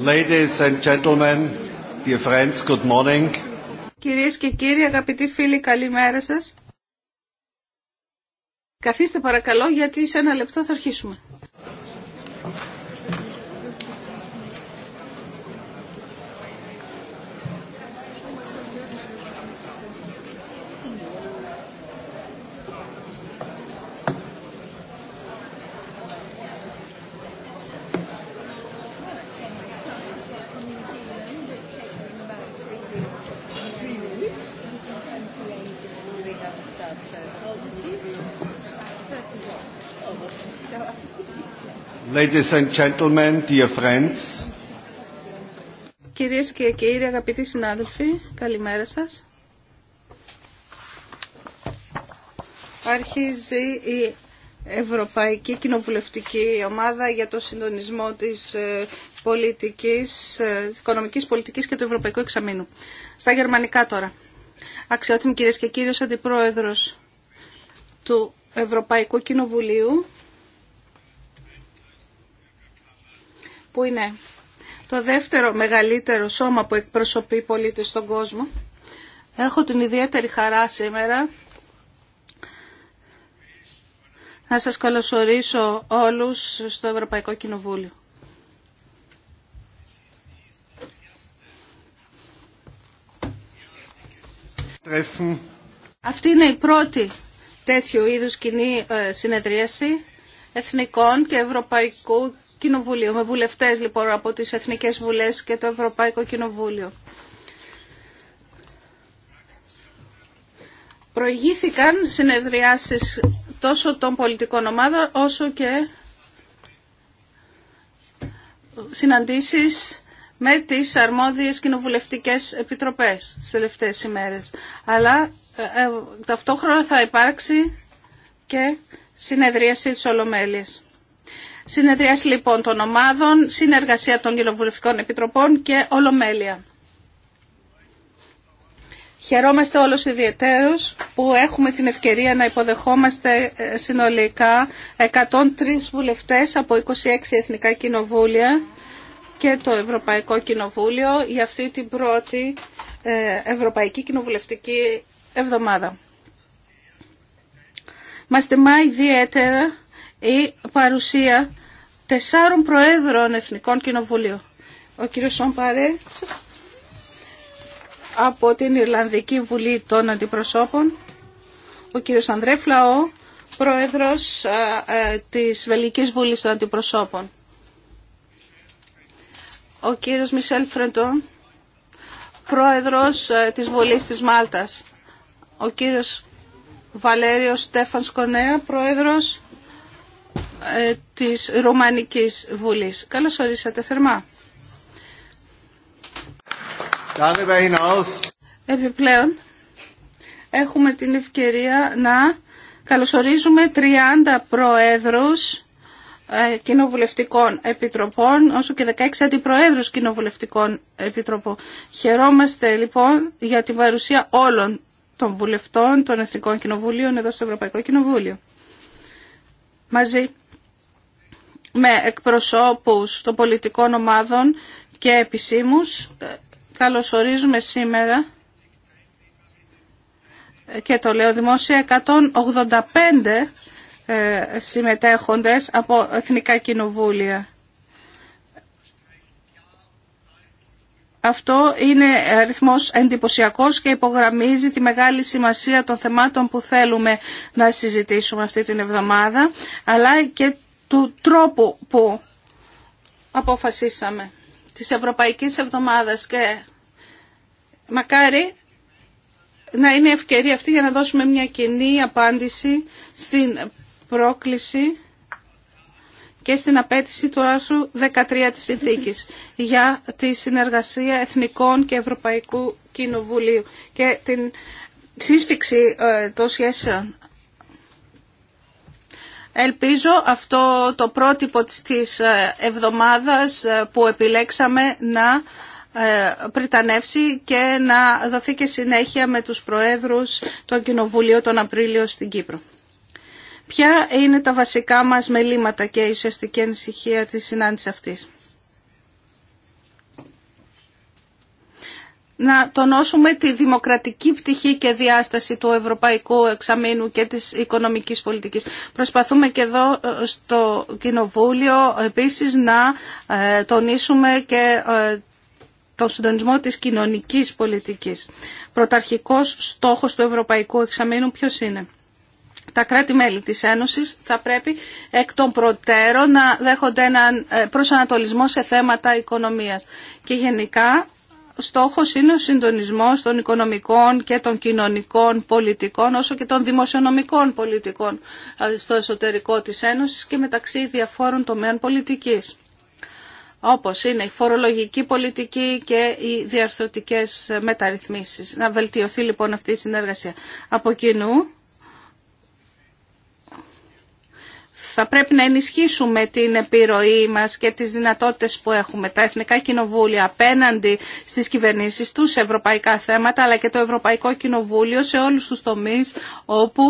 Ladies and gentlemen, dear friends, good morning. Κυρίες και κύριοι, αγαπητοί φίλοι, καλημέρα σας. Καθίστε παρακαλώ γιατί σε ένα λεπτό θα αρχίσουμε. Ladies Κυρίες και κύριοι, αγαπητοί συνάδελφοι, καλημέρα σας. Αρχίζει η Ευρωπαϊκή Κοινοβουλευτική Ομάδα για το συντονισμό της ε, πολιτικής, ε, της οικονομικής πολιτικής και του Ευρωπαϊκού Εξαμήνου. Στα γερμανικά τώρα. Αξιότιμοι κυρίες και κύριοι, ως Αντιπρόεδρος του Ευρωπαϊκού Κοινοβουλίου, που είναι το δεύτερο μεγαλύτερο σώμα που εκπροσωπεί πολίτες στον κόσμο. Έχω την ιδιαίτερη χαρά σήμερα να σας καλωσορίσω όλους στο Ευρωπαϊκό Κοινοβούλιο. Αυτή είναι η πρώτη τέτοιου είδους κοινή ε, συνεδρίαση εθνικών και ευρωπαϊκού κοινοβούλιο με βουλευτές λοιπόν από τις Εθνικές Βουλές και το Ευρωπαϊκό Κοινοβούλιο. Προηγήθηκαν συνεδριάσεις τόσο των πολιτικών ομάδων όσο και συναντήσεις με τις αρμόδιες κοινοβουλευτικές επιτροπές τις τελευταίες ημέρες. Αλλά ε, ε, ταυτόχρονα θα υπάρξει και συνεδρίαση της Ολομέλειας. Συνεδρίαση λοιπόν των ομάδων, συνεργασία των κοινοβουλευτικών επιτροπών και ολομέλεια. Χαιρόμαστε όλους ιδιαιτέρως που έχουμε την ευκαιρία να υποδεχόμαστε ε, συνολικά 103 βουλευτές από 26 εθνικά κοινοβούλια και το Ευρωπαϊκό Κοινοβούλιο για αυτή την πρώτη ε, Ευρωπαϊκή Κοινοβουλευτική Εβδομάδα. Μας τιμά ιδιαίτερα η παρουσία τεσσάρων προέδρων Εθνικών Κοινοβουλίων. Ο κύριος Σομπαρέ από την Ιρλανδική Βουλή των Αντιπροσώπων, ο κύριος Ανδρέ Φλαό, πρόεδρος της Βελικής Βουλής των Αντιπροσώπων. Ο κύριος Μισελ πρόεδρος της Βουλής της Μάλτας. Ο κύριος Βαλέριος Στέφαν Σκονέα, πρόεδρος ε, της Ρουμανικής Βουλής. Καλώς ορίσατε θερμά. Επιπλέον, έχουμε την ευκαιρία να καλωσορίζουμε 30 προέδρους ε, κοινοβουλευτικών επιτροπών, όσο και 16 αντιπροέδρους κοινοβουλευτικών επιτροπών. Χαιρόμαστε λοιπόν για την παρουσία όλων των βουλευτών των Εθνικών Κοινοβουλίων εδώ στο Ευρωπαϊκό Κοινοβούλιο. Μαζί με εκπροσώπους των πολιτικών ομάδων και επισήμους. Ε, καλωσορίζουμε σήμερα ε, και το λέω δημόσια 185 ε, συμμετέχοντες από εθνικά κοινοβούλια. Αυτό είναι αριθμός εντυπωσιακός και υπογραμμίζει τη μεγάλη σημασία των θεμάτων που θέλουμε να συζητήσουμε αυτή την εβδομάδα, αλλά και του τρόπου που αποφασίσαμε της Ευρωπαϊκής Εβδομάδας και μακάρι να είναι ευκαιρία αυτή για να δώσουμε μια κοινή απάντηση στην πρόκληση και στην απέτηση του άρθρου 13 της συνθήκης για τη συνεργασία Εθνικών και Ευρωπαϊκού Κοινοβουλίου και την σύσφυξη ε, των σχέσεων Ελπίζω αυτό το πρότυπο της ε, εβδομάδας ε, που επιλέξαμε να ε, πριτανεύσει και να δοθεί και συνέχεια με τους Προέδρους των Κοινοβουλίων τον Απρίλιο στην Κύπρο. Ποια είναι τα βασικά μας μελήματα και η ουσιαστική ανησυχία της συνάντησης αυτής. να τονώσουμε τη δημοκρατική πτυχή και διάσταση του ευρωπαϊκού εξαμήνου και της οικονομικής πολιτικής. Προσπαθούμε και εδώ ε, στο Κοινοβούλιο επίσης να ε, τονίσουμε και ε, το συντονισμό της κοινωνικής πολιτικής. Πρωταρχικός στόχος του ευρωπαϊκού εξαμήνου ποιος είναι. Τα κράτη-μέλη της Ένωσης θα πρέπει εκ των προτέρων να δέχονται έναν προσανατολισμό σε θέματα οικονομίας. Και γενικά στόχος είναι ο συντονισμός των οικονομικών και των κοινωνικών πολιτικών όσο και των δημοσιονομικών πολιτικών ε, στο εσωτερικό της Ένωσης και μεταξύ διαφόρων τομέων πολιτικής όπως είναι η φορολογική πολιτική και οι διαρθρωτικές μεταρρυθμίσεις. Να βελτιωθεί λοιπόν αυτή η συνεργασία. Από κοινού θα πρέπει να ενισχύσουμε την επιρροή μας και τις δυνατότητες που έχουμε. Τα Εθνικά Κοινοβούλια απέναντι στις κυβερνήσεις τους σε ευρωπαϊκά θέματα, αλλά και το Ευρωπαϊκό Κοινοβούλιο σε όλους τους τομείς όπου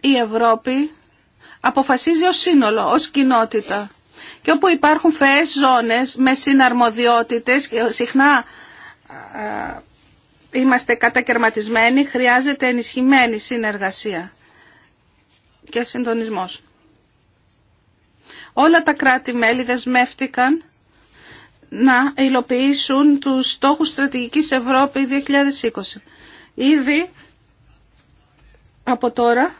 η Ευρώπη αποφασίζει ως σύνολο, ως κοινότητα. Και όπου υπάρχουν φαιές ζώνες με συναρμοδιότητες, συχνά είμαστε κατακαιρματισμένοι, χρειάζεται ενισχυμένη συνεργασία και συντονισμός. Όλα τα κράτη-μέλη δεσμεύτηκαν να υλοποιήσουν τους στόχους στρατηγικής Ευρώπη 2020. Ήδη από τώρα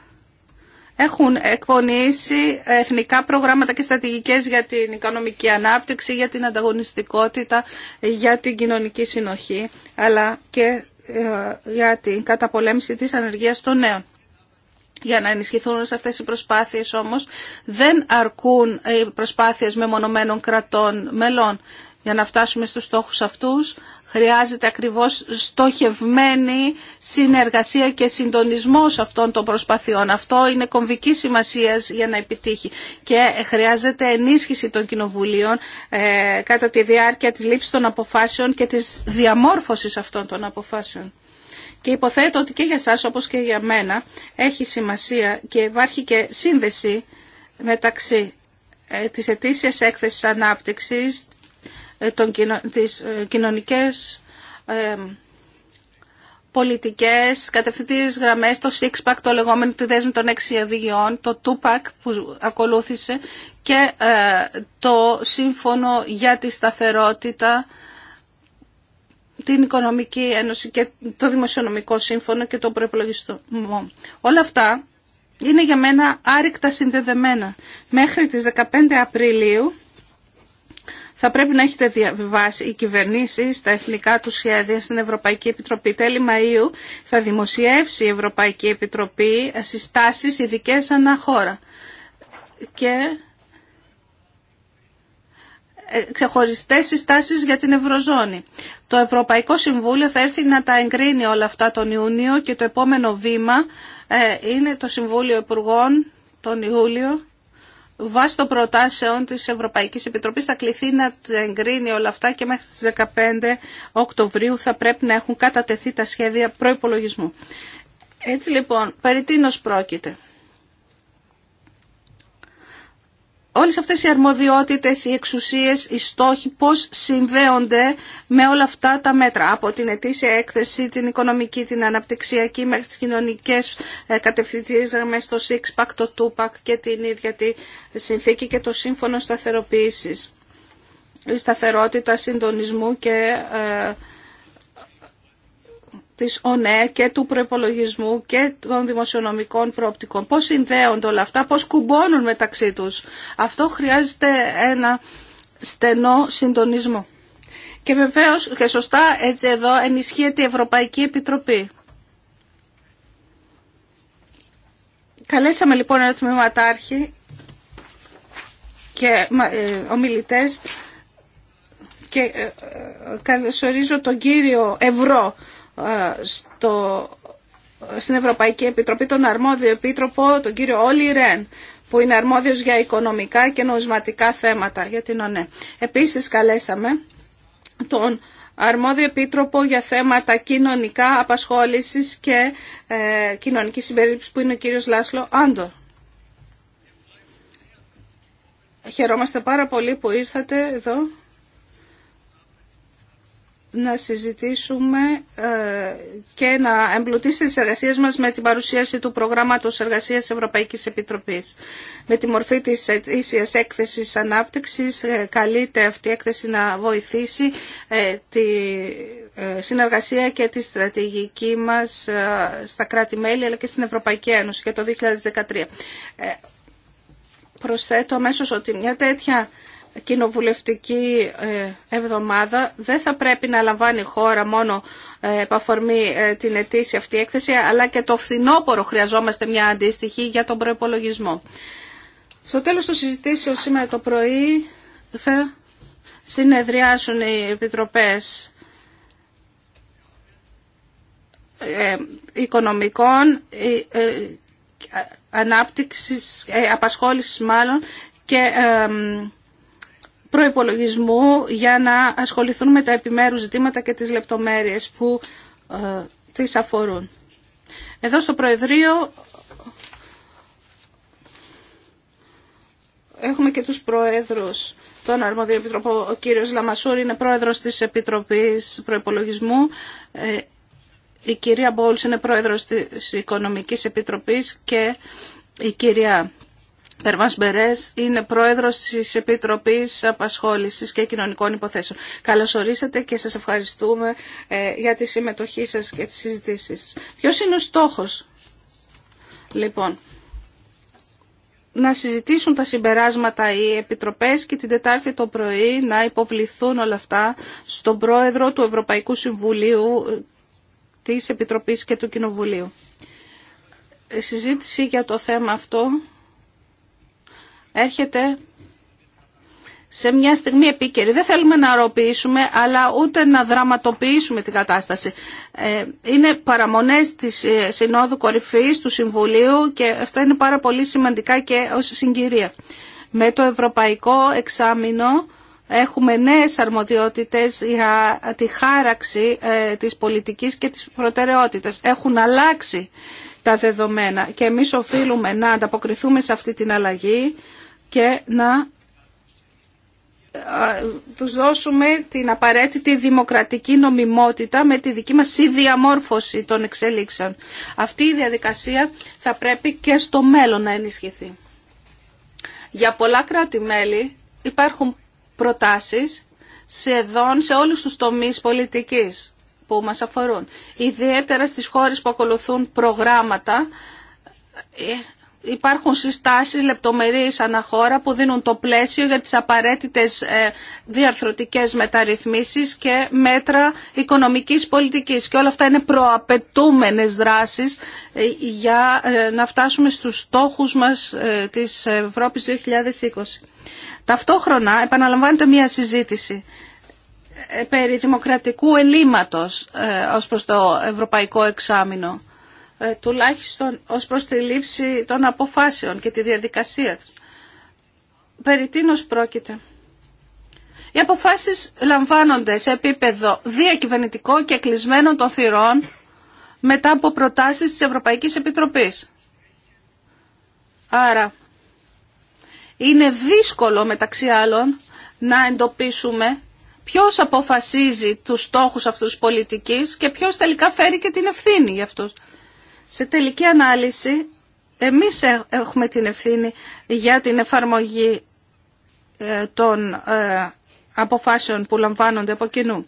έχουν εκπονήσει εθνικά προγράμματα και στρατηγικές για την οικονομική ανάπτυξη, για την ανταγωνιστικότητα, για την κοινωνική συνοχή, αλλά και ε, για την καταπολέμηση της ανεργίας των νέων. Για να ενισχυθούν σε αυτές οι προσπάθειες όμως δεν αρκούν οι προσπάθειες μεμονωμένων κρατών μελών. Για να φτάσουμε στους στόχους αυτούς χρειάζεται ακριβώς στοχευμένη συνεργασία και συντονισμός αυτών των προσπαθειών. Αυτό είναι κομβική σημασία για να επιτύχει και χρειάζεται ενίσχυση των κοινοβουλίων ε, κατά τη διάρκεια της λήψης των αποφάσεων και της διαμόρφωσης αυτών των αποφάσεων. Και υποθέτω ότι και για σας όπως και για μένα έχει σημασία και υπάρχει και σύνδεση μεταξύ ε, της ετήσιας έκθεσης ανάπτυξης, ε, των, κοινωνικέ ε, κοινωνικές πολιτικές, κατευθυντήριες γραμμές, το six το λεγόμενο τη δέσμη των έξι οδηγιών, το two που ακολούθησε και το σύμφωνο για τη σταθερότητα την Οικονομική Ένωση και το Δημοσιονομικό Σύμφωνο και τον προϋπολογισμό. Όλα αυτά είναι για μένα άρρηκτα συνδεδεμένα. Μέχρι τις 15 Απριλίου θα πρέπει να έχετε διαβιβάσει οι κυβερνήσει τα εθνικά του σχέδια στην Ευρωπαϊκή Επιτροπή. Τέλη Μαΐου θα δημοσιεύσει η Ευρωπαϊκή Επιτροπή συστάσεις ειδικέ ανά χώρα. Και ε, ξεχωριστές συστάσεις για την Ευρωζώνη. Το Ευρωπαϊκό Συμβούλιο θα έρθει να τα εγκρίνει όλα αυτά τον Ιούνιο και το επόμενο βήμα ε, είναι το Συμβούλιο Υπουργών τον Ιούλιο βάσει των προτάσεων της Ευρωπαϊκής Επιτροπής θα κληθεί να τα εγκρίνει όλα αυτά και μέχρι τις 15 Οκτωβρίου θα πρέπει να έχουν κατατεθεί τα σχέδια προϋπολογισμού. Έτσι λοιπόν, περί τίνος πρόκειται. όλες αυτές οι αρμοδιότητες, οι εξουσίες, οι στόχοι, πώς συνδέονται με όλα αυτά τα μέτρα. Από την ετήσια έκθεση, την οικονομική, την αναπτυξιακή, μέχρι τις κοινωνικές ε, κατευθυντήριες γραμμές, το ΣΥΚΣΠΑΚ, το ΤΟΥΠΑΚ και την ίδια τη συνθήκη και το Σύμφωνο Σταθεροποίησης, η σταθερότητα συντονισμού και ε, της ΟΝΕ και του προπολογισμού και των δημοσιονομικών πρόπτικων. Πώς συνδέονται όλα αυτά, πώς κουμπώνουν μεταξύ τους. Αυτό χρειάζεται ένα στενό συντονισμό. Και βεβαίως και σωστά έτσι εδώ ενισχύεται η Ευρωπαϊκή Επιτροπή. Καλέσαμε λοιπόν ένα τμήματάρχη και ε, ομιλητές και ε, ε, καλωσορίζω τον κύριο Ευρώ στο, στην Ευρωπαϊκή Επιτροπή τον αρμόδιο επίτροπο, τον κύριο Όλι Ρεν, που είναι αρμόδιος για οικονομικά και νομισματικά θέματα για την ΟΝΕ. Επίσης καλέσαμε τον αρμόδιο επίτροπο για θέματα κοινωνικά, απασχόλησης και ε, κοινωνική συμπερίληψη που είναι ο κύριος Λάσλο Άντο. Χαιρόμαστε πάρα πολύ που ήρθατε εδώ να συζητήσουμε ε, και να εμπλουτίσει τις εργασίες μας με την παρουσίαση του προγράμματος εργασίας Ευρωπαϊκής Επιτροπής. Με τη μορφή της ίσιας έκθεσης ανάπτυξης ε, καλείται αυτή η έκθεση να βοηθήσει ε, τη συνεργασία και τη στρατηγική μας στα κράτη-μέλη αλλά και στην Ευρωπαϊκή Ένωση για το 2013. Προσθέτω αμέσω ότι μια τέτοια κοινοβουλευτική ε, εβδομάδα δεν θα πρέπει να λαμβάνει χώρα μόνο ε, επαφορμή ε, την ετήσια αυτή έκθεση, αλλά και το φθινόπωρο χρειαζόμαστε μια αντίστοιχη για τον προπολογισμό. Στο τέλος του συζητήσεως σήμερα το πρωί θα συνεδριάσουν οι επιτροπές οικονομικών, ανάπτυξης, απασχόλησης μάλλον και προϋπολογισμού για να ασχοληθούν με τα επιμέρους ζητήματα και τις λεπτομέρειες που ε, τις αφορούν. Εδώ στο Προεδρείο έχουμε και τους Προέδρους των Αρμόδιο Επιτροπό. Ο κύριος Λαμασούρη είναι Πρόεδρος της Επιτροπής Προϋπολογισμού. Ε, η κυρία Μπόλς είναι Πρόεδρος της Οικονομικής Επιτροπής και η κυρία Περμάς Μπερές είναι πρόεδρος της Επιτροπής Απασχόλησης και Κοινωνικών Υποθέσεων. Καλώς ορίσατε και σας ευχαριστούμε ε, για τη συμμετοχή σας και τις συζητήσεις. Ποιος είναι ο στόχος, λοιπόν, να συζητήσουν τα συμπεράσματα οι επιτροπές και την Τετάρτη το πρωί να υποβληθούν όλα αυτά στον πρόεδρο του Ευρωπαϊκού Συμβουλίου ε, της Επιτροπής και του Κοινοβουλίου. Ε, συζήτηση για το θέμα αυτό έρχεται σε μια στιγμή επίκαιρη. Δεν θέλουμε να αρρωποιήσουμε, αλλά ούτε να δραματοποιήσουμε την κατάσταση. Ε, είναι παραμονές της ε, Συνόδου Κορυφής, του Συμβουλίου και αυτά είναι πάρα πολύ σημαντικά και ως συγκυρία. Με το Ευρωπαϊκό Εξάμεινο έχουμε νέες αρμοδιότητες για τη χάραξη ε, της πολιτικής και της προτεραιότητας. Έχουν αλλάξει τα δεδομένα και εμείς οφείλουμε να ανταποκριθούμε σε αυτή την αλλαγή και να τους δώσουμε την απαραίτητη δημοκρατική νομιμότητα με τη δική μας διαμόρφωση των εξελίξεων. Αυτή η διαδικασία θα πρέπει και στο μέλλον να ενισχυθεί. Για πολλά κράτη-μέλη υπάρχουν προτάσεις δόν σε όλους τους τομείς πολιτικής που μας αφορούν. Ιδιαίτερα στις χώρες που ακολουθούν προγράμματα ε, υπάρχουν συστάσεις λεπτομερείς αναχώρα που δίνουν το πλαίσιο για τις απαραίτητες ε, διαρθρωτικές μεταρρυθμίσεις και μέτρα οικονομικής πολιτικής. Και όλα αυτά είναι προαπαιτούμενες δράσεις ε, για ε, να φτάσουμε στους στόχους μας της Ευρώπης 2020. Ταυτόχρονα επαναλαμβάνεται μια συζήτηση περί δημοκρατικού ελλείμματος ως προς το ευρωπαϊκό εξάμεινο. Ε, τουλάχιστον ως προς τη λήψη των αποφάσεων και τη διαδικασία τους. Περί τίνος πρόκειται. Οι αποφάσεις λαμβάνονται σε επίπεδο διακυβερνητικό και κλεισμένο των θυρών μετά από προτάσεις της Ευρωπαϊκής Επιτροπής. Άρα, είναι δύσκολο μεταξύ άλλων να εντοπίσουμε ποιος αποφασίζει τους στόχους αυτούς πολιτικής και ποιος τελικά φέρει και την ευθύνη για αυτούς. Σε τελική ανάλυση, εμείς έχουμε την ευθύνη για την εφαρμογή ε, των ε, αποφάσεων που λαμβάνονται από κοινού.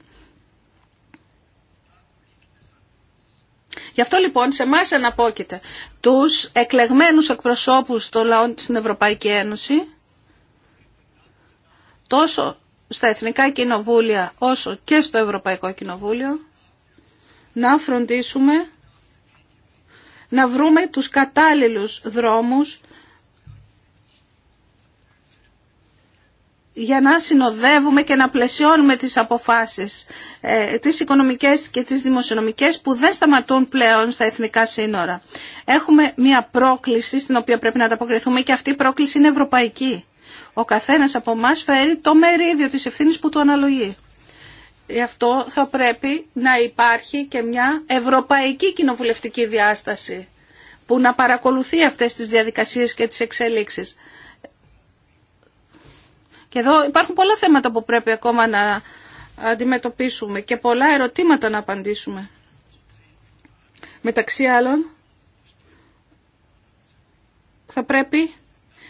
Γι' αυτό λοιπόν σε εμά αναπόκειται τους εκλεγμένους εκπροσώπους των λαών στην Ευρωπαϊκή Ένωση, τόσο στα Εθνικά Κοινοβούλια όσο και στο Ευρωπαϊκό Κοινοβούλιο, να φροντίσουμε να βρούμε τους κατάλληλους δρόμους για να συνοδεύουμε και να πλαισιώνουμε τις αποφάσεις, ε, τις οικονομικές και τις δημοσιονομικές που δεν σταματούν πλέον στα εθνικά σύνορα. Έχουμε μια πρόκληση στην οποία πρέπει να ανταποκριθούμε και αυτή η πρόκληση είναι ευρωπαϊκή. Ο καθένας από εμά φέρει το μερίδιο της ευθύνης που του αναλογεί. Γι' αυτό θα πρέπει να υπάρχει και μια ευρωπαϊκή κοινοβουλευτική διάσταση που να παρακολουθεί αυτές τις διαδικασίες και τις εξέλιξεις. Και εδώ υπάρχουν πολλά θέματα που πρέπει ακόμα να αντιμετωπίσουμε και πολλά ερωτήματα να απαντήσουμε. Μεταξύ άλλων, θα πρέπει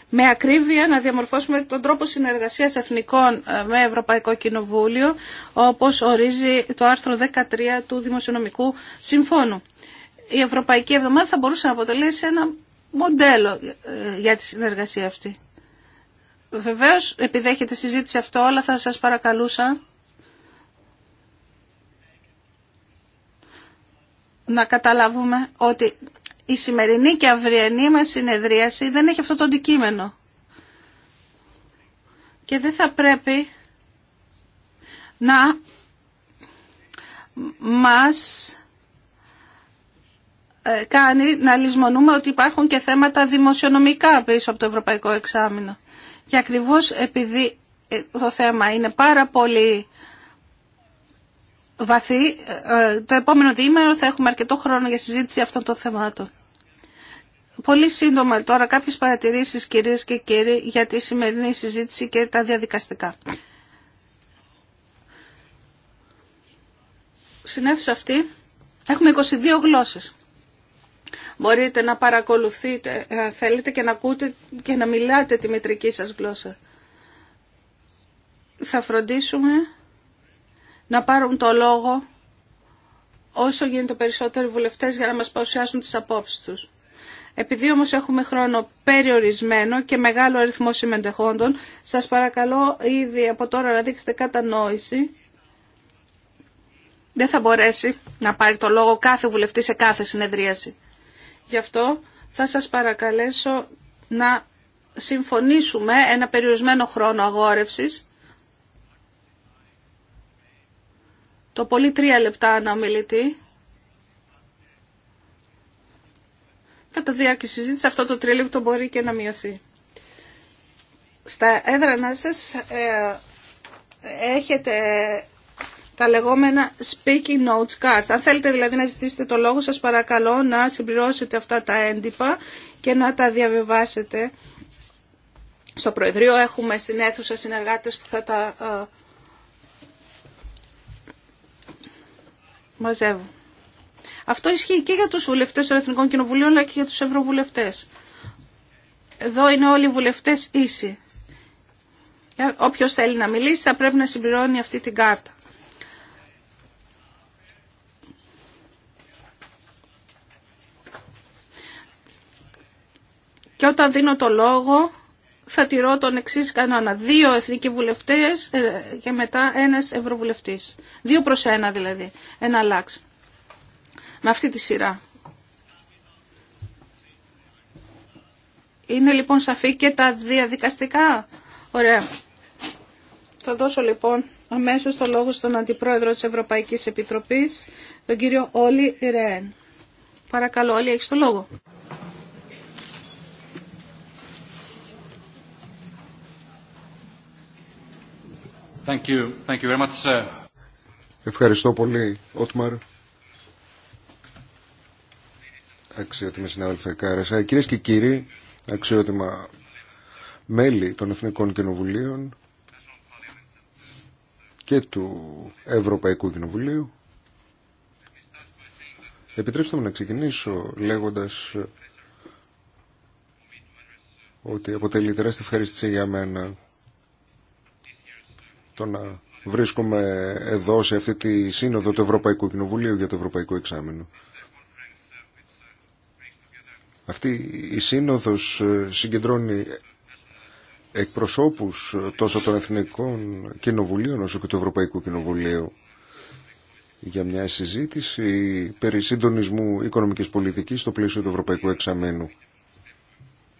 με ακρίβεια να διαμορφώσουμε τον τρόπο συνεργασίας εθνικών ε, με Ευρωπαϊκό Κοινοβούλιο, όπως ορίζει το άρθρο 13 του Δημοσιονομικού Συμφώνου. Η Ευρωπαϊκή Εβδομάδα θα μπορούσε να αποτελέσει ένα μοντέλο ε, για τη συνεργασία αυτή. Βεβαίως έχετε συζήτηση αυτό, αλλά θα σας παρακαλούσα να καταλάβουμε ότι η σημερινή και αυριανή μας συνεδρίαση δεν έχει αυτό το αντικείμενο. Και δεν θα πρέπει να μας ε, κάνει να λησμονούμε ότι υπάρχουν και θέματα δημοσιονομικά πίσω από το Ευρωπαϊκό Εξάμεινο. Και ακριβώς επειδή ε, το θέμα είναι πάρα πολύ βαθύ, ε, το επόμενο διήμερο θα έχουμε αρκετό χρόνο για συζήτηση αυτών των θεμάτων. Πολύ σύντομα τώρα κάποιες παρατηρήσεις κυρίες και κύριοι για τη σημερινή συζήτηση και τα διαδικαστικά. Στην αίθουσα αυτή έχουμε 22 γλώσσες. Μπορείτε να παρακολουθείτε, θέλετε και να ακούτε και να μιλάτε τη μετρική σας γλώσσα. Θα φροντίσουμε να πάρουν το λόγο όσο γίνεται περισσότεροι βουλευτές για να μας παρουσιάσουν τις απόψεις τους. Επειδή όμως έχουμε χρόνο περιορισμένο και μεγάλο αριθμό συμμετεχόντων, σας παρακαλώ ήδη από τώρα να δείξετε κατανόηση. Δεν θα μπορέσει να πάρει το λόγο κάθε βουλευτή σε κάθε συνεδρίαση. Γι' αυτό θα σας παρακαλέσω να συμφωνήσουμε ένα περιορισμένο χρόνο αγόρευσης, το πολύ τρία λεπτά αναμιλητή, κατά διάρκεια συζήτηση αυτό το τρίλεπτο μπορεί και να μειωθεί. Στα έδρανά σας ε, έχετε τα λεγόμενα speaking notes cards. Αν θέλετε δηλαδή να ζητήσετε το λόγο σας παρακαλώ να συμπληρώσετε αυτά τα έντυπα και να τα διαβιβάσετε. Στο Προεδρείο έχουμε στην αίθουσα συνεργάτες που θα τα ε, μαζεύουν. Αυτό ισχύει και για τους βουλευτές των Εθνικών Κοινοβουλίων αλλά και για τους ευρωβουλευτές. Εδώ είναι όλοι οι βουλευτές ίσοι. Ε, όποιος θέλει να μιλήσει θα πρέπει να συμπληρώνει αυτή την κάρτα. Και όταν δίνω το λόγο θα τηρώ τον εξή κανόνα. Δύο εθνικοί βουλευτέ ε, και μετά ένα ευρωβουλευτή. Δύο προ ένα δηλαδή. Ένα αλλάξει με αυτή τη σειρά. Είναι λοιπόν σαφή και τα διαδικαστικά. Ωραία. Θα δώσω λοιπόν αμέσως το λόγο στον Αντιπρόεδρο της Ευρωπαϊκής Επιτροπής, τον κύριο Όλη Ρέν. Παρακαλώ, Όλη, έχεις το λόγο. Thank you. Thank you very much, Ευχαριστώ πολύ, Ότμαρ. αξιότιμη συνάδελφε Κάρασα. Κυρίες και κύριοι, αξιότιμα μέλη των Εθνικών Κοινοβουλίων και του Ευρωπαϊκού Κοινοβουλίου, επιτρέψτε μου να ξεκινήσω λέγοντας ότι αποτελεί τεράστια ευχαρίστηση για μένα το να βρίσκομαι εδώ σε αυτή τη σύνοδο του Ευρωπαϊκού Κοινοβουλίου για το Ευρωπαϊκό Εξάμεινο. Αυτή η σύνοδος ε, συγκεντρώνει εκπροσώπους ε, τόσο των Εθνικών Κοινοβουλίων όσο και του Ευρωπαϊκού Κοινοβουλίου για μια συζήτηση περί συντονισμού οικονομικής πολιτικής στο πλαίσιο του Ευρωπαϊκού Εξαμένου.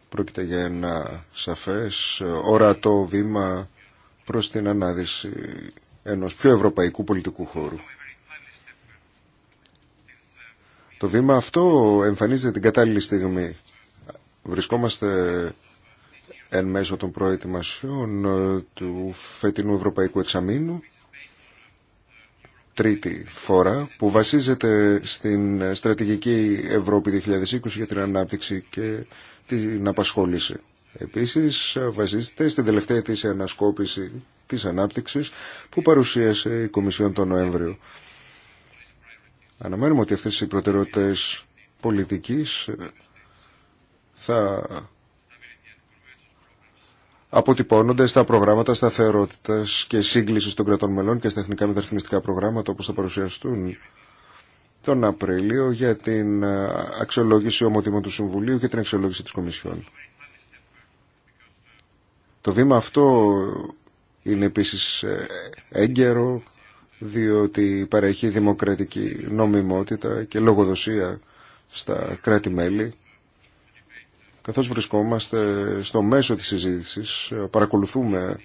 Πρόκειται για ένα σαφές, ε, ορατό βήμα προς την ανάδυση ενός πιο ευρωπαϊκού πολιτικού χώρου. Το βήμα αυτό εμφανίζεται την κατάλληλη στιγμή. Βρισκόμαστε εν μέσω των προετοιμασιών ε, του φετινού Ευρωπαϊκού Εξαμήνου τρίτη φορά που βασίζεται στην ε, στρατηγική Ευρώπη 2020 για την ανάπτυξη και την απασχόληση. Επίσης ε, βασίζεται στην τελευταία της ανασκόπηση της ανάπτυξης που παρουσίασε η Κομισιόν τον Νοέμβριο. Αναμένουμε ότι αυτές οι προτεραιότητες πολιτικής ε, θα αποτυπώνονται στα προγράμματα σταθερότητας και σύγκλησης των κρατών μελών και στα εθνικά μεταρρυθμιστικά προγράμματα όπως θα παρουσιαστούν τον Απρίλιο για την ε, αξιολόγηση ομοτήμων του Συμβουλίου και την αξιολόγηση της Κομισιόν. Το βήμα αυτό είναι επίσης ε, έγκαιρο, διότι παρέχει δημοκρατική νομιμότητα και λογοδοσία στα κράτη-μέλη. Καθώς βρισκόμαστε στο μέσο της συζήτησης, παρακολουθούμε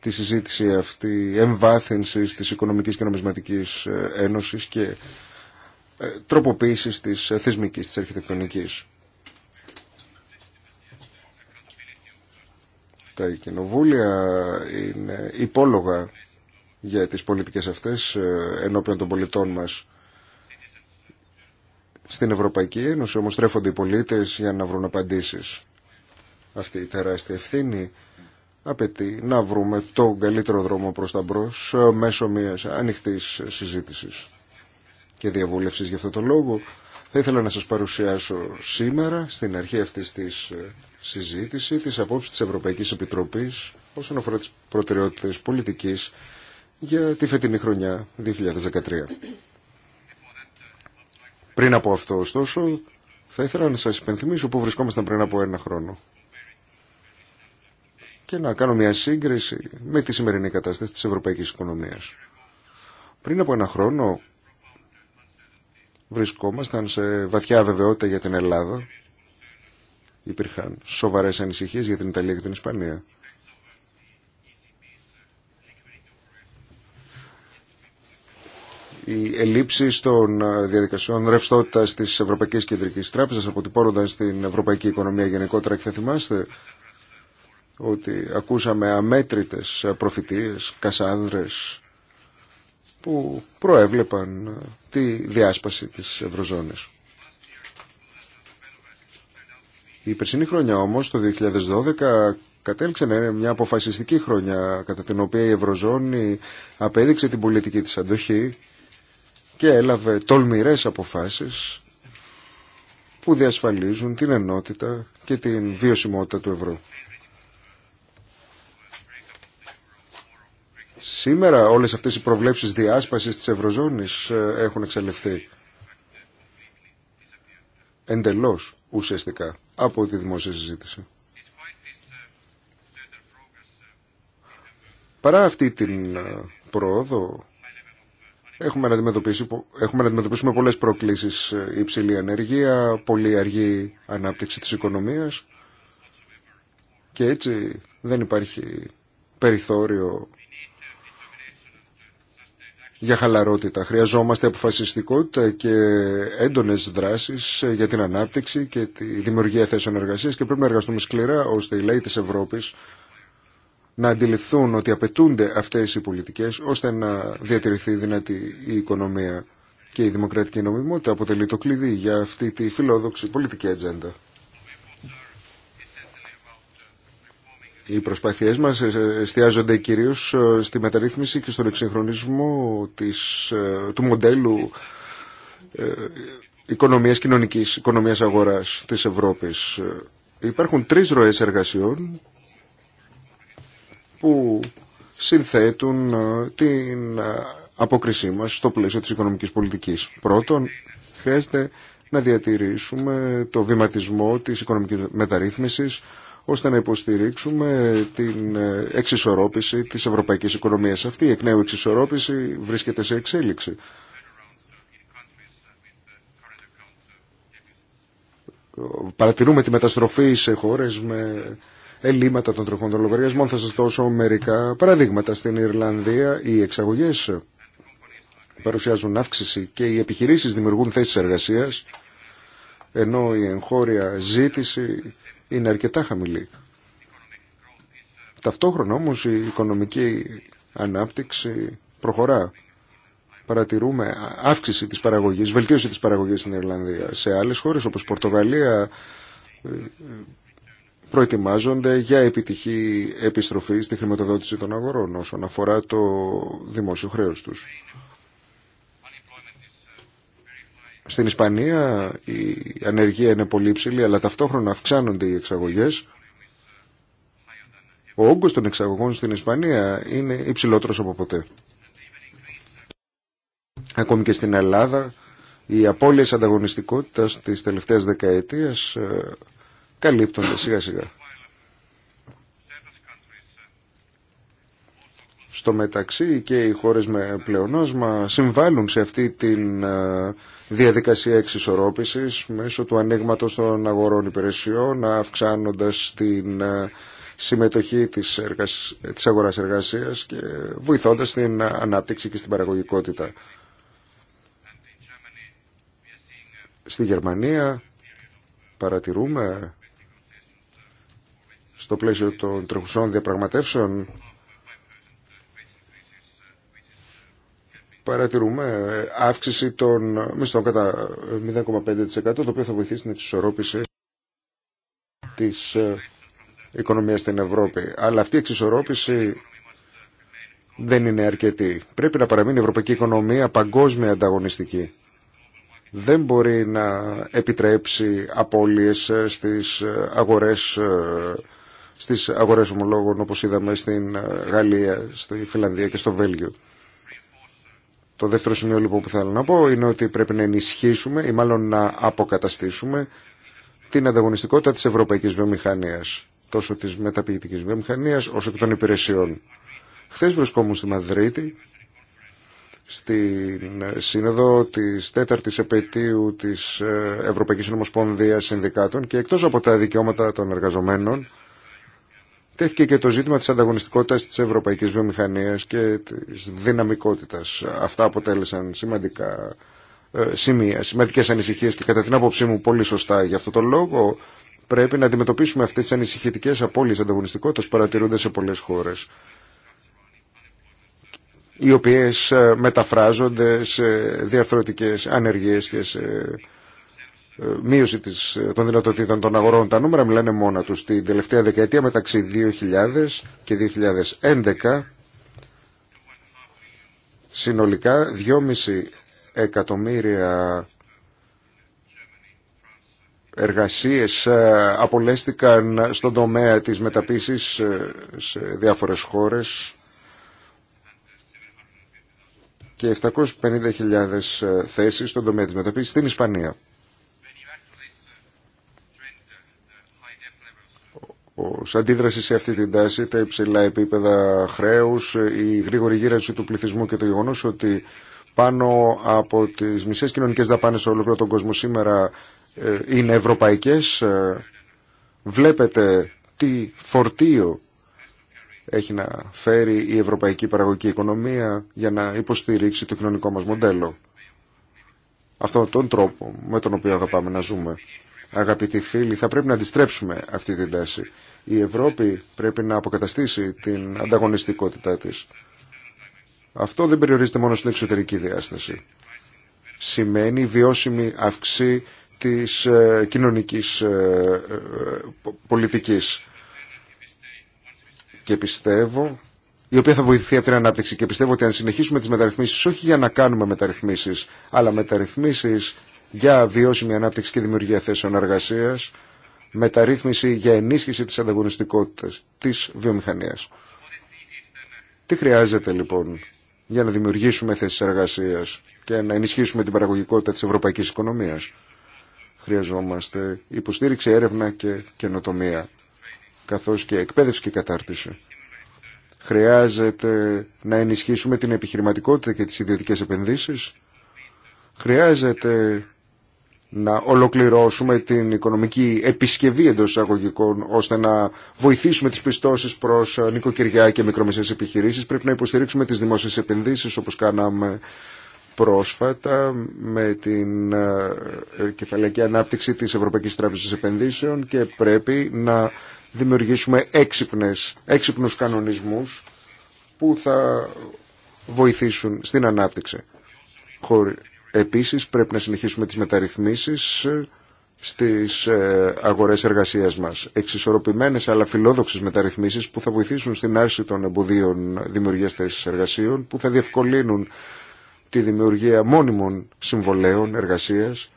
τη συζήτηση αυτή εμβάθυνσης της Οικονομικής και Νομισματικής Ένωσης και ε, τροποποίησης της θεσμικής, της αρχιτεκτονικής. Τα κοινοβούλια είναι υπόλογα για τις πολιτικές αυτές ε, ενώπιον των πολιτών μας. Στην Ευρωπαϊκή Ένωση όμως τρέφονται οι πολίτες για να βρουν απαντήσεις. Αυτή η τεράστια ευθύνη απαιτεί να βρούμε τον καλύτερο δρόμο προς τα μπρος ε, μέσω μιας ανοιχτής συζήτησης και διαβούλευσης. Γι' αυτό το λόγο θα ήθελα να σας παρουσιάσω σήμερα στην αρχή αυτής της ε, συζήτησης, τις απόψεις της Ευρωπαϊκής Επιτροπής όσον αφορά τις προτεραιότητες πολιτικής για τη φετινή χρονιά 2013. Πριν από αυτό, ωστόσο, θα ήθελα να σας υπενθυμίσω που βρισκόμασταν πριν από ένα χρόνο και να κάνω μια σύγκριση με τη σημερινή κατάσταση της ευρωπαϊκής οικονομίας. Πριν από ένα χρόνο βρισκόμασταν σε βαθιά αβεβαιότητα για την Ελλάδα. Υπήρχαν σοβαρές ανησυχίες για την Ιταλία και την Ισπανία. οι ελλείψεις των ε, διαδικασιών ρευστότητα της Ευρωπαϊκής Κεντρικής Τράπεζας αποτυπώνονταν στην ευρωπαϊκή οικονομία γενικότερα και θα θυμάστε ότι ακούσαμε αμέτρητες προφητείες, κασάνδρες που προέβλεπαν ε, τη διάσπαση της Ευρωζώνης. Η περσινή χρονιά όμως, το 2012, κατέληξε να είναι μια αποφασιστική χρονιά κατά την οποία η Ευρωζώνη απέδειξε την πολιτική της αντοχή και έλαβε τολμηρές αποφάσεις που διασφαλίζουν την ενότητα και την βιωσιμότητα του ευρώ. Σήμερα όλες αυτές οι προβλέψεις διάσπασης της Ευρωζώνης ε, έχουν εξελευθεί. εντελώς ουσιαστικά από τη δημόσια συζήτηση. Παρά αυτή την ε, πρόοδο Έχουμε να, αντιμετωπίσουμε, έχουμε να αντιμετωπίσουμε πολλές προκλήσεις, ε, υψηλή ανεργία, πολύ αργή ανάπτυξη της οικονομίας και έτσι δεν υπάρχει περιθώριο για χαλαρότητα. Χρειαζόμαστε αποφασιστικότητα και έντονες δράσεις ε, για την ανάπτυξη και τη δημιουργία θέσεων εργασία. και πρέπει να εργαστούμε σκληρά ώστε οι λαοί τη Ευρώπη να αντιληφθούν ότι απαιτούνται αυτές οι πολιτικές ώστε να διατηρηθεί δυνατή η οικονομία και η δημοκρατική νομιμότητα αποτελεί το κλειδί για αυτή τη φιλόδοξη πολιτική ατζέντα. Οι προσπάθειές μας ε, εστιάζονται κυρίως ε, στη μεταρρύθμιση και στον εξυγχρονισμό της, ε, του μοντέλου οικονομίας κοινωνικής, οικονομίας αγοράς της Ευρώπης. Υπάρχουν τρεις ροές εργασιών που συνθέτουν ε, την ε, απόκρισή μας στο πλαίσιο της οικονομικής πολιτικής. Πρώτον, χρειάζεται να διατηρήσουμε το βηματισμό της οικονομικής μεταρρύθμισης ώστε να υποστηρίξουμε την ε, εξισορρόπηση της ευρωπαϊκής οικονομίας. Αυτή η εκ νέου εξισορρόπηση βρίσκεται σε εξέλιξη. Παρατηρούμε τη μεταστροφή σε χώρες με ελλείμματα των τροχών των λογαριασμών. Θα σα δώσω μερικά παραδείγματα. Στην Ιρλανδία οι εξαγωγές παρουσιάζουν αύξηση και οι επιχειρήσεις δημιουργούν θέσεις εργασίας, ενώ η εγχώρια ζήτηση είναι αρκετά χαμηλή. Ταυτόχρονα όμως η οικονομική ανάπτυξη προχωρά. Παρατηρούμε αύξηση της παραγωγής, βελτίωση της παραγωγής στην Ιρλανδία. Σε άλλες χώρες όπως Πορτογαλία προετοιμάζονται για επιτυχή επιστροφή στη χρηματοδότηση των αγορών όσον αφορά το δημόσιο χρέος τους. Στην Ισπανία η ανεργία είναι πολύ ψηλή, αλλά ταυτόχρονα αυξάνονται οι εξαγωγές. Ο όγκος των εξαγωγών στην Ισπανία είναι υψηλότερος από ποτέ. Ακόμη και στην Ελλάδα, οι απώλειες ανταγωνιστικότητας της τελευταίας δεκαετίας ε, καλύπτονται σιγά σιγά. Στο μεταξύ και οι χώρες με πλεονόσμα συμβάλλουν σε αυτή τη ε, διαδικασία εξισορρόπησης μέσω του ανοίγματος των αγορών υπηρεσιών, αυξάνοντας την ε, συμμετοχή της, εργασ... της αγοράς εργασίας και βοηθώντας την ανάπτυξη και στην παραγωγικότητα. Στη Γερμανία παρατηρούμε στο πλαίσιο των τρεχουσών διαπραγματεύσεων παρατηρούμε αύξηση των μισθών κατά 0,5% το οποίο θα βοηθήσει την εξισορρόπηση της ε, οικονομίας στην Ευρώπη. Αλλά αυτή η εξισορρόπηση δεν είναι αρκετή. Πρέπει να παραμείνει η ευρωπαϊκή οικονομία παγκόσμια ανταγωνιστική. Δεν μπορεί να επιτρέψει απώλειες ε, στις ε, αγορές στις αγορές ομολόγων όπως είδαμε στην ε, Γαλλία, στη Φιλανδία και στο Βέλγιο. Το δεύτερο σημείο λοιπόν που θέλω να πω είναι ότι πρέπει να ενισχύσουμε ή μάλλον να αποκαταστήσουμε την ανταγωνιστικότητα της ευρωπαϊκής βιομηχανίας, τόσο της μεταπηγητικής βιομηχανίας όσο και των υπηρεσιών. Χθες βρισκόμουν στη Μαδρίτη, στην ε, σύνοδο της τέταρτης επαιτίου της ε, Ευρωπαϊκής Ομοσπονδίας Συνδικάτων και εκτός από τα δικαιώματα των εργαζομένων, τέθηκε και το ζήτημα της ανταγωνιστικότητας της ευρωπαϊκής βιομηχανίας και της δυναμικότητας. Αυτά αποτέλεσαν σημαντικά ε, σημεία, σημαντικές ανησυχίες και κατά την άποψή μου πολύ σωστά για αυτό το λόγο πρέπει να αντιμετωπίσουμε αυτές τις ανησυχητικές απώλειες ανταγωνιστικότητας που παρατηρούνται σε πολλές χώρες οι οποίες ε, μεταφράζονται σε διαρθρωτικές ανεργίες και σε ε, μείωση της, ε, των δυνατοτήτων των αγορών. Τα νούμερα μιλάνε μόνα τους. Την τελευταία δεκαετία μεταξύ 2000 και 2011 συνολικά 2,5 εκατομμύρια εργασίες ε, απολέστηκαν στον τομέα της μεταπίσης σε διάφορες χώρες και 750.000 θέσεις στον τομέα της μεταπίσης στην Ισπανία. ως αντίδραση σε αυτή την τάση τα υψηλά επίπεδα χρέους, η γρήγορη γύρανση του πληθυσμού και το γεγονός ότι πάνω από τις μισές κοινωνικές δαπάνες σε ολόκληρο τον κόσμο σήμερα ε, είναι ευρωπαϊκές. Ε, βλέπετε τι φορτίο έχει να φέρει η ευρωπαϊκή παραγωγική οικονομία για να υποστηρίξει το κοινωνικό μας μοντέλο. Αυτόν τον τρόπο με τον οποίο αγαπάμε να ζούμε. Αγαπητοί φίλοι, θα πρέπει να αντιστρέψουμε αυτή την τάση. Η Ευρώπη πρέπει να αποκαταστήσει την ανταγωνιστικότητά της. Αυτό δεν περιορίζεται μόνο στην εξωτερική διάσταση. Σημαίνει βιώσιμη αυξή της ε, κοινωνικής ε, ε, πολιτικής. Και πιστεύω η οποία θα βοηθηθεί από την ανάπτυξη. Και πιστεύω ότι αν συνεχίσουμε τι μεταρρυθμίσει, όχι για να κάνουμε μεταρρυθμίσει, αλλά μεταρρυθμίσει για βιώσιμη ανάπτυξη και δημιουργία θέσεων εργασία, μεταρρύθμιση για ενίσχυση τη ανταγωνιστικότητα τη βιομηχανία. Τι χρειάζεται λοιπόν για να δημιουργήσουμε θέσει εργασία και να ενισχύσουμε την παραγωγικότητα τη ευρωπαϊκή οικονομία. Χρειαζόμαστε υποστήριξη, έρευνα και καινοτομία, καθώς και εκπαίδευση και κατάρτιση. Χρειάζεται να ενισχύσουμε την επιχειρηματικότητα και τις ιδιωτικές επενδύσεις. Χρειάζεται να ολοκληρώσουμε την οικονομική επισκευή εντό εισαγωγικών ώστε να βοηθήσουμε τις πιστώσεις προς ε, νοικοκυριά και μικρομεσαίες επιχειρήσεις. Πρέπει να υποστηρίξουμε τις δημόσιες επενδύσεις όπως κάναμε πρόσφατα με την ε, ε, κεφαλαϊκή ανάπτυξη της Ευρωπαϊκής Τράπεζας Επενδύσεων και πρέπει να δημιουργήσουμε έξυπνες, έξυπνους κανονισμούς που θα βοηθήσουν στην ανάπτυξη Επίσης πρέπει να συνεχίσουμε τις μεταρρυθμίσεις ε, στις ε, αγορές εργασίας μας. Εξισορροπημένες αλλά φιλόδοξες μεταρρυθμίσεις που θα βοηθήσουν στην άρση των εμποδίων δημιουργίας θέσης εργασίων, που θα διευκολύνουν τη δημιουργία μόνιμων συμβολέων εργασίας,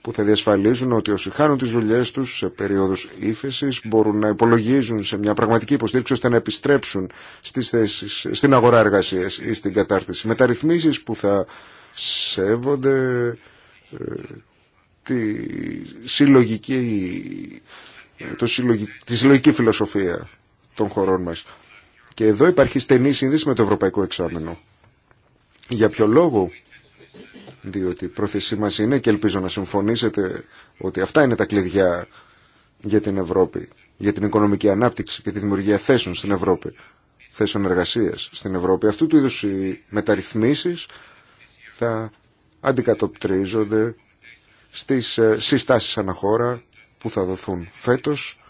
που θα διασφαλίζουν ότι όσοι χάνουν τις δουλειές τους σε περίοδους ύφεση μπορούν να υπολογίζουν σε μια πραγματική υποστήριξη ώστε να επιστρέψουν στις θέσεις, στην αγορά εργασίας ή στην κατάρτιση. Μεταρρυθμίσεις που θα σέβονται ε, τη συλλογική, το συλλογική, τη συλλογική φιλοσοφία των χωρών μας. Και εδώ υπάρχει στενή σύνδεση με το Ευρωπαϊκό Εξάμενο. Για ποιο λόγο, διότι η πρόθεσή μας είναι και ελπίζω να συμφωνήσετε ότι αυτά είναι τα κλειδιά για την Ευρώπη, για την οικονομική ανάπτυξη και τη δημιουργία θέσεων στην Ευρώπη, θέσεων εργασίας στην Ευρώπη. Αυτού του είδους οι μεταρρυθμίσεις θα αντικατοπτρίζονται στις ε, συστάσεις αναχώρα που θα δοθούν φέτος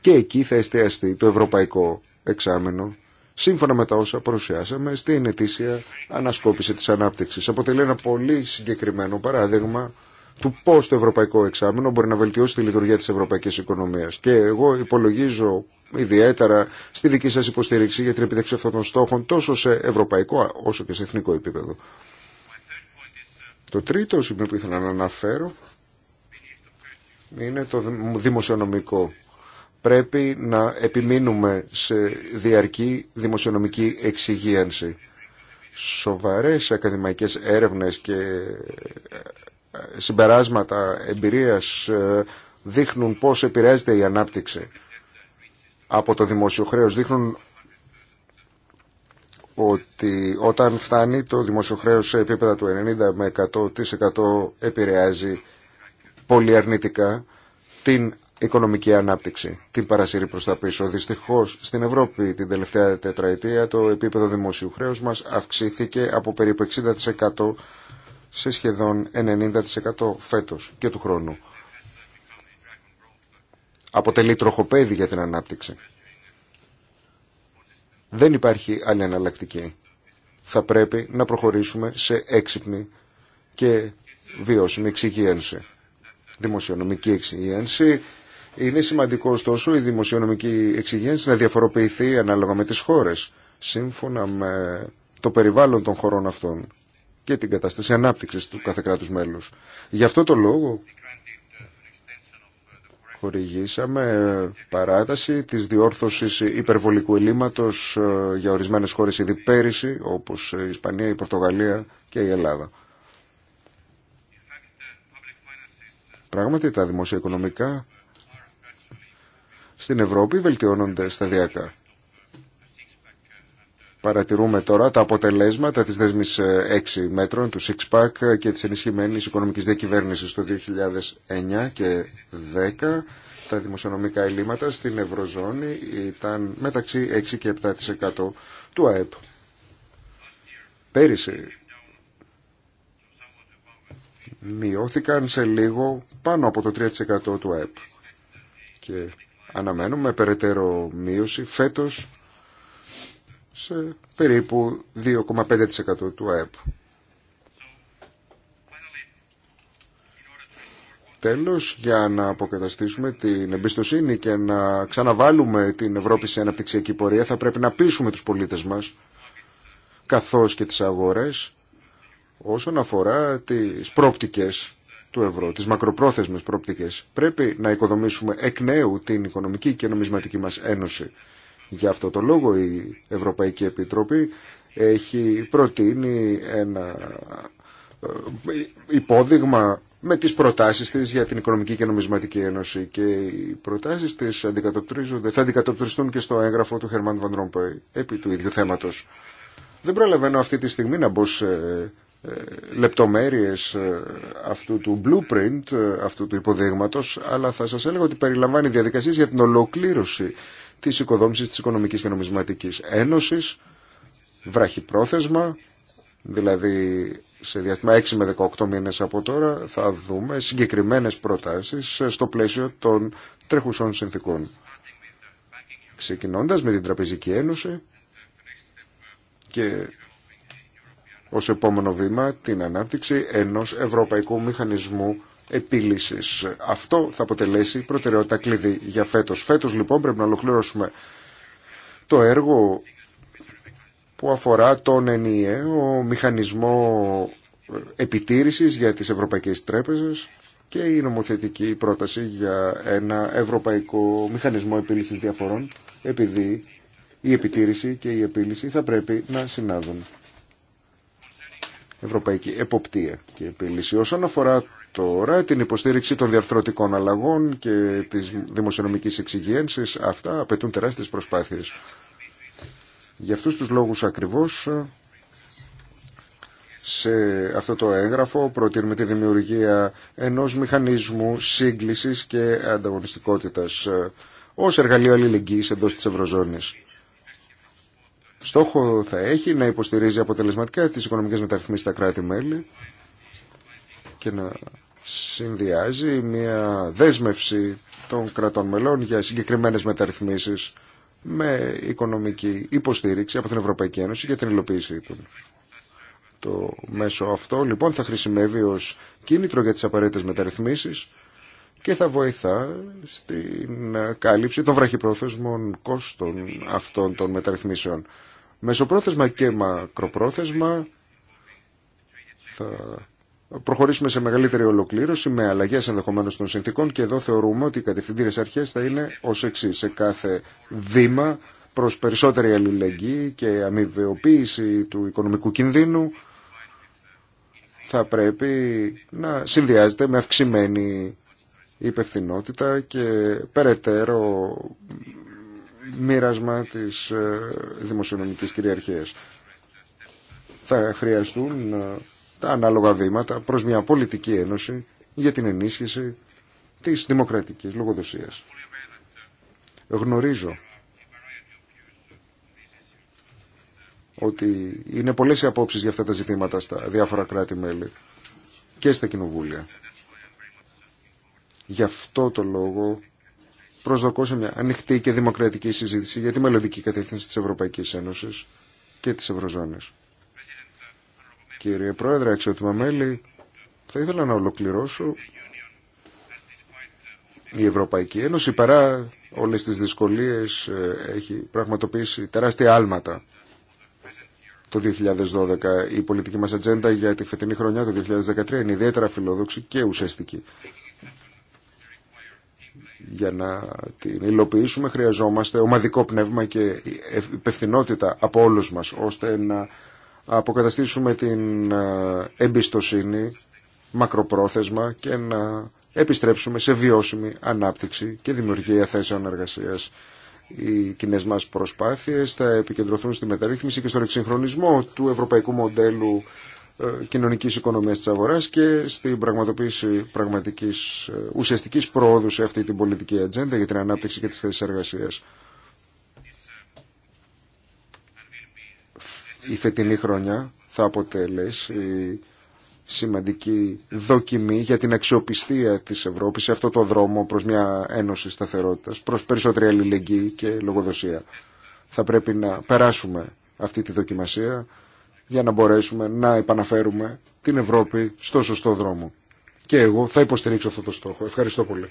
και εκεί θα εστιαστεί το ευρωπαϊκό εξάμενο σύμφωνα με τα όσα παρουσιάσαμε στην ετήσια ανασκόπηση της ανάπτυξης. Αποτελεί ένα πολύ συγκεκριμένο παράδειγμα του πώς το ευρωπαϊκό εξάμεινο μπορεί να βελτιώσει τη λειτουργία της ευρωπαϊκής οικονομίας. Και εγώ υπολογίζω ιδιαίτερα στη δική σας υποστήριξη για την επίτευξη αυτών των στόχων τόσο σε ευρωπαϊκό όσο και σε εθνικό επίπεδο. Το τρίτο σημείο που ήθελα να αναφέρω είναι το δημοσιονομικό. Πρέπει να επιμείνουμε σε διαρκή δημοσιονομική εξυγίανση. Σοβαρές ακαδημαϊκές έρευνες και ε, συμπεράσματα εμπειρίας ε, δείχνουν πώς επηρεάζεται η ανάπτυξη από το δημόσιο χρέος δείχνουν ότι όταν φτάνει το δημόσιο χρέος σε επίπεδα του 90 με 100% επηρεάζει πολύ αρνητικά την οικονομική ανάπτυξη, την παρασύρει προς τα πίσω. Δυστυχώς στην Ευρώπη την τελευταία τετραετία το επίπεδο δημοσίου χρέους μας αυξήθηκε από περίπου 60% σε σχεδόν 90% φέτος και του χρόνου αποτελεί τροχοπέδι για την ανάπτυξη. Δεν υπάρχει άλλη Θα πρέπει να προχωρήσουμε σε έξυπνη και βιώσιμη εξυγίανση. Δημοσιονομική εξυγίανση. Είναι σημαντικό ωστόσο η δημοσιονομική εξυγίανση να διαφοροποιηθεί ανάλογα με τις χώρες, σύμφωνα με το περιβάλλον των χωρών αυτών και την κατάσταση ανάπτυξης του κάθε κράτους μέλους. Γι' αυτό το λόγο χορηγήσαμε παράταση της διόρθωσης υπερβολικού ελλείμματος ε, για ορισμένες χώρες ήδη πέρυσι, όπως η Ισπανία, η Πορτογαλία και η Ελλάδα. Πράγματι τα δημοσιοοικονομικά στην Ευρώπη βελτιώνονται σταδιακά. Παρατηρούμε τώρα τα αποτελέσματα της δέσμης 6 ε, μέτρων, του Six Pack και της ενισχυμένης οικονομικής διακυβέρνησης το 2009 και 2010. Τα δημοσιονομικά ελλείμματα στην Ευρωζώνη ήταν μεταξύ 6 και 7% του ΑΕΠ. Πέρυσι μειώθηκαν σε λίγο πάνω από το 3% του ΑΕΠ και αναμένουμε περαιτέρω μείωση φέτος σε περίπου 2,5% του ΑΕΠ. Τέλος, για να αποκαταστήσουμε την εμπιστοσύνη και να ξαναβάλουμε την Ευρώπη σε αναπτυξιακή πορεία, θα πρέπει να πείσουμε τους πολίτες μας, καθώς και τις αγορές, όσον αφορά τις πρόπτικες του ευρώ, τις μακροπρόθεσμες πρόπτικες. Πρέπει να οικοδομήσουμε εκ νέου την οικονομική και νομισματική μας ένωση Γι' αυτό το λόγο η Ευρωπαϊκή Επιτροπή έχει προτείνει ένα ε, υπόδειγμα με τις προτάσεις της για την Οικονομική και Νομισματική Ένωση και οι προτάσεις της αντικατοπτρίζονται, θα αντικατοπτριστούν και στο έγγραφο του Χερμάν Βαντρόμπεϊ επί του ίδιου θέματος. Δεν προλαβαίνω αυτή τη στιγμή να μπω σε ε, λεπτομέρειες ε, αυτού του blueprint, αυτού του υποδείγματος, αλλά θα σας έλεγα ότι περιλαμβάνει διαδικασίες για την ολοκλήρωση της οικοδόμησης της Οικονομικής και Νομισματικής Ένωσης, βραχυπρόθεσμα, δηλαδή σε διάστημα 6 με 18 μήνες από τώρα θα δούμε συγκεκριμένες προτάσεις στο πλαίσιο των τρέχουσών συνθήκων. Ξεκινώντας με την Τραπεζική Ένωση και ως επόμενο βήμα την ανάπτυξη ενός ευρωπαϊκού μηχανισμού επίλυσης. Αυτό θα αποτελέσει προτεραιότητα κλειδί για φέτος. Φέτος λοιπόν πρέπει να ολοκληρώσουμε το έργο που αφορά τον ο μηχανισμό επιτήρησης για τις ευρωπαϊκές τρέπεζες και η νομοθετική πρόταση για ένα ευρωπαϊκό μηχανισμό επίλυσης διαφορών επειδή η επιτήρηση και η επίλυση θα πρέπει να συνάδουν. Ευρωπαϊκή εποπτεία και επίλυση. Όσον αφορά τώρα την υποστήριξη των διαρθρωτικών αλλαγών και της δημοσιονομικής εξυγένσης. Αυτά απαιτούν τεράστιες προσπάθειες. Για αυτούς τους λόγους ακριβώς σε αυτό το έγγραφο προτείνουμε τη δημιουργία ενός μηχανισμού σύγκλησης και ανταγωνιστικότητας ως εργαλείο αλληλεγγύης εντός της Ευρωζώνης. Στόχο θα έχει να υποστηρίζει αποτελεσματικά τις οικονομικές μεταρρυθμίσεις στα κράτη-μέλη και να συνδυάζει μια δέσμευση των κρατών μελών για συγκεκριμένες μεταρρυθμίσεις με οικονομική υποστήριξη από την Ευρωπαϊκή Ένωση για την υλοποίησή του. Το μέσο αυτό λοιπόν θα χρησιμεύει ως κίνητρο για τις απαραίτητες μεταρρυθμίσεις και θα βοηθά στην κάλυψη των βραχυπρόθεσμων κόστων αυτών των μεταρρυθμίσεων. Μεσοπρόθεσμα και μακροπρόθεσμα θα προχωρήσουμε σε μεγαλύτερη ολοκλήρωση με αλλαγέ ενδεχομένω των συνθήκων και εδώ θεωρούμε ότι οι κατευθυντήρε αρχέ θα είναι ω εξή. Σε κάθε βήμα προ περισσότερη αλληλεγγύη και αμοιβαιοποίηση του οικονομικού κινδύνου θα πρέπει να συνδυάζεται με αυξημένη υπευθυνότητα και περαιτέρω μοίρασμα της ε, δημοσιονομικής κυριαρχίας. Θα χρειαστούν ε, τα ανάλογα βήματα προς μια πολιτική ένωση για την ενίσχυση της δημοκρατικής λογοδοσίας. Γνωρίζω ότι είναι πολλές οι απόψεις για αυτά τα ζητήματα στα διάφορα κράτη-μέλη και στα κοινοβούλια. Γι' αυτό το λόγο προσδοκώ σε μια ανοιχτή και δημοκρατική συζήτηση για τη μελλοντική κατεύθυνση της Ευρωπαϊκής Ένωσης και της Ευρωζώνης. Κύριε Πρόεδρε, αξιότιμα μέλη, θα ήθελα να ολοκληρώσω. Η Ευρωπαϊκή Ένωση παρά όλες τις δυσκολίες ε, έχει πραγματοποιήσει τεράστια άλματα το 2012. Η πολιτική μας ατζέντα για τη φετινή χρονιά το 2013 είναι ιδιαίτερα φιλόδοξη και ουσιαστική. Για να την υλοποιήσουμε χρειαζόμαστε ομαδικό πνεύμα και υπευθυνότητα από όλους μας ώστε να αποκαταστήσουμε την ε, εμπιστοσύνη μακροπρόθεσμα και να επιστρέψουμε σε βιώσιμη ανάπτυξη και δημιουργία θέσεων εργασίας. Οι κοινέ μα προσπάθειες θα επικεντρωθούν στη μεταρρύθμιση και στον εξυγχρονισμό του ευρωπαϊκού μοντέλου ε, κοινωνικής οικονομίας της αγοράς και στην πραγματοποίηση πραγματικής ε, ουσιαστικής πρόοδου σε αυτή την πολιτική ατζέντα για την ανάπτυξη και τις θέσεις εργασίας. η φετινή χρονιά θα αποτελέσει σημαντική δοκιμή για την αξιοπιστία της Ευρώπης σε αυτό το δρόμο προς μια ένωση σταθερότητας, προς περισσότερη αλληλεγγύη και λογοδοσία. Θα πρέπει να περάσουμε αυτή τη δοκιμασία για να μπορέσουμε να επαναφέρουμε την Ευρώπη στο σωστό δρόμο. Και εγώ θα υποστηρίξω αυτό το στόχο. Ευχαριστώ πολύ.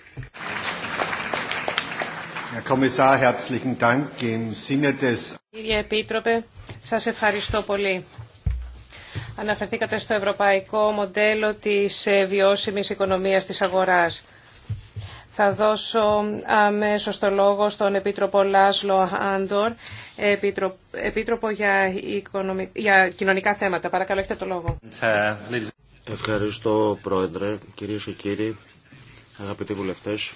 Κύριε Επίτροπε, σας ευχαριστώ πολύ. Αναφερθήκατε στο ευρωπαϊκό μοντέλο της ε, βιώσιμης οικονομίας της αγοράς. Θα δώσω αμέσως το λόγο στον Επίτροπο Λάσλο Άντορ, Επίτροπο, για, για κοινωνικά θέματα. Παρακαλώ, έχετε το λόγο. Ευχαριστώ, Πρόεδρε, κυρίες και κύριοι, αγαπητοί βουλευτές.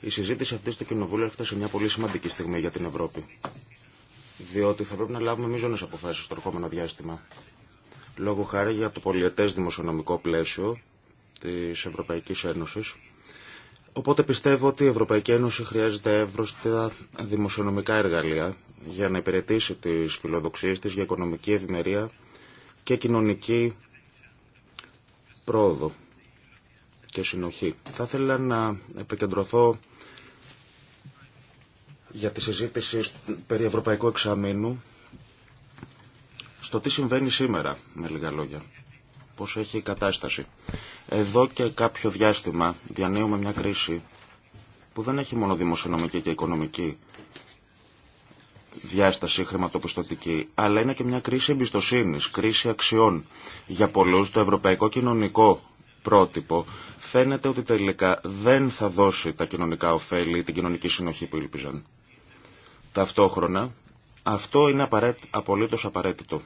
Η συζήτηση αυτή στο Κοινοβούλιο έρχεται σε μια πολύ σημαντική στιγμή για την Ευρώπη. Διότι θα πρέπει να λάβουμε μείζονε αποφάσει στο ερχόμενο διάστημα. Λόγω χάρη για το πολιετέ δημοσιονομικό πλαίσιο τη Ευρωπαϊκή Ένωση. Οπότε πιστεύω ότι η Ευρωπαϊκή Ένωση χρειάζεται εύρωστα δημοσιονομικά εργαλεία για να υπηρετήσει τι φιλοδοξίε τη για οικονομική ευημερία και κοινωνική πρόοδο και συνοχή. Θα ήθελα να επικεντρωθώ για τη συζήτηση περί Ευρωπαϊκού Εξαμήνου στο τι συμβαίνει σήμερα, με λίγα λόγια. Πώς έχει η κατάσταση. Εδώ και κάποιο διάστημα διανύουμε μια κρίση που δεν έχει μόνο δημοσιονομική και οικονομική διάσταση χρηματοπιστωτική, αλλά είναι και μια κρίση εμπιστοσύνης, κρίση αξιών. Για πολλούς το ευρωπαϊκό κοινωνικό πρότυπο φαίνεται ότι τελικά δεν θα δώσει τα κοινωνικά ωφέλη ή την κοινωνική συνοχή που ήλπιζαν. Ταυτόχρονα, αυτό είναι απαραίτητο, απολύτως απαραίτητο.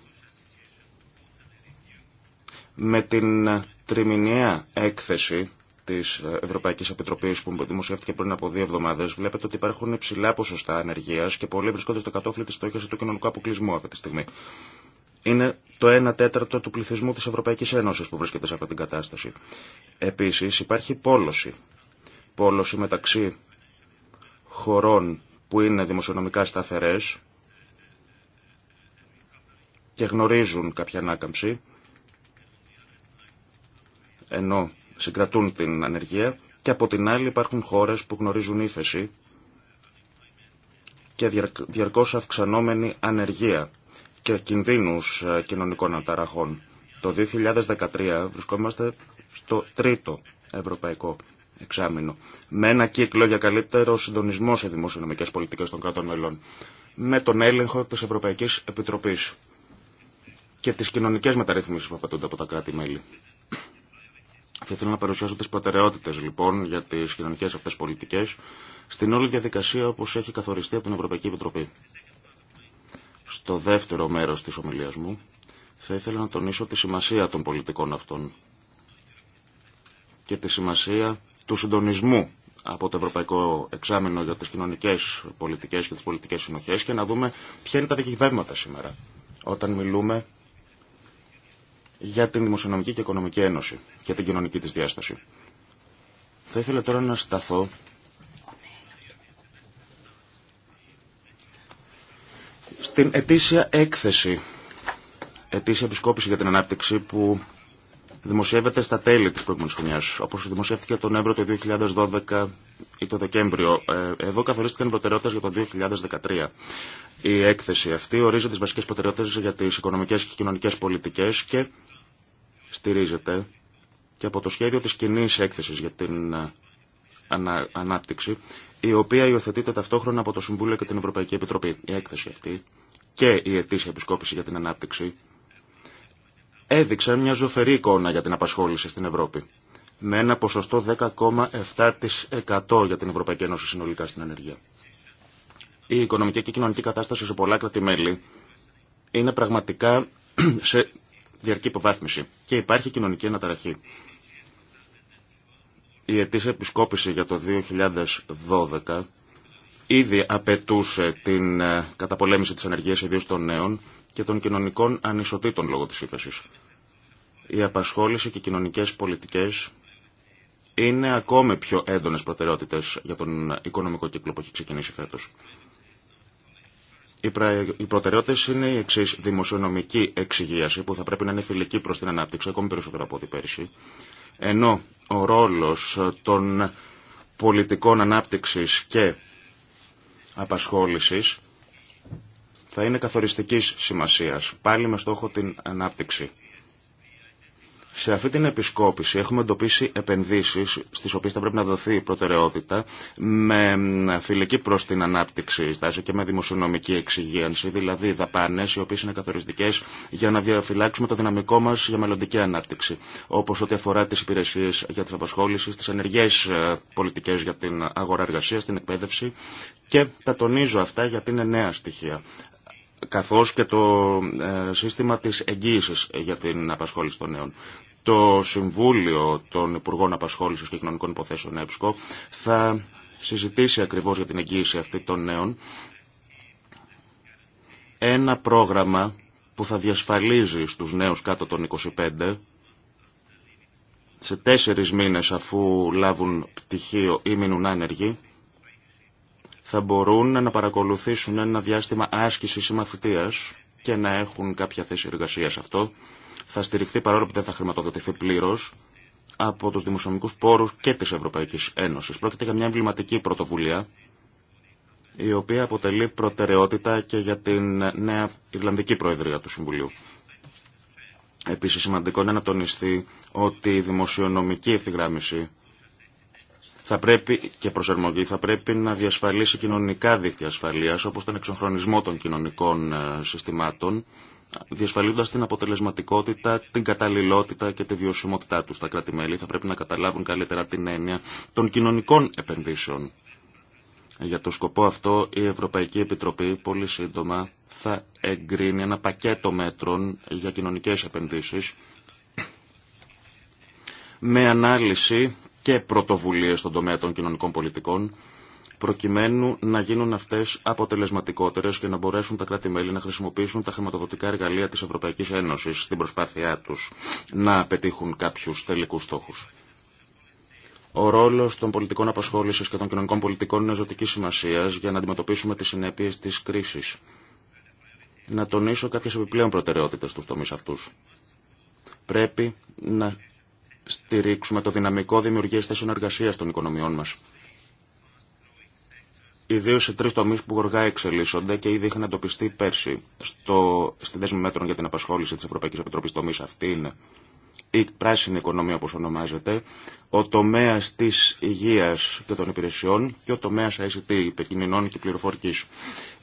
Με την τριμηνιαία έκθεση της Ευρωπαϊκής Επιτροπής που δημοσιεύτηκε πριν από δύο εβδομάδες βλέπετε ότι υπάρχουν υψηλά ποσοστά ανεργίας και πολλοί βρισκόνται στο κατόφλι της στόχης του κοινωνικού αποκλεισμού αυτή τη στιγμή. Είναι το 1 τέταρτο του πληθυσμού της Ευρωπαϊκής Ένωσης που βρίσκεται σε αυτή την κατάσταση. Επίσης υπάρχει πόλωση. Πόλωση μεταξύ χωρών που είναι δημοσιονομικά σταθερές και γνωρίζουν κάποια ανάκαμψη, ενώ συγκρατούν την ανεργία, και από την άλλη υπάρχουν χώρες που γνωρίζουν ύφεση και διαρκώς αυξανόμενη ανεργία και κινδύνους ε, κοινωνικών ανταραχών. Το 2013 βρισκόμαστε στο τρίτο ευρωπαϊκό εξάμεινο, με ένα κύκλο για καλύτερο συντονισμό σε δημόσιονομικέ πολιτικέ των κρατών μελών, με τον έλεγχο τη Ευρωπαϊκή Επιτροπής και τι κοινωνικέ μεταρρυθμίσει που απαιτούνται από τα κράτη-μέλη. Θα ήθελα να παρουσιάσω τι προτεραιότητε λοιπόν για τι κοινωνικέ αυτέ πολιτικέ στην όλη διαδικασία όπω έχει καθοριστεί από την Ευρωπαϊκή Επιτροπή. Στο δεύτερο μέρο τη ομιλία μου θα ήθελα να τονίσω τη σημασία των πολιτικών αυτών και τη σημασία του συντονισμού από το Ευρωπαϊκό Εξάμεινο για τις κοινωνικές πολιτικές και τις πολιτικές συνοχές και να δούμε ποια είναι τα δικαιβεύματα σήμερα όταν μιλούμε για την Δημοσιονομική και Οικονομική Ένωση και την κοινωνική της διάσταση. Θα ήθελα τώρα να σταθώ στην ετήσια έκθεση, ετήσια επισκόπηση για την ανάπτυξη που δημοσιεύεται στα τέλη της προηγούμενης χρονιάς, όπως δημοσιεύτηκε τον Εύρο το 2012 ή το Δεκέμβριο. Ε, εδώ καθορίστηκαν προτεραιότητες για το 2013. Η έκθεση αυτή ορίζει τις βασικές προτεραιότητες για τις οικονομικές και κοινωνικές πολιτικές και στηρίζεται και από το σχέδιο της κοινή έκθεσης για την ε, ανα, ανάπτυξη, η οποία υιοθετείται ταυτόχρονα από το Συμβούλιο και την Ευρωπαϊκή Επιτροπή. Η έκθεση αυτή και η ετήσια επισκόπηση για την ανάπτυξη έδειξαν μια ζωφερή εικόνα για την απασχόληση στην Ευρώπη. Με ένα ποσοστό 10,7% για την Ευρωπαϊκή Ένωση συνολικά στην ενεργεια. Η οικονομική και κοινωνική κατάσταση σε πολλά κράτη-μέλη είναι πραγματικά σε διαρκή υποβάθμιση και υπάρχει κοινωνική αναταραχή. Η ετήσια επισκόπηση για το 2012 ήδη απαιτούσε την ε, καταπολέμηση της ανεργίας ιδίως των νέων και των κοινωνικών ανισοτήτων λόγω της ύφεσης η απασχόληση και οι κοινωνικές πολιτικές είναι ακόμη πιο έντονες προτεραιότητες για τον οικονομικό κύκλο που έχει ξεκινήσει φέτος. Οι προτεραιότητε είναι η εξή. Δημοσιονομική εξυγίαση που θα πρέπει να είναι φιλική προ την ανάπτυξη ακόμη περισσότερο από ό,τι πέρυσι. Ενώ ο ρόλο των πολιτικών ανάπτυξη και απασχόληση θα είναι καθοριστική σημασία. Πάλι με στόχο την ανάπτυξη. Σε αυτή την επισκόπηση έχουμε εντοπίσει επενδύσεις στις οποίες θα πρέπει να δοθεί προτεραιότητα με φιλική προς την ανάπτυξη στάση και με δημοσιονομική εξυγίανση, δηλαδή δαπάνες οι οποίες είναι καθοριστικές για να διαφυλάξουμε το δυναμικό μας για μελλοντική ανάπτυξη, όπως ό,τι αφορά τις υπηρεσίες για την απασχόληση, τις ενεργές ε, πολιτικές για την αγορά εργασία, την εκπαίδευση και τα τονίζω αυτά γιατί είναι νέα στοιχεία καθώς και το ε, σύστημα της εγγύησης για την απασχόληση των νέων. Το Συμβούλιο των Υπουργών Απασχόλησης και Κοινωνικών Υποθέσεων ΕΠΣΚΟ θα συζητήσει ακριβώς για την εγγύηση αυτή των νέων ένα πρόγραμμα που θα διασφαλίζει στους νέους κάτω των 25 σε τέσσερις μήνες αφού λάβουν πτυχίο ή μείνουν άνεργοι θα μπορούν να παρακολουθήσουν ένα διάστημα άσκησης ή μαθητεία και να έχουν κάποια θέση εργασία αυτό. Θα στηριχθεί παρόλο που δεν θα χρηματοδοτηθεί πλήρω από του δημοσιονομικού πόρου και τη Ευρωπαϊκή Ένωση. Πρόκειται για μια εμβληματική πρωτοβουλία, η οποία αποτελεί προτεραιότητα και για την νέα Ιρλανδική Προεδρία του Συμβουλίου. Επίσης σημαντικό είναι να τονιστεί ότι η δημοσιονομική ευθυγράμμιση θα πρέπει, και προσαρμογή θα πρέπει να διασφαλίσει κοινωνικά δίκτυα ασφαλείας όπως τον εξοχρονισμό των κοινωνικών ε, συστημάτων διασφαλίζοντας την αποτελεσματικότητα, την καταλληλότητα και τη βιωσιμότητά τους. στα κράτη-μέλη θα πρέπει να καταλάβουν καλύτερα την έννοια των κοινωνικών επενδύσεων. Για το σκοπό αυτό η Ευρωπαϊκή Επιτροπή πολύ σύντομα θα εγκρίνει ένα πακέτο μέτρων για κοινωνικές επενδύσεις με ανάλυση και πρωτοβουλίες στον τομέα των κοινωνικών πολιτικών, προκειμένου να γίνουν αυτές αποτελεσματικότερες και να μπορέσουν τα κράτη-μέλη να χρησιμοποιήσουν τα χρηματοδοτικά εργαλεία της Ευρωπαϊκής Ένωσης στην προσπάθειά τους να πετύχουν κάποιους τελικούς στόχους. Ο ρόλο των πολιτικών απασχόληση και των κοινωνικών πολιτικών είναι ζωτική σημασία για να αντιμετωπίσουμε τι συνέπειε τη κρίση. Να τονίσω κάποιε επιπλέον προτεραιότητε στου τομεί αυτού. Πρέπει να στηρίξουμε το δυναμικό δημιουργίας θέσεων εργασίας των οικονομιών μας. Ιδίω σε τρει τομεί που γοργά εξελίσσονται και ήδη είχαν εντοπιστεί πέρσι στο, στη δέσμη μέτρων για την απασχόληση τη Ευρωπαϊκή Επιτροπή. Τομεί αυτή είναι η πράσινη οικονομία, όπω ονομάζεται, ο τομέα τη υγεία και των υπηρεσιών και ο τομέα ICT, υπεκινηνών και πληροφορική.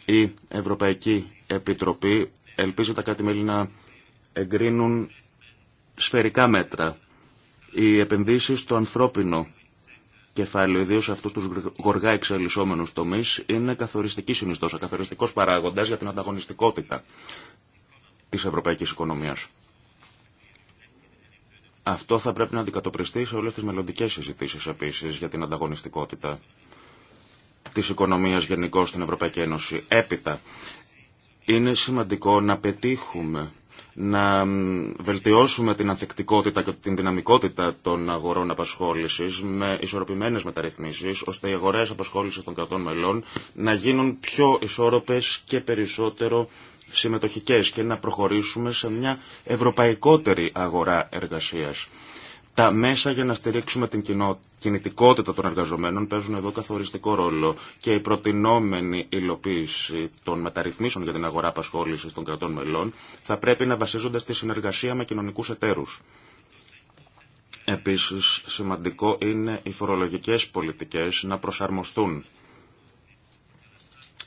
Η Ευρωπαϊκή Επιτροπή ελπίζει τα κράτη-μέλη να εγκρίνουν σφαιρικά μέτρα οι επενδύσει στο ανθρώπινο κεφάλαιο, ιδίω αυτού του γοργά εξελισσόμενου τομεί, είναι καθοριστική συνιστόσα, καθοριστικό παράγοντα για την ανταγωνιστικότητα τη ευρωπαϊκή οικονομία. Αυτό θα πρέπει να αντικατοπριστεί σε όλε τι μελλοντικέ συζητήσει επίση για την ανταγωνιστικότητα τη οικονομία γενικώ στην Ευρωπαϊκή Ένωση. Έπειτα, είναι σημαντικό να πετύχουμε να βελτιώσουμε την ανθεκτικότητα και την δυναμικότητα των αγορών απασχόληση με ισορροπημένες μεταρρυθμίσεις, ώστε οι αγορέ απασχόληση των κρατών μελών να γίνουν πιο ισόρροπες και περισσότερο συμμετοχικές και να προχωρήσουμε σε μια ευρωπαϊκότερη αγορά εργασίας. Τα μέσα για να στηρίξουμε την κινητικότητα των εργαζομένων παίζουν εδώ καθοριστικό ρόλο και η προτινόμενη υλοποίηση των μεταρρυθμίσεων για την αγορά απασχόληση των κρατών μελών θα πρέπει να βασίζονται στη συνεργασία με κοινωνικού εταίρου. Επίση, σημαντικό είναι οι φορολογικέ πολιτικέ να προσαρμοστούν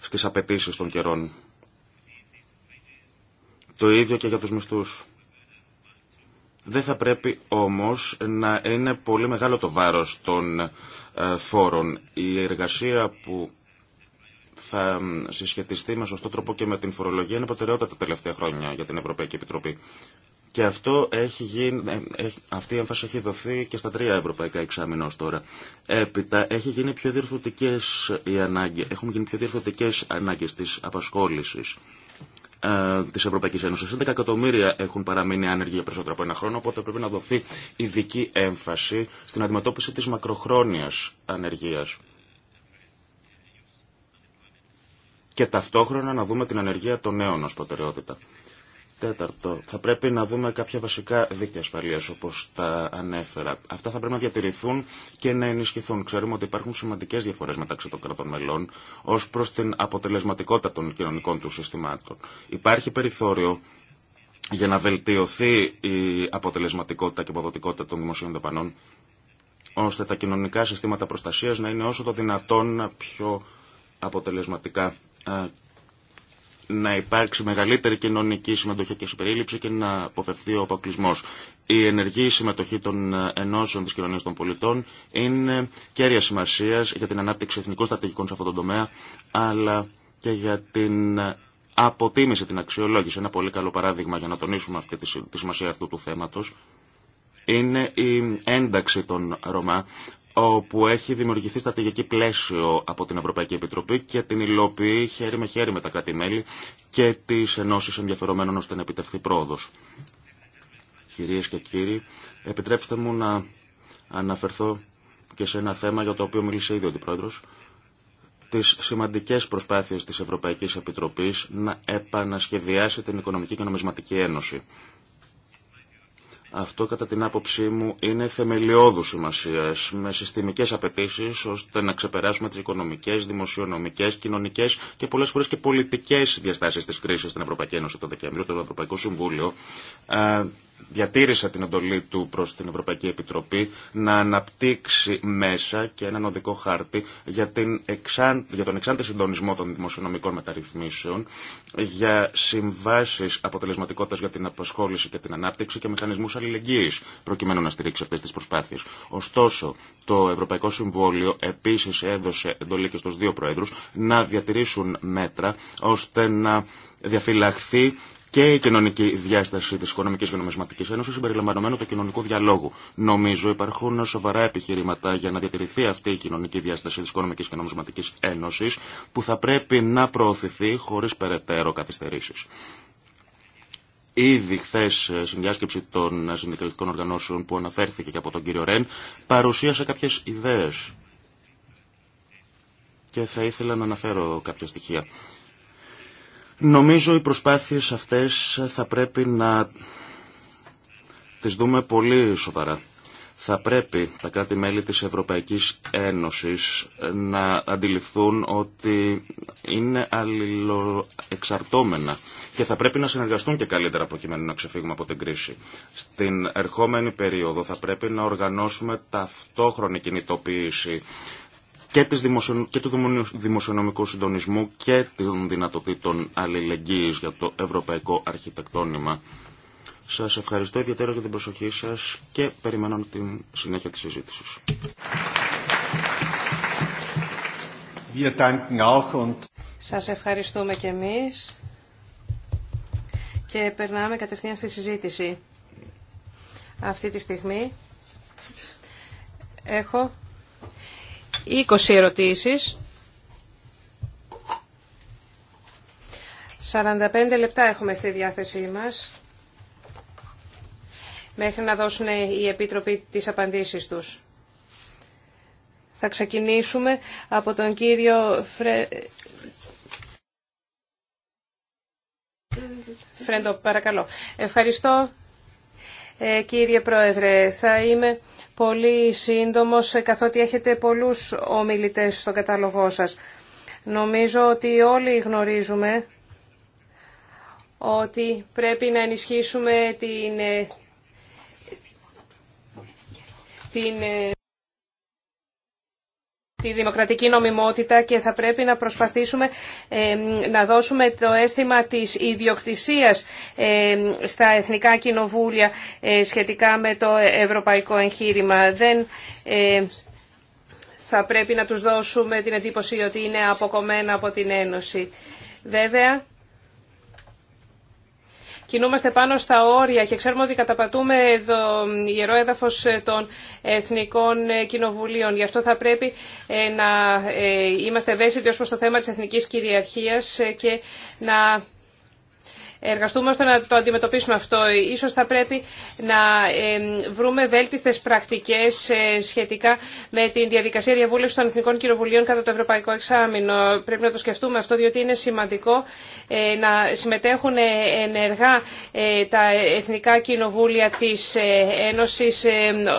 στι απαιτήσει των καιρών. Το ίδιο και για του μισθού. Δεν θα πρέπει όμως να είναι πολύ μεγάλο το βάρος των ε, φόρων. Η εργασία που θα συσχετιστεί με σωστό τρόπο και με την φορολογία είναι προτεραιότητα τα τελευταία χρόνια για την Ευρωπαϊκή Επιτροπή. Και αυτό έχει γίνει, ε, αυτή η έμφαση έχει δοθεί και στα τρία ευρωπαϊκά εξάμεινα τώρα. Έπειτα έχει γίνει πιο οι έχουν γίνει πιο διορθωτικές ανάγκες της απασχόλησης. Ε, τη Ευρωπαϊκή Ένωση. 11 εκατομμύρια έχουν παραμείνει άνεργοι για περισσότερο από ένα χρόνο, οπότε πρέπει να δοθεί ειδική έμφαση στην αντιμετώπιση τη μακροχρόνια ανεργία. Και ταυτόχρονα να δούμε την ανεργία των νέων ω προτεραιότητα. Τέταρτο, θα πρέπει να δούμε κάποια βασικά δίκτυα ασφαλεία όπω τα ανέφερα. Αυτά θα πρέπει να διατηρηθούν και να ενισχυθούν. Ξέρουμε ότι υπάρχουν σημαντικέ διαφορέ μεταξύ των κρατών μελών ω προ την αποτελεσματικότητα των κοινωνικών του συστημάτων. Υπάρχει περιθώριο για να βελτιωθεί η αποτελεσματικότητα και αποδοτικότητα των δημοσίων δαπανών ώστε τα κοινωνικά συστήματα προστασία να είναι όσο το δυνατόν πιο αποτελεσματικά να υπάρξει μεγαλύτερη κοινωνική συμμετοχή και συμπερίληψη και να αποφευθεί ο αποκλεισμό. Η ενεργή συμμετοχή των ε, ενώσεων τη κοινωνία των πολιτών είναι κέρια σημασία για την ανάπτυξη εθνικών στρατηγικών σε αυτόν τον τομέα, αλλά και για την ε, αποτίμηση, την αξιολόγηση. Ένα πολύ καλό παράδειγμα για να τονίσουμε αυτή τη σημασία αυτού του θέματο, είναι η ένταξη των Ρωμά όπου έχει δημιουργηθεί στρατηγική πλαίσιο από την Ευρωπαϊκή Επιτροπή και την υλοποιεί χέρι με χέρι με τα κράτη-μέλη και τις ενώσεις ενδιαφερομένων ώστε να επιτευχθεί πρόοδος. Κυρίες και κύριοι, επιτρέψτε μου να αναφερθώ και σε ένα θέμα για το οποίο μίλησε ήδη ο Αντιπρόεδρος, τις σημαντικές προσπάθειες της Ευρωπαϊκής Επιτροπής να επανασχεδιάσει την Οικονομική και Νομισματική Ένωση. Αυτό κατά την άποψή μου είναι θεμελιώδου σημασία με συστημικές απαιτήσει ώστε να ξεπεράσουμε τις οικονομικές, δημοσιονομικές, κοινωνικές και πολλές φορές και πολιτικές διαστάσεις της κρίσης στην Ευρωπαϊκή Ένωση το Δεκέμβριο, το Ευρωπαϊκό Συμβούλιο ε, διατήρησα την εντολή του προς την Ευρωπαϊκή Επιτροπή να αναπτύξει μέσα και έναν οδικό χάρτη για, την για τον εξάντη συντονισμό των δημοσιονομικών μεταρρυθμίσεων, για συμβάσεις αποτελεσματικότητας για την απασχόληση και την ανάπτυξη και μηχανισμούς αλληλεγγύης, προκειμένου να στηρίξει αυτές τις προσπάθειες. Ωστόσο, το Ευρωπαϊκό Συμβόλιο επίσης έδωσε εντολή και στους δύο Προέδρους να διατηρήσουν μέτρα ώστε να διαφυλαχθεί και η κοινωνική διάσταση τη Οικονομική και Νομισματική Ένωση συμπεριλαμβανομένου του κοινωνικού διαλόγου. Νομίζω υπάρχουν σοβαρά επιχειρήματα για να διατηρηθεί αυτή η κοινωνική διάσταση τη Οικονομική και Νομισματική Ένωση που θα πρέπει να προωθηθεί χωρί περαιτέρω καθυστερήσει. Ήδη χθε ε, στην διάσκεψη των συνδικαλιστικών οργανώσεων που αναφέρθηκε και από τον κύριο Ρεν παρουσίασα κάποιε ιδέε και θα ήθελα να αναφέρω κάποια στοιχεία. Νομίζω οι προσπάθειες αυτές θα πρέπει να τις δούμε πολύ σοβαρά. Θα πρέπει τα κράτη-μέλη της Ευρωπαϊκής Ένωσης να αντιληφθούν ότι είναι αλληλοεξαρτώμενα και θα πρέπει να συνεργαστούν και καλύτερα προκειμένου να ξεφύγουμε από την κρίση. Στην ερχόμενη περίοδο θα πρέπει να οργανώσουμε ταυτόχρονη κινητοποίηση και, της δημοσιο... και του δημοσιονομικού συντονισμού και των δυνατοτήτων αλληλεγγύης για το ευρωπαϊκό αρχιτεκτόνημα. Σας ευχαριστώ ιδιαίτερα για την προσοχή σας και περιμένω την συνέχεια της συζήτησης. Σας ευχαριστούμε και εμείς και περνάμε κατευθείαν στη συζήτηση. Αυτή τη στιγμή έχω 20 ερωτήσεις. 45 λεπτά έχουμε στη διάθεσή μας μέχρι να δώσουν οι επίτροποι τις απαντήσεις τους. Θα ξεκινήσουμε από τον κύριο Φρε... Φρέντο, παρακαλώ. Ευχαριστώ, ε, κύριε Πρόεδρε. Θα είμαι πολύ σύντομος, ε, καθότι έχετε πολλούς ομιλητές στο κατάλογό σας. Νομίζω ότι όλοι γνωρίζουμε ότι πρέπει να ενισχύσουμε την, ε, την ε, τη δημοκρατική νομιμότητα και θα πρέπει να προσπαθήσουμε να δώσουμε το αίσθημα της ιδιοκτησίας στα εθνικά κοινοβούλια ε, σχετικά με το ευρωπαϊκό εγχείρημα. Δεν θα πρέπει να τους δώσουμε την εντύπωση ότι είναι αποκομμένα από την Ένωση. Βέβαια, κινούμαστε πάνω στα όρια και ξέρουμε ότι καταπατούμε το ιερό έδαφος των εθνικών κοινοβουλίων. Γι' αυτό θα πρέπει ε, να ε, είμαστε ευαίσθητοι ω προ το θέμα της εθνικής κυριαρχίας ε, και να εργαστούμε ώστε να το αντιμετωπίσουμε αυτό. Ίσως θα πρέπει να βρούμε βέλτιστες πρακτικές ε, σχετικά με την διαδικασία διαβούλευση των Εθνικών Κοινοβουλίων κατά το Ευρωπαϊκό Εξάμεινο. Πρέπει να το σκεφτούμε αυτό διότι είναι σημαντικό ε, να συμμετέχουν ε, ενεργά τα Εθνικά Κοινοβούλια της Ένωσης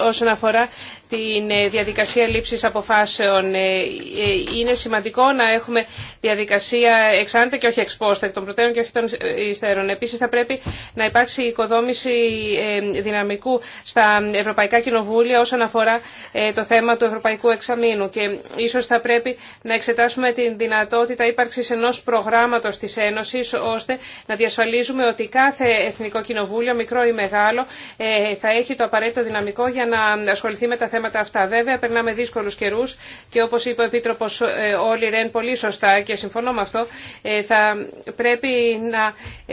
όσον αφορά την ε, διαδικασία λήψης αποφάσεων. Ε, ε, είναι σημαντικό να έχουμε διαδικασία εξάντε και όχι εξπόστε, εκ των προτέρων και όχι των υστέρων. Επίσης θα πρέπει να υπάρξει οικοδόμηση δυναμικού στα Ευρωπαϊκά Κοινοβούλια όσον αφορά το θέμα του Ευρωπαϊκού Εξαμήνου και ίσως θα πρέπει να εξετάσουμε την δυνατότητα ύπαρξης ενός προγράμματος της Ένωσης ώστε να διασφαλίζουμε ότι κάθε Εθνικό Κοινοβούλιο, μικρό ή μεγάλο, θα έχει το απαραίτητο δυναμικό για να ασχοληθεί με τα θέματα θέματα αυτά. Βέβαια, περνάμε δύσκολου καιρού και όπω είπε ο Επίτροπο ε, Όλη Ρεν πολύ σωστά και συμφωνώ με αυτό, ε, θα πρέπει να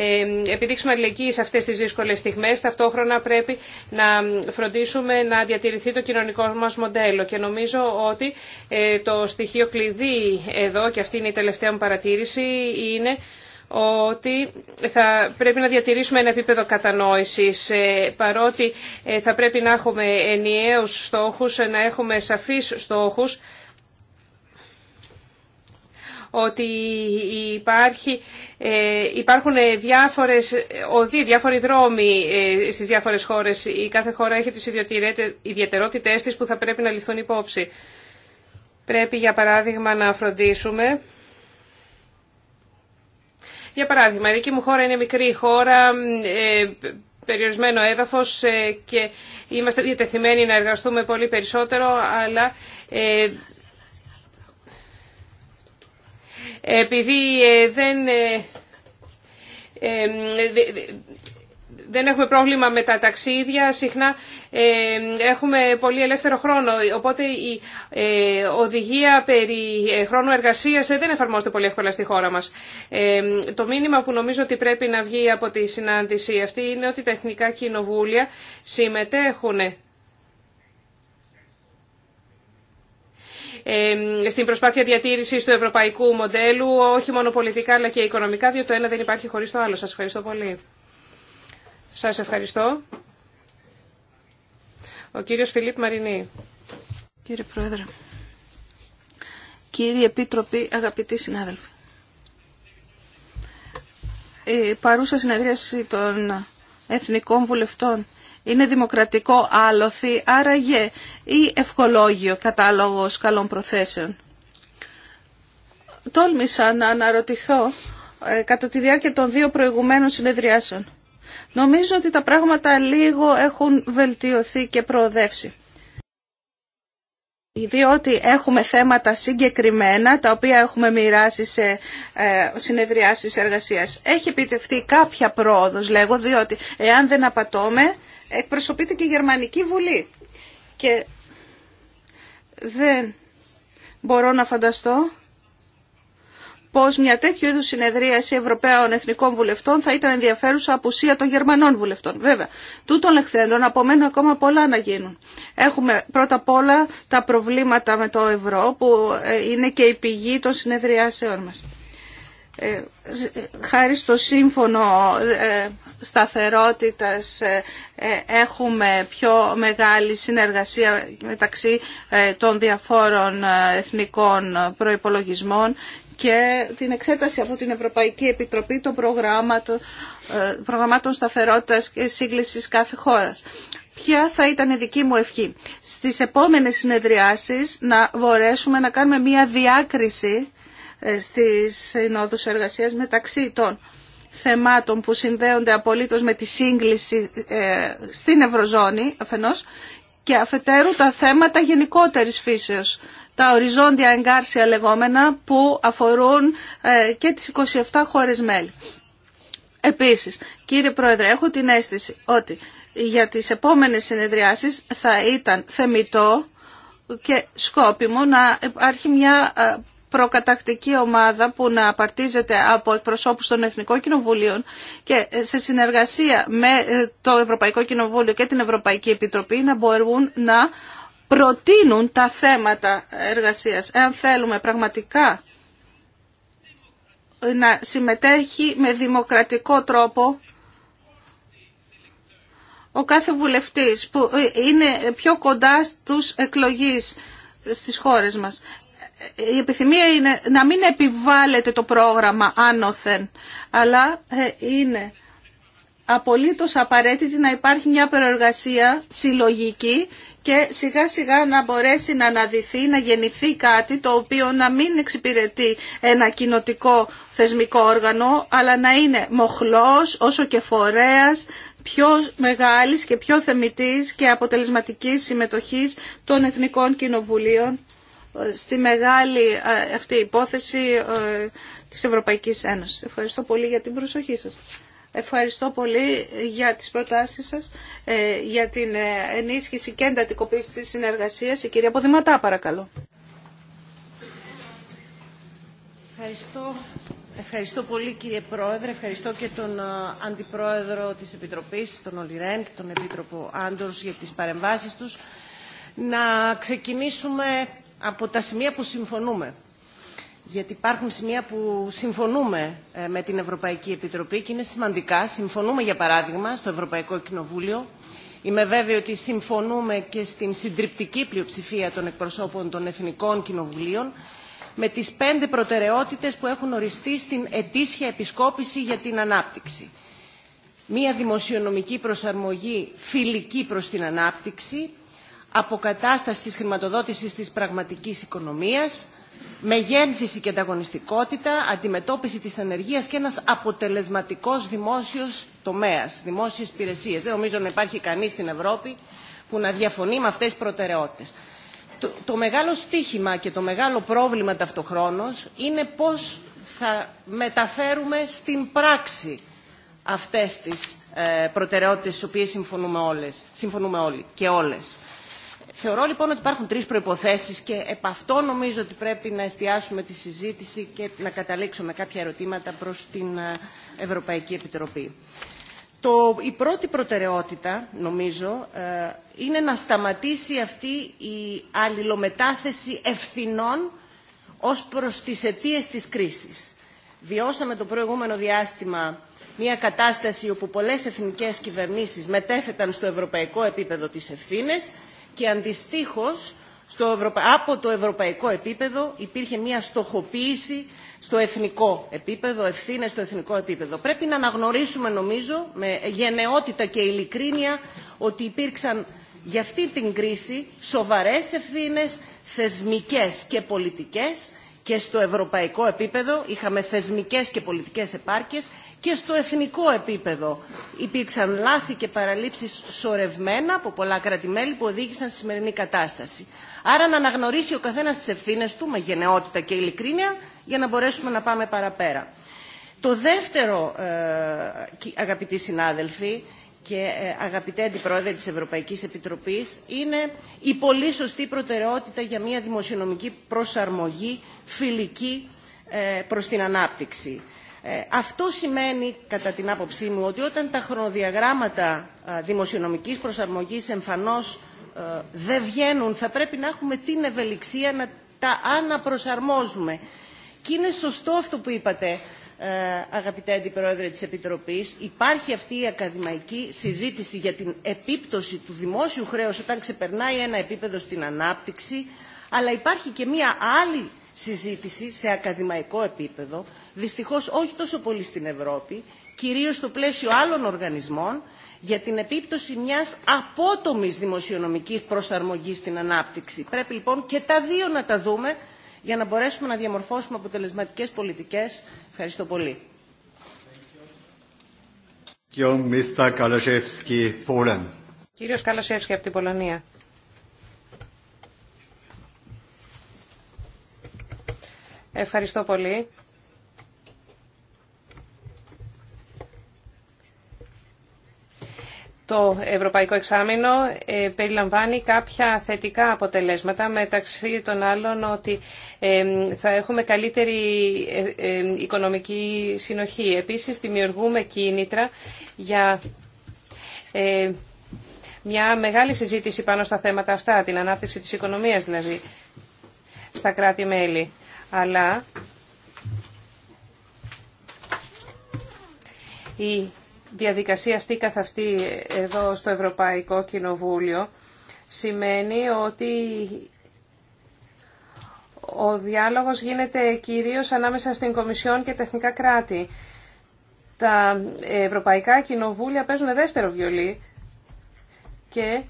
ε, επιδείξουμε αλληλεγγύη σε αυτέ τι δύσκολε στιγμέ. Ταυτόχρονα πρέπει να φροντίσουμε να διατηρηθεί το κοινωνικό μα μοντέλο. Και νομίζω ότι το στοιχείο κλειδί εδώ, και αυτή είναι η τελευταία μου παρατήρηση, είναι ότι θα πρέπει να διατηρήσουμε ένα επίπεδο κατανόησης, ε, παρότι ε, θα πρέπει να έχουμε ενιαίους στόχους, να έχουμε σαφείς στόχους, ότι υπάρχει, ε, υπάρχουν διάφορες οδοί, διάφοροι δρόμοι στις διάφορες χώρες. Η κάθε χώρα έχει τις ιδιαιτερότητές της που θα πρέπει να ληφθούν υπόψη. Πρέπει, για παράδειγμα, να φροντίσουμε για παράδειγμα, η δική μου χώρα είναι μικρή χώρα, ε, περιορισμένο έδαφος ε, και είμαστε διατεθειμένοι να εργαστούμε πολύ περισσότερο, αλλά ε, επειδή δεν δεν έχουμε πρόβλημα με τα ταξίδια, συχνά ε, έχουμε πολύ ελεύθερο χρόνο, οπότε η ε, οδηγία περί ε, χρόνου εργασίας δεν εφαρμόζεται πολύ εύκολα στη χώρα μας. Το μήνυμα που νομίζω ότι πρέπει να βγει από τη συνάντηση αυτή είναι ότι τα εθνικά κοινοβούλια συμμετέχουν στην προσπάθεια διατήρησης του ευρωπαϊκού μοντέλου, όχι μόνο πολιτικά αλλά και οικονομικά, διότι το ένα δεν υπάρχει χωρίς το άλλο. Σα ευχαριστώ πολύ. Σας ευχαριστώ. Ο κύριος Φιλίπ Μαρινή. Κύριε Πρόεδρε, Κύριε Επίτροποι, αγαπητοί συνάδελφοι. Η παρούσα συνεδρίαση των εθνικών βουλευτών είναι δημοκρατικό άλοθη, άραγε ή ευκολόγιο κατάλογος καλών προθέσεων. Τόλμησα να αναρωτηθώ ε, κατά τη διάρκεια των δύο προηγουμένων συνεδριάσεων Νομίζω ότι τα πράγματα λίγο έχουν βελτιωθεί και προοδεύσει. Διότι έχουμε θέματα συγκεκριμένα, τα οποία έχουμε μοιράσει σε ε, συνεδριάσεις εργασίας. Έχει επιτευχθεί κάποια πρόοδος, λέγω, διότι εάν δεν απατώμε, εκπροσωπείται και η Γερμανική Βουλή. Και δεν μπορώ να φανταστώ πως μια τέτοιου είδους συνεδρίαση Ευρωπαίων Εθνικών Βουλευτών θα ήταν ενδιαφέρουσα απουσία των Γερμανών Βουλευτών. Βέβαια, τούτων λεχθέντων απομένουν ακόμα πολλά να γίνουν. Έχουμε πρώτα απ' όλα τα προβλήματα με το ευρώ που ε, είναι και η πηγή των συνεδριάσεων μας. Ε, χάρη στο σύμφωνο ε, σταθερότητας ε, ε, έχουμε πιο μεγάλη συνεργασία μεταξύ των διαφόρων εθνικών προϋπολογισμών και την εξέταση από την Ευρωπαϊκή Επιτροπή των προγραμμάτων, ε, προγραμμάτων σταθερότητας και σύγκλησης κάθε χώρας. Ποια θα ήταν η δική μου ευχή. Στις επόμενες συνεδριάσεις να μπορέσουμε να κάνουμε μία διάκριση ε, στις συνόδους εργασίας μεταξύ των θεμάτων που συνδέονται απολύτως με τη σύγκληση ε, στην Ευρωζώνη αφενός και αφετέρου τα θέματα γενικότερης φύσεως τα οριζόντια εγκάρσια λεγόμενα που αφορούν ε, και τις 27 χώρες μέλη. Επίσης, κύριε Πρόεδρε, έχω την αίσθηση ότι για τις επόμενες συνεδριάσεις θα ήταν θεμητό και σκόπιμο να υπάρχει μια ε, προκατακτική ομάδα που να απαρτίζεται από εκπροσώπους των Εθνικών Κοινοβουλίων και ε, σε συνεργασία με το Ευρωπαϊκό Κοινοβούλιο και την Ευρωπαϊκή Επιτροπή να μπορούν να προτείνουν τα θέματα εργασίας. Εάν θέλουμε πραγματικά να συμμετέχει με δημοκρατικό τρόπο ο κάθε βουλευτής που είναι πιο κοντά στους εκλογείς στις χώρες μας. Η επιθυμία είναι να μην επιβάλλεται το πρόγραμμα άνωθεν, αλλά ε, είναι απολύτως απαραίτητη να υπάρχει μια προεργασία συλλογική και σιγά σιγά να μπορέσει να αναδυθεί, να γεννηθεί κάτι το οποίο να μην εξυπηρετεί ένα κοινοτικό θεσμικό όργανο, αλλά να είναι μοχλός όσο και φορέας πιο μεγάλης και πιο θεμητής και αποτελεσματικής συμμετοχής των Εθνικών Κοινοβουλίων ε, στη μεγάλη ε, αυτή υπόθεση ε, της Ευρωπαϊκής Ένωσης. Ευχαριστώ πολύ για την προσοχή σας. Ευχαριστώ πολύ για τις προτάσεις σας, ε, για την ε, ενίσχυση και εντατικοποίηση της συνεργασίας. Η κυρία Ποδηματά, παρακαλώ. Ευχαριστώ. Ευχαριστώ πολύ κύριε Πρόεδρε, ευχαριστώ και τον ε, Αντιπρόεδρο της Επιτροπής, τον Ολυρέν και τον Επίτροπο Άντορς για τις παρεμβάσεις τους. Να ξεκινήσουμε από τα σημεία που συμφωνούμε γιατί υπάρχουν σημεία που συμφωνούμε ε, με την Ευρωπαϊκή Επιτροπή και είναι σημαντικά. Συμφωνούμε, για παράδειγμα, στο Ευρωπαϊκό Κοινοβούλιο. Είμαι βέβαιη ότι συμφωνούμε και στην συντριπτική πλειοψηφία των εκπροσώπων των Εθνικών Κοινοβουλίων με τις πέντε προτεραιότητες που έχουν οριστεί στην ετήσια επισκόπηση για την ανάπτυξη. Μία δημοσιονομική προσαρμογή φιλική προς την ανάπτυξη, αποκατάσταση της χρηματοδότησης της πραγματικής οικονομίας, μεγένθηση και ανταγωνιστικότητα, αντιμετώπιση της ανεργίας και ένας αποτελεσματικός δημόσιος τομέας, δημόσιες υπηρεσίες. Δεν νομίζω να υπάρχει κανείς στην Ευρώπη που να διαφωνεί με αυτές τις προτεραιότητες. Το, μεγάλο στίχημα και το μεγάλο πρόβλημα ταυτοχρόνως είναι πώς θα μεταφέρουμε στην πράξη αυτές τις ε, προτεραιότητες στις οποίες συμφωνούμε, συμφωνούμε όλοι και όλες. Θεωρώ λοιπόν ότι υπάρχουν τρεις προϋποθέσεις και επ' αυτό νομίζω ότι πρέπει να εστιάσουμε τη συζήτηση και να καταλήξουμε κάποια ερωτήματα προς την ε, Ευρωπαϊκή Επιτροπή. Το, η πρώτη προτεραιότητα, νομίζω, ε, είναι να σταματήσει αυτή η αλληλομετάθεση ευθυνών ως προς τις αιτίες της κρίσης. Βιώσαμε το προηγούμενο διάστημα μια κατάσταση όπου πολλές εθνικές κυβερνήσεις μετέθεταν στο ευρωπαϊκό επίπεδο τις ευθύνες και αντιστοίχως από το ευρωπαϊκό επίπεδο υπήρχε μια στοχοποίηση στο εθνικό επίπεδο, ευθύνε στο εθνικό επίπεδο. Πρέπει να αναγνωρίσουμε νομίζω με γενναιότητα και ειλικρίνεια ότι υπήρξαν για αυτή την κρίση σοβαρές ευθύνε θεσμικές και πολιτικές και στο ευρωπαϊκό επίπεδο είχαμε θεσμικές και πολιτικές επάρκειες και στο εθνικό επίπεδο υπήρξαν λάθη και παραλήψεις σορευμένα από κρατημέλη που οδήγησαν στη σημερινή κατάσταση. Άρα να αναγνωρίσει ο καθένας τις ευθύνες του με γενναιότητα και ειλικρίνεια για να μπορέσουμε να πάμε παραπέρα. Το δεύτερο, ε, αγαπητοί συνάδελφοι, και ε, αγαπητέ Αντιπρόεδρε της Ευρωπαϊκής Επιτροπής είναι η πολύ σωστή προτεραιότητα για μια δημοσιονομική προσαρμογή φιλική ε, προς την ανάπτυξη. Ε, αυτό σημαίνει, κατά την άποψή μου, ότι όταν τα χρονοδιαγράμματα ε, δημοσιονομικής προσαρμογής εμφανώς ε, δεν βγαίνουν, θα πρέπει να έχουμε την ευελιξία να τα αναπροσαρμόζουμε. Και είναι σωστό αυτό που είπατε, αγαπητέ Αντιπρόεδρε της Επιτροπής. Υπάρχει αυτή η ακαδημαϊκή συζήτηση για την επίπτωση του δημόσιου χρέους όταν ξεπερνάει ένα επίπεδο στην ανάπτυξη, αλλά υπάρχει και μία άλλη συζήτηση σε ακαδημαϊκό επίπεδο, δυστυχώς όχι τόσο πολύ στην Ευρώπη, κυρίως στο πλαίσιο άλλων οργανισμών, για την επίπτωση μιας απότομης δημοσιονομικής προσαρμογής στην ανάπτυξη. Πρέπει λοιπόν και τα δύο να τα δούμε για να μπορέσουμε να διαμορφώσουμε αποτελεσματικές πολιτικές. Ευχαριστώ πολύ. Κύριος από την Πολωνία. Ευχαριστώ πολύ. Το Ευρωπαϊκό Εξάμεινο ε, περιλαμβάνει κάποια θετικά αποτελέσματα, μεταξύ των άλλων ότι ε, θα έχουμε καλύτερη ε, οικονομική συνοχή. Επίσης, δημιουργούμε κίνητρα για μια μεγάλη συζήτηση πάνω στα θέματα αυτά, την ανάπτυξη της οικονομίας δηλαδή, στα κράτη-μέλη αλλά η διαδικασία αυτή καθ' αυτή εδώ στο Ευρωπαϊκό Κοινοβούλιο σημαίνει ότι ο διάλογος γίνεται κυρίως ανάμεσα στην Κομισιόν και τεχνικά Κράτη. Τα Ευρωπαϊκά Κοινοβούλια παίζουν δεύτερο βιολί και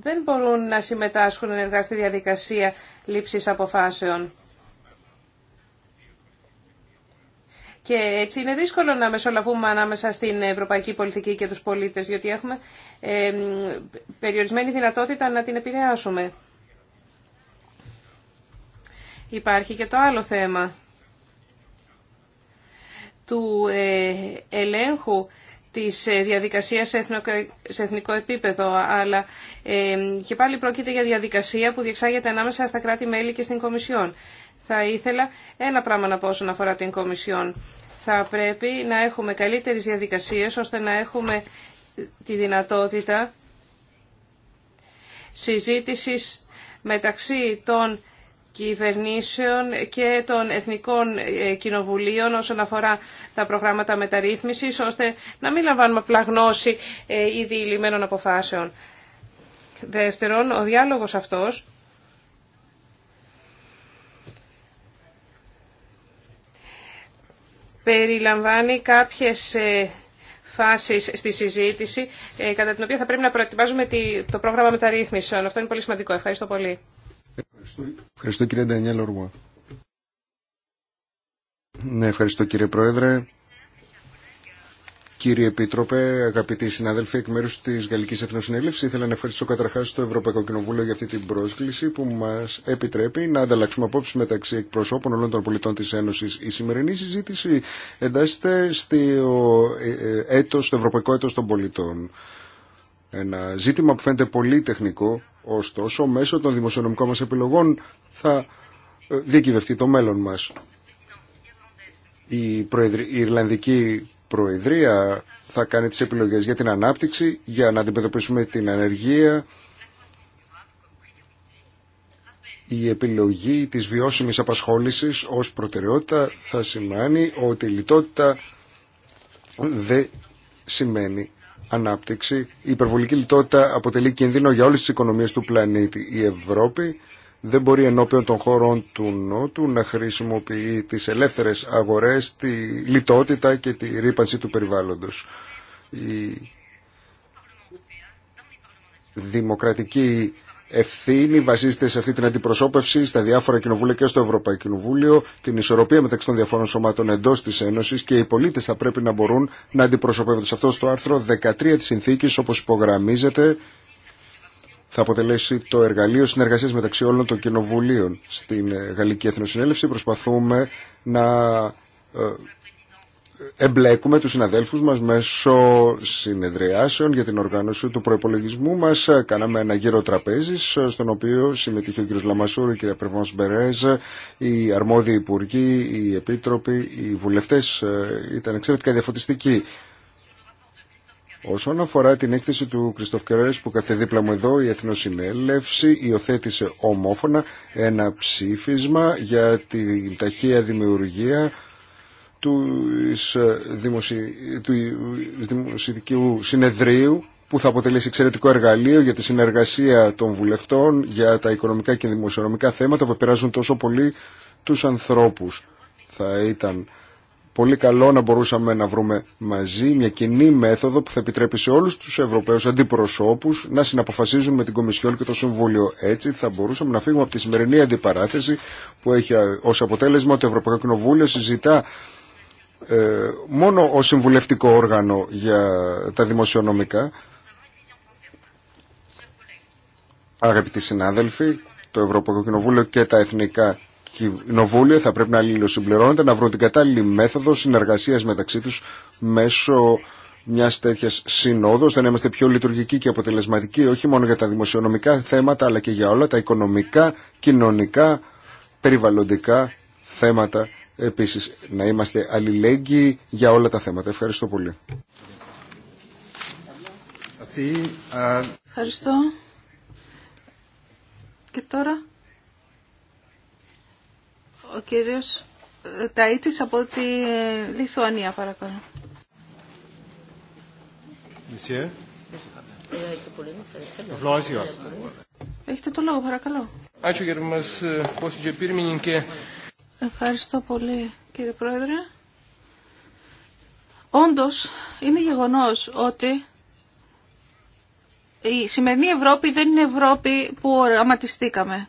δεν μπορούν να συμμετάσχουν ενεργά στη διαδικασία λήψης αποφάσεων. Και έτσι είναι δύσκολο να μεσολαβούμε ανάμεσα στην ευρωπαϊκή πολιτική και τους πολίτες, διότι έχουμε ε, περιορισμένη δυνατότητα να την επηρεάσουμε. Υπάρχει και το άλλο θέμα του ε, ελέγχου της ε, διαδικασίας σε εθνικό, σε εθνικό επίπεδο, αλλά ε, και πάλι πρόκειται για διαδικασία που διεξάγεται ανάμεσα στα κράτη-μέλη και στην Κομισιόν. Θα ήθελα ένα πράγμα να πω όσον αφορά την Κομισιόν. Θα πρέπει να έχουμε καλύτερες διαδικασίες ώστε να έχουμε τη δυνατότητα συζήτησης μεταξύ των κυβερνήσεων και των εθνικών ε, κοινοβουλίων όσον αφορά τα προγράμματα μεταρρύθμισης, ώστε να μην λαμβάνουμε απλά γνώση ε, ήδη λιμένων αποφάσεων. Δεύτερον, ο διάλογος αυτός περιλαμβάνει κάποιες ε, φάσεις στη συζήτηση, ε, κατά την οποία θα πρέπει να προετοιμάζουμε το πρόγραμμα μεταρρύθμισης. Αυτό είναι πολύ σημαντικό. Ευχαριστώ πολύ. Ευχαριστώ, ευχαριστώ κύριε Ντανιέλ Ορουά. Ναι, ευχαριστώ κύριε Πρόεδρε. Κύριε Επίτροπε, αγαπητοί συνάδελφοι, εκ μέρου τη Γαλλική Εθνοσυνέλευση, ήθελα να ευχαριστήσω καταρχά το Ευρωπαϊκό Κοινοβούλιο για αυτή την πρόσκληση που μα επιτρέπει να ανταλλάξουμε απόψει μεταξύ εκπροσώπων όλων των πολιτών τη Ένωση. Η σημερινή συζήτηση εντάσσεται στο, ε, ε, έτος, στο Ευρωπαϊκό Έτο των Πολιτών. Ένα ζήτημα που φαίνεται πολύ τεχνικό, ωστόσο μέσω των δημοσιονομικών μα επιλογών θα ε, διακυβευτεί το μέλλον μα. Η, Προεδρ... η Ιρλανδική Προεδρία θα κάνει τις επιλογές για την ανάπτυξη, για να αντιμετωπίσουμε την ανεργία, η επιλογή της βιώσιμης απασχόλησης ως προτεραιότητα θα σημαίνει ότι η λιτότητα δεν σημαίνει ανάπτυξη. Η υπερβολική λιτότητα αποτελεί κίνδυνο για όλες τις οικονομίες του πλανήτη. Η Ευρώπη δεν μπορεί ενώπιον των χωρών του Νότου να χρησιμοποιεί τις ελεύθερες αγορές, τη λιτότητα και τη ρήπανση του περιβάλλοντος. Η δημοκρατική ευθύνη βασίζεται σε αυτή την αντιπροσώπευση στα διάφορα κοινοβούλια και στο Ευρωπαϊκό Κοινοβούλιο, την ισορροπία μεταξύ των διαφόρων σωμάτων εντό τη Ένωση και οι πολίτε θα πρέπει να μπορούν να αντιπροσωπεύονται σε αυτό στο άρθρο 13 τη συνθήκη, όπω υπογραμμίζεται θα αποτελέσει το εργαλείο συνεργασίας μεταξύ όλων των κοινοβουλίων στην ε, Γαλλική Εθνοσυνέλευση. Προσπαθούμε να ε, εμπλέκουμε τους συναδέλφους μας μέσω συνεδριάσεων για την οργάνωση του προϋπολογισμού μας. Κάναμε ένα γύρο τραπέζης στον οποίο συμμετείχε ο κ. Λαμασούρ, η κ. Περβόνς Μπερέζ, οι αρμόδιοι υπουργοί, οι επίτροποι, οι βουλευτές. Ε, ήταν εξαιρετικά διαφωτιστικοί. Όσον αφορά την έκθεση του Κριστοφ που κάθε δίπλα μου εδώ η Εθνοσυνέλευση υιοθέτησε ομόφωνα ένα ψήφισμα για την ταχεία δημιουργία του, ε, δημοσι... Δημοσιδικού Συνεδρίου που θα αποτελέσει εξαιρετικό εργαλείο για τη συνεργασία των βουλευτών για τα οικονομικά και δημοσιονομικά θέματα που επηρεάζουν τόσο πολύ τους ανθρώπους. Θα ήταν πολύ καλό να μπορούσαμε να βρούμε μαζί μια κοινή μέθοδο που θα επιτρέπει σε όλους τους Ευρωπαίους αντιπροσώπους να συναποφασίζουν με την Κομισιόν και το Συμβούλιο. Έτσι θα μπορούσαμε να φύγουμε από τη σημερινή αντιπαράθεση που έχει ως αποτέλεσμα ότι το Ευρωπαϊκό Κοινοβούλιο συζητά ε, μόνο ως συμβουλευτικό όργανο για τα δημοσιονομικά. Αγαπητοί συνάδελφοι, το Ευρωπαϊκό Κοινοβούλιο και τα εθνικά κοινοβούλια θα πρέπει να αλληλοσυμπληρώνονται, να βρουν την κατάλληλη μέθοδο συνεργασίας μεταξύ τους μέσω μια τέτοια συνόδου, να είμαστε πιο λειτουργικοί και αποτελεσματικοί, όχι μόνο για τα δημοσιονομικά θέματα, αλλά και για όλα τα οικονομικά, κοινωνικά, περιβαλλοντικά θέματα επίσης. Να είμαστε αλληλέγγυοι για όλα τα θέματα. Ευχαριστώ πολύ. Ευχαριστώ. Και τώρα ο κύριος ε, Ταΐτης από τη Λιθουανία, παρακαλώ. Ε, Έχετε το λόγο, παρακαλώ. Ε, Ευχαριστώ πολύ, κύριε Πρόεδρε. Όντως, είναι γεγονός ότι η σημερινή Ευρώπη δεν είναι Ευρώπη που οραματιστήκαμε.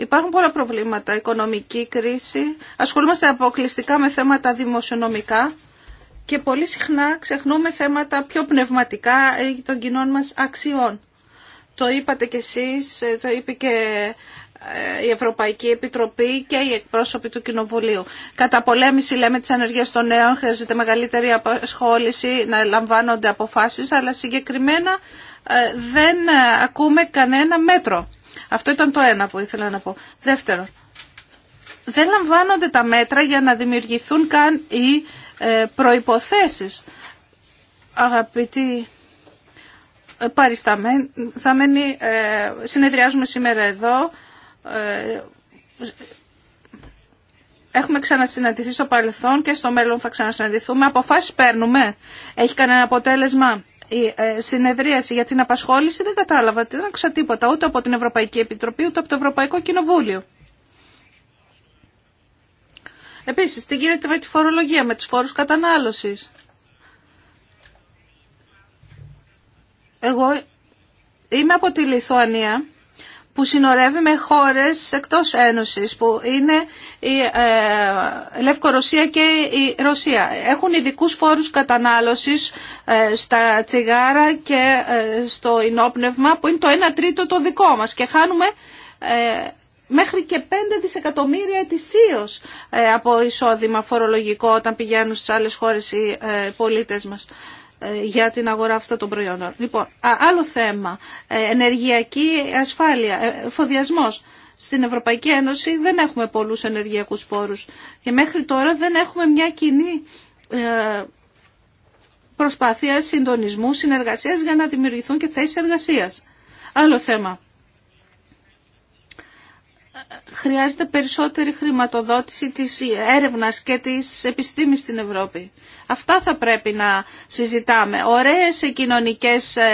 Υπάρχουν πολλά προβλήματα, οικονομική κρίση, ασχολούμαστε αποκλειστικά με θέματα δημοσιονομικά και πολύ συχνά ξεχνούμε θέματα πιο πνευματικά ε, των κοινών μας αξιών. Το είπατε κι εσείς, ε, το είπε και ε, η Ευρωπαϊκή Επιτροπή και οι εκπρόσωποι του Κοινοβουλίου. Κατά πολέμηση, λέμε, της ανεργία των νέων χρειάζεται μεγαλύτερη απασχόληση, να λαμβάνονται αποφάσεις, αλλά συγκεκριμένα δεν ακούμε κανένα μέτρο. Αυτό ήταν το ένα που ήθελα να πω. Δεύτερον, δεν λαμβάνονται τα μέτρα για να δημιουργηθούν καν οι ε, προϋποθέσεις. Αγαπητοί ε, παρισταμένοι, ε, συνεδριάζουμε σήμερα εδώ. Έχουμε ξανασυναντηθεί στο παρελθόν και στο μέλλον θα ξανασυναντηθούμε. Αποφάσεις παίρνουμε. Έχει κανένα αποτέλεσμα. Η ε, συνεδρίαση για την απασχόληση δεν κατάλαβα, δεν άκουσα τίποτα ούτε από την Ευρωπαϊκή Επιτροπή ούτε από το Ευρωπαϊκό Κοινοβούλιο. Επίσης, τι γίνεται με τη φορολογία, με τους φόρους κατανάλωσης. Εγώ είμαι από τη Λιθουανία που συνορεύει με χώρες εκτός Ένωσης, που είναι η ε, Λευκορωσία και η Ρωσία. Έχουν ειδικούς φόρους κατανάλωσης ε, στα τσιγάρα και ε, στο ενόπνευμα, που είναι το 1 τρίτο το δικό μας και χάνουμε μέχρι και 5 δισεκατομμύρια ετησίως από εισόδημα φορολογικό όταν πηγαίνουν στις άλλες χώρες οι πολίτες μας. Ε, για την αγορά αυτών των προϊόντων. Λοιπόν, άλλο θέμα, ε, ενεργειακή ασφάλεια, ε, φοδιασμός. Στην Ευρωπαϊκή Ένωση δεν έχουμε πολλούς ενεργειακούς πόρους και μέχρι τώρα δεν έχουμε μια κοινή προσπάθεια συντονισμού, συνεργασίας για να δημιουργηθούν και θέσεις εργασίας. Άλλο θέμα χρειάζεται περισσότερη χρηματοδότηση της έρευνας και της επιστήμης στην Ευρώπη. Αυτά θα πρέπει να συζητάμε. Ωραίες κοινωνικές ε,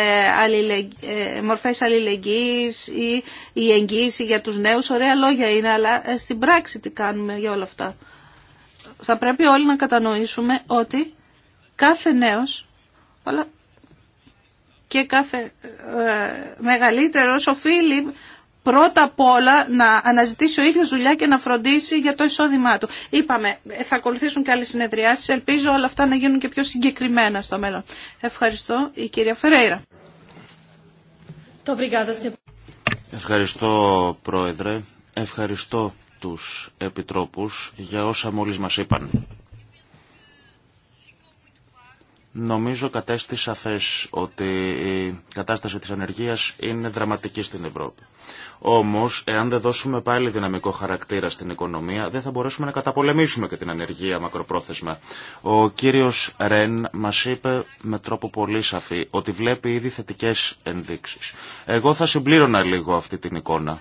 ε, μορφές αλληλεγγύης ή η εγγύηση για τους νέους. Ωραία λόγια είναι, αλλά ε, στην πράξη τι κάνουμε για όλα αυτά. Θα πρέπει όλοι να κατανοήσουμε ότι κάθε νέος, και κάθε μεγαλύτερος οφείλει πρώτα απ' όλα να αναζητήσει ο ίδιο δουλειά και να φροντίσει για το εισόδημά του. Είπαμε, ε, θα ακολουθήσουν και άλλε συνεδριάσει, Ελπίζω όλα αυτά να γίνουν και πιο συγκεκριμένα στο μέλλον. Ευχαριστώ. Η κυρία Φερέιρα. Ευχαριστώ, Πρόεδρε. Ευχαριστώ τους Επιτρόπους για όσα μόλις μας είπαν. Νομίζω κατέστη σαφές ότι η κατάσταση της ανεργίας είναι δραματική στην Ευρώπη. Όμω, εάν δεν δώσουμε πάλι δυναμικό χαρακτήρα στην οικονομία, δεν θα μπορέσουμε να καταπολεμήσουμε και την ανεργία μακροπρόθεσμα. Ο κύριο Ρεν μα είπε με τρόπο πολύ σαφή ότι βλέπει ήδη θετικέ ενδείξει. Εγώ θα συμπλήρωνα λίγο αυτή την εικόνα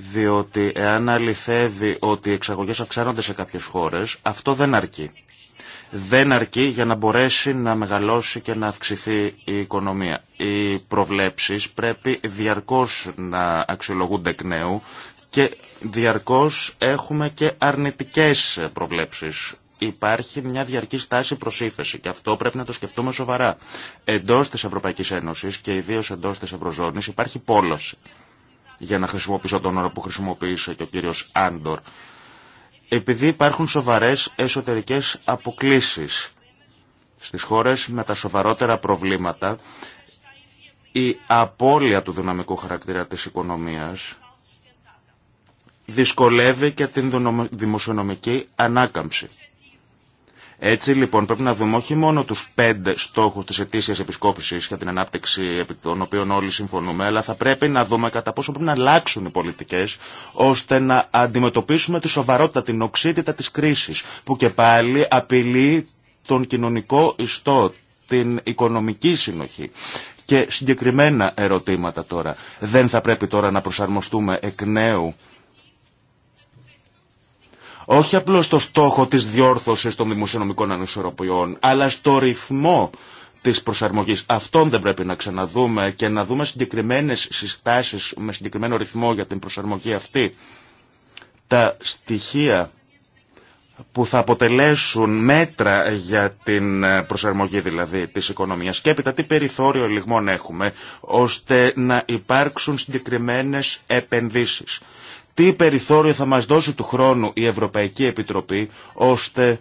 διότι εάν αληθεύει ότι οι εξαγωγές αυξάνονται σε κάποιες χώρες, αυτό δεν αρκεί δεν αρκεί για να μπορέσει να μεγαλώσει και να αυξηθεί η οικονομία. Οι προβλέψεις πρέπει διαρκώς να αξιολογούνται εκ νέου και διαρκώς έχουμε και αρνητικές προβλέψεις. Υπάρχει μια διαρκή στάση προσήφεση και αυτό πρέπει να το σκεφτούμε σοβαρά. Εντός της Ευρωπαϊκής Ένωσης και ιδίως εντός της Ευρωζώνης υπάρχει πόλωση για να χρησιμοποιήσω τον όρο που χρησιμοποίησε και ο κύριος Άντορ επειδή υπάρχουν σοβαρές εσωτερικές αποκλίσεις στις χώρες με τα σοβαρότερα προβλήματα, η απώλεια του δυναμικού χαρακτήρα της οικονομίας δυσκολεύει και την δημοσιονομική ανάκαμψη. Έτσι λοιπόν πρέπει να δούμε όχι μόνο τους πέντε στόχους της ετήσιας επισκόπησης για την ανάπτυξη επί των οποίων όλοι συμφωνούμε, αλλά θα πρέπει να δούμε κατά πόσο πρέπει να αλλάξουν οι πολιτικές ώστε να αντιμετωπίσουμε τη σοβαρότητα, την οξύτητα της κρίσης που και πάλι απειλεί τον κοινωνικό ιστό, την οικονομική συνοχή. Και συγκεκριμένα ερωτήματα τώρα. Δεν θα πρέπει τώρα να προσαρμοστούμε εκ νέου όχι απλώς στο στόχο της διόρθωσης των δημοσιονομικών ανισορροπιών, αλλά στο ρυθμό της προσαρμογής. Αυτόν δεν πρέπει να ξαναδούμε και να δούμε συγκεκριμένες συστάσεις με συγκεκριμένο ρυθμό για την προσαρμογή αυτή. Τα στοιχεία που θα αποτελέσουν μέτρα για την προσαρμογή δηλαδή της οικονομίας και έπειτα τι περιθώριο λιγμών έχουμε ώστε να υπάρξουν συγκεκριμένες επενδύσεις τι περιθώριο θα μας δώσει του χρόνου η Ευρωπαϊκή Επιτροπή ώστε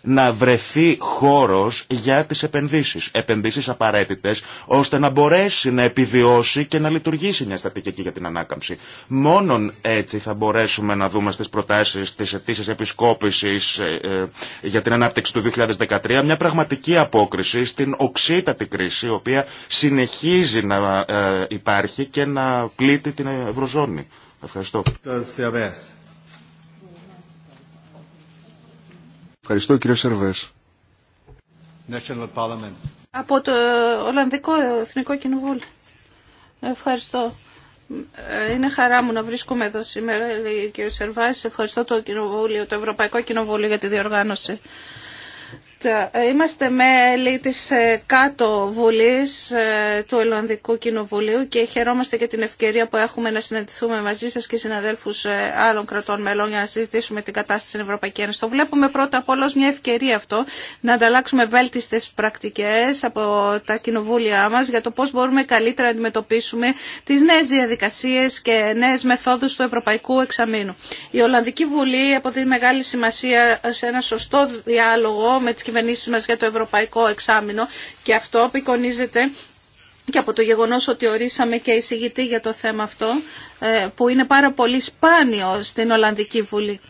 να βρεθεί χώρος για τις επενδύσεις. Επενδύσεις απαραίτητες ώστε να μπορέσει να επιβιώσει και να λειτουργήσει μια στατική για την ανάκαμψη. Μόνον έτσι θα μπορέσουμε να δούμε στις προτάσεις της αιτήσεις επισκόπησης ε, ε, για την ανάπτυξη του 2013 μια πραγματική απόκριση στην οξύτατη κρίση η οποία συνεχίζει να ε, υπάρχει και να πλήττει την Ευρωζώνη. Ευχαριστώ. Ευχαριστώ κύριε Σερβές. Από το Ολλανδικό Εθνικό Κοινοβούλιο. Ευχαριστώ. Είναι χαρά μου να βρίσκομαι εδώ σήμερα, κύριε ο Ευχαριστώ το, το Ευρωπαϊκό Κοινοβούλιο για τη διοργάνωση ε, είμαστε μέλη της ε, κάτω βουλής ε, του Ελλανδικού Κοινοβουλίου και χαιρόμαστε για την ευκαιρία που έχουμε να συναντηθούμε μαζί σας και συναδέλφους άλλων κρατών μελών για να συζητήσουμε την κατάσταση στην Ευρωπαϊκή Ένωση. Το βλέπουμε πρώτα απ' όλα μια ευκαιρία αυτό να ανταλλάξουμε βέλτιστες πρακτικές από τα κοινοβούλια μας για το πώς μπορούμε καλύτερα να αντιμετωπίσουμε τις νέες διαδικασίες και νέες μεθόδους του Ευρωπαϊκού Εξαμήνου. Η Ολλανδική Βουλή αποδίδει μεγάλη σημασία σε ένα σωστό διάλογο με τις κυβερνήσει μα για το ευρωπαϊκό εξάμεινο και αυτό απεικονίζεται και από το γεγονός ότι ορίσαμε και εισηγητή για το θέμα αυτό ε, που είναι πάρα πολύ σπάνιο στην Ολλανδική Βουλή.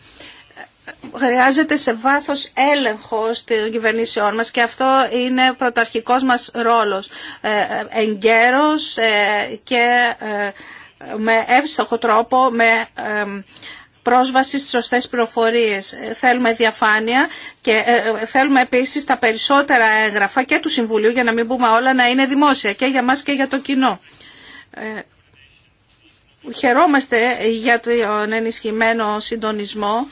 Χρειάζεται σε βάθος έλεγχος των κυβερνήσεών μας και αυτό είναι πρωταρχικός μας ρόλος. Ε, εγκαίρος ε, και με εύστοχο τρόπο, με πρόσβαση στις σωστές πληροφορίες. Ε, θέλουμε διαφάνεια και ε, ε, θέλουμε επίσης τα περισσότερα έγγραφα και του Συμβουλίου, για να μην πούμε όλα, να είναι δημόσια και για μας και για το κοινό. Χαιρόμαστε για τον ενισχυμένο συντονισμό.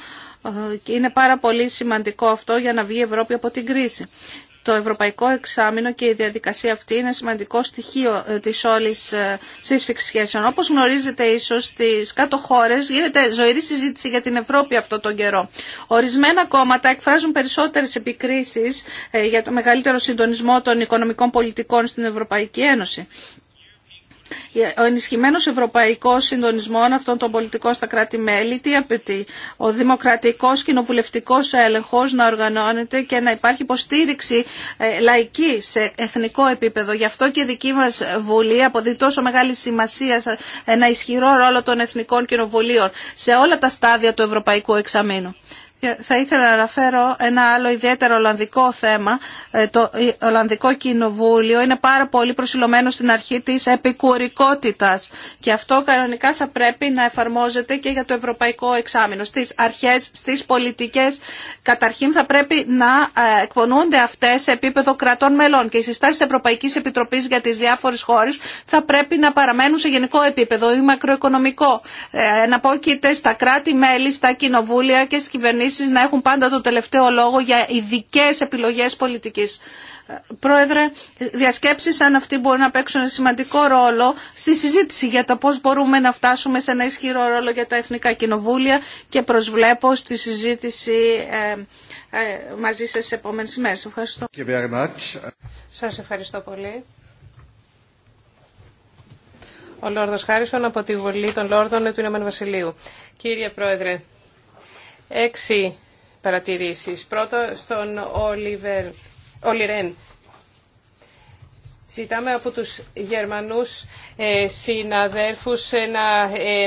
και Είναι πάρα πολύ σημαντικό αυτό για να βγει η Ευρώπη από την κρίση το ευρωπαϊκό εξάμεινο και η διαδικασία αυτή είναι σημαντικό στοιχείο ε, της όλης ε, σύσφυξης σχέσεων. Όπως γνωρίζετε ίσως στις κάτω χώρες γίνεται ζωηρή συζήτηση για την Ευρώπη αυτό τον καιρό. Ορισμένα κόμματα εκφράζουν περισσότερες επικρίσεις ε, για το μεγαλύτερο συντονισμό των οικονομικών πολιτικών στην Ευρωπαϊκή Ένωση. Ο ενισχυμένο ευρωπαϊκό συντονισμό αυτών των πολιτικών στα κράτη-μέλη τι απαιτεί. Ο δημοκρατικό κοινοβουλευτικό έλεγχο να οργανώνεται και να υπάρχει υποστήριξη ε, λαϊκή σε εθνικό επίπεδο. Γι' αυτό και η δική μα Βουλή αποδεί τόσο μεγάλη σημασία σε ένα ισχυρό ρόλο των εθνικών κοινοβουλίων σε όλα τα στάδια του ευρωπαϊκού εξαμήνου. Ε, θα ήθελα να αναφέρω ένα άλλο ιδιαίτερο Ολλανδικό θέμα. Ε, το ε, Ολλανδικό Κοινοβούλιο είναι πάρα πολύ προσιλωμένο στην αρχή της επικουρικότητας και αυτό κανονικά θα πρέπει να εφαρμόζεται και για το Ευρωπαϊκό Εξάμεινο. Στις αρχές, στις πολιτικές, καταρχήν θα πρέπει να εκπονούνται αυτές σε επίπεδο κρατών μελών και οι συστάσεις Ευρωπαϊκής Επιτροπής για τις διάφορες χώρες θα πρέπει να παραμένουν σε γενικό επίπεδο ή μακροοικονομικό. Να στα κράτη-μέλη, στα κοινοβούλια και στις να έχουν πάντα το τελευταίο λόγο για ειδικέ επιλογές πολιτικής. Πρόεδρε, διασκέψεις αν αυτή μπορούν να παίξουν σημαντικό ρόλο στη συζήτηση για το πώς μπορούμε να φτάσουμε σε ένα ισχυρό ρόλο για τα εθνικά κοινοβούλια και προσβλέπω στη συζήτηση ε, ε, μαζί σας σε επόμενες μέρες. Ευχαριστώ. Σας ευχαριστώ πολύ. Ο Λόρδος Χάρισον από τη Βουλή των Λόρδων του Ηνωμένου Βασιλείου. Κύριε Πρόεδρε, Έξι παρατηρήσεις. Πρώτο στον Όλιβερ, Όλιρεν. Ζητάμε από τους Γερμανούς ε, συναδέρφους ε, να ε,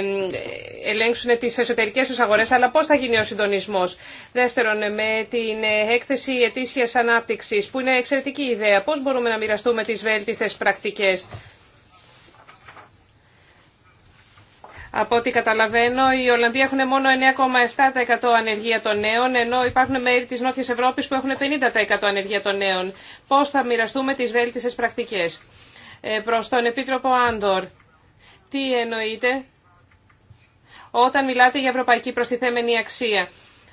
ελέγξουν τις εσωτερικές τους αγορές, αλλά πώς θα γίνει ο συντονισμός. Δεύτερον, με την ε, έκθεση ετήσιας ανάπτυξης, που είναι εξαιρετική ιδέα, πώς μπορούμε να μοιραστούμε τις βέλτιστες πρακτικές. Από ό,τι καταλαβαίνω, οι Ολλανδοί έχουν μόνο 9,7% ανεργία των νέων, ενώ υπάρχουν μέρη της Νότιας Ευρώπης που έχουν 50% ανεργία των νέων. Πώς θα μοιραστούμε τις βέλτιστες πρακτικές. Ε, προς τον Επίτροπο Άντορ, τι εννοείτε όταν μιλάτε για ευρωπαϊκή προστιθέμενη αξία.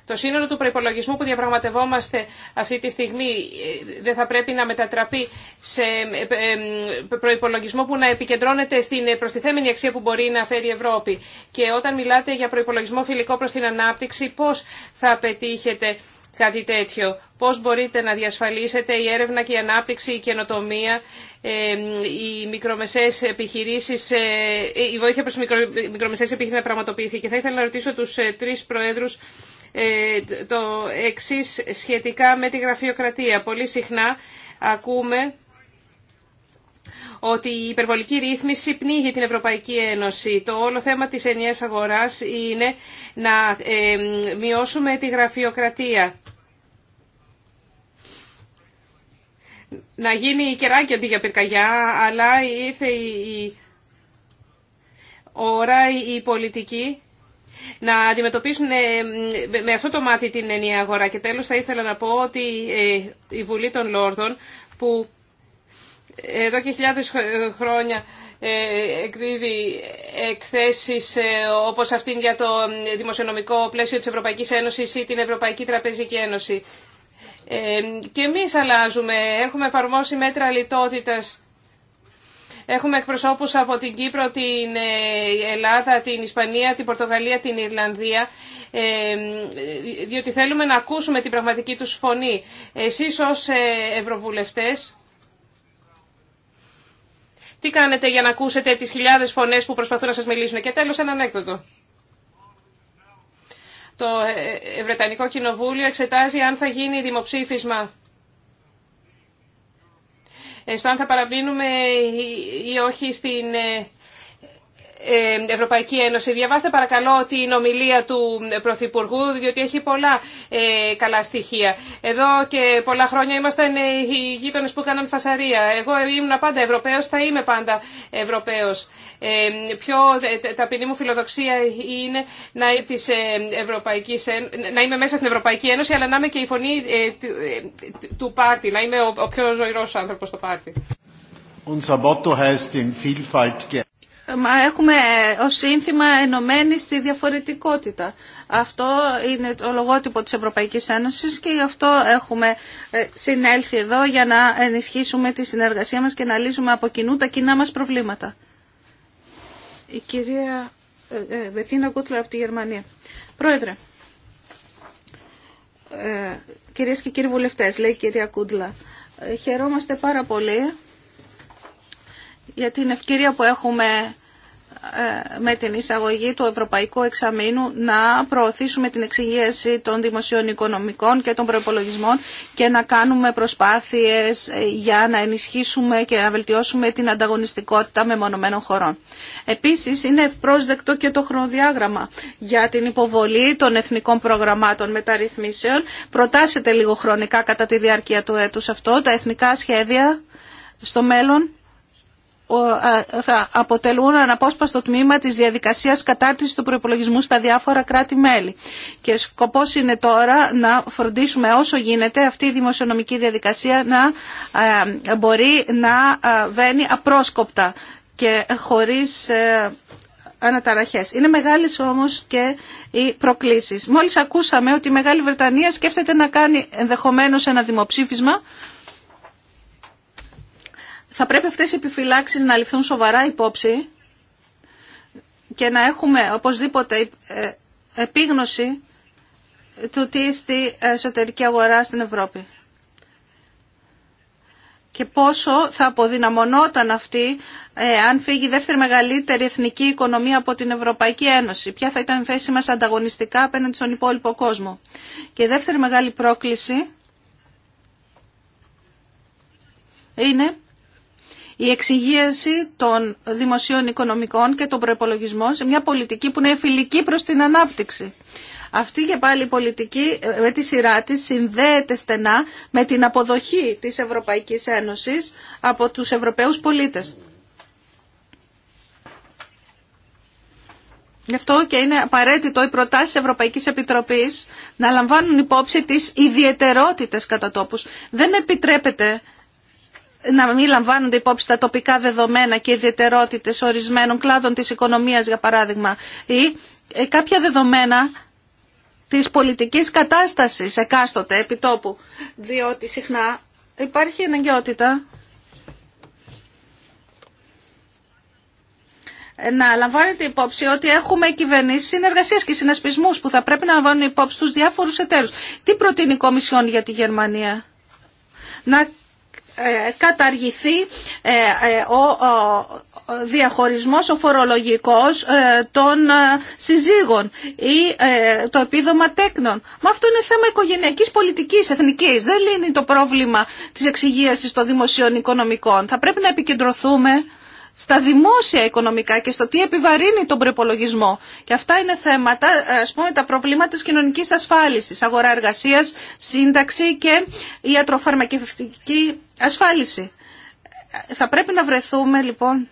Το σύνολο του προπολογισμού που διαπραγματευόμαστε αυτή τη στιγμή ε, δεν θα πρέπει να μετατραπεί σε ε, ε, προπολογισμό που να επικεντρώνεται στην προστιθέμενη αξία που μπορεί να φέρει η Ευρώπη. Και όταν μιλάτε για προπολογισμό φιλικό προς την ανάπτυξη, πώς θα πετύχετε κάτι τέτοιο. Πώς μπορείτε να διασφαλίσετε η έρευνα και η ανάπτυξη, η καινοτομία, οι μικρομεσαίες επιχειρήσεις, η βοήθεια προς μικρο, μικρομεσαίες επιχειρήσεις να πραγματοποιηθεί. Και θα ήθελα να ρωτήσω τους τρεις προέδρους ε, το εξή σχετικά με τη γραφειοκρατία. Πολύ συχνά ακούμε ότι η υπερβολική ρύθμιση πνίγει την Ευρωπαϊκή Ένωση. Το όλο θέμα της ενιαίας αγοράς είναι να ε, μειώσουμε τη γραφειοκρατία. Να γίνει κεράκι αντί για πυρκαγιά, αλλά ήρθε η ώρα η πολιτική να αντιμετωπίσουν ε, με αυτό το μάτι την ενιαία αγορά. Και τέλος θα ήθελα να πω ότι ε, η Βουλή των Λόρδων που εδώ και χιλιάδες χρόνια ε, εκδίδει εκθέσεις όπως αυτήν για το δημοσιονομικό πλαίσιο της Ευρωπαϊκής Ένωσης ή την Ευρωπαϊκή Τραπεζική Ένωση. Και εμείς αλλάζουμε, έχουμε εφαρμόσει μέτρα λιτότητας Έχουμε εκπροσώπους από την Κύπρο, την ε, Ελλάδα, την Ισπανία, την Πορτογαλία, την Ιρλανδία, ε, διότι θέλουμε να ακούσουμε την πραγματική τους φωνή. Εσείς ως ε, ευρωβουλευτές, τι κάνετε για να ακούσετε τις χιλιάδες φωνές που προσπαθούν να σας μιλήσουν. Και τέλος ένα ανέκδοτο. Το Βρετανικό Κοινοβούλιο εξετάζει αν θα γίνει δημοψήφισμα στο αν θα παραμείνουμε ή όχι στην ε, ε, Ευρωπαϊκή Ένωση. Διαβάστε παρακαλώ την ομιλία του Πρωθυπουργού, διότι έχει πολλά ε, καλά στοιχεία. Εδώ και πολλά χρόνια ήμασταν ε, οι γείτονε που κάναν φασαρία. Εγώ ήμουν πάντα Ευρωπαίο, θα είμαι πάντα Ευρωπαίο. Ε, πιο ταπεινή μου φιλοδοξία είναι να, της Ευρωπαϊκής, να είμαι μέσα στην Ευρωπαϊκή Ένωση, αλλά να είμαι και η φωνή του, του πάρτι, να είμαι ο, πιο ζωηρό άνθρωπο στο πάρτι. Unser έχουμε ως σύνθημα ενωμένη στη διαφορετικότητα. Αυτό είναι το λογότυπο της Ευρωπαϊκής Ένωσης και γι' αυτό έχουμε ε, συνέλθει εδώ για να ενισχύσουμε τη συνεργασία μας και να λύσουμε από κοινού τα κοινά μας προβλήματα. Η κυρία ε, ε, Βετίνα Κούτλα από τη Γερμανία. Πρόεδρε, κυρίες και κύριοι βουλευτές, λέει η κυρία Κούτλα, χαιρόμαστε πάρα πολύ για την ευκαιρία που έχουμε ε, με την εισαγωγή του Ευρωπαϊκού Εξαμήνου να προωθήσουμε την εξηγίαση των δημοσίων οικονομικών και των προπολογισμών και να κάνουμε προσπάθειες ε, για να ενισχύσουμε και να βελτιώσουμε την ανταγωνιστικότητα μεμονωμένων χωρών. Επίσης είναι ευπρόσδεκτο και το χρονοδιάγραμμα για την υποβολή των εθνικών προγραμμάτων μεταρρυθμίσεων. Προτάσετε λίγο χρονικά κατά τη διάρκεια του έτους αυτό τα εθνικά σχέδια στο μέλλον θα αποτελούν αναπόσπαστο τμήμα της διαδικασίας κατάρτισης του προϋπολογισμού στα διάφορα κράτη-μέλη. Και σκοπός είναι τώρα να φροντίσουμε όσο γίνεται αυτή η δημοσιονομική διαδικασία να μπορεί να βαίνει απρόσκοπτα και χωρίς ε, αναταραχές. Είναι μεγάλες όμως και οι προκλήσεις. Μόλις ακούσαμε ότι η Μεγάλη Βρετανία σκέφτεται να κάνει ενδεχομένως ένα δημοψήφισμα θα πρέπει αυτές οι επιφυλάξεις να ληφθούν σοβαρά υπόψη και να έχουμε οπωσδήποτε ε, επίγνωση του τι στη εσωτερική αγορά στην Ευρώπη. Και πόσο θα αποδυναμωνόταν αυτή ε, αν φύγει η δεύτερη μεγαλύτερη εθνική οικονομία από την Ευρωπαϊκή Ένωση. Ποια θα ήταν η θέση μας ανταγωνιστικά απέναντι στον υπόλοιπο κόσμο. Και η δεύτερη μεγάλη πρόκληση είναι η εξυγίαση των δημοσίων οικονομικών και των προπολογισμών σε μια πολιτική που είναι φιλική προς την ανάπτυξη. Αυτή και πάλι η πολιτική ε, με τη σειρά της συνδέεται στενά με την αποδοχή της Ευρωπαϊκής Ένωσης από τους Ευρωπαίους πολίτες. Γι' αυτό και είναι απαραίτητο οι προτάσεις Ευρωπαϊκής Επιτροπής να λαμβάνουν υπόψη τις ιδιαιτερότητες κατά τόπους. Δεν επιτρέπεται να μην λαμβάνονται υπόψη τα τοπικά δεδομένα και ιδιαιτερότητες ορισμένων κλάδων της οικονομίας, για παράδειγμα, ή ε, κάποια δεδομένα της πολιτικής κατάστασης εκάστοτε τόπου διότι συχνά υπάρχει εναγκαιότητα να λαμβάνετε υπόψη ότι έχουμε κυβερνήσει συνεργασία και συνασπισμού που θα πρέπει να λαμβάνουν υπόψη του διάφορου εταίρου. Τι προτείνει η Κομισιόν για τη Γερμανία, Να ε, καταργηθεί ε, ε, ο διαχωρισμός ο φορολογικός των συζύγων ή το επίδομα τέκνων. Μα αυτό είναι θέμα οικογενειακής πολιτικής, εθνικής. Δεν λύνει το πρόβλημα της εξυγίασης των δημοσίων οικονομικών. Θα πρέπει να επικεντρωθούμε στα δημόσια οικονομικά και στο τι επιβαρύνει τον προπολογισμό. Και αυτά είναι θέματα, α πούμε, τα προβλήματα τη κοινωνικής ασφάλισης, αγορά εργασίας, σύνταξη και ιατροφαρμακευτική ασφάλιση. Θα πρέπει να βρεθούμε, λοιπόν,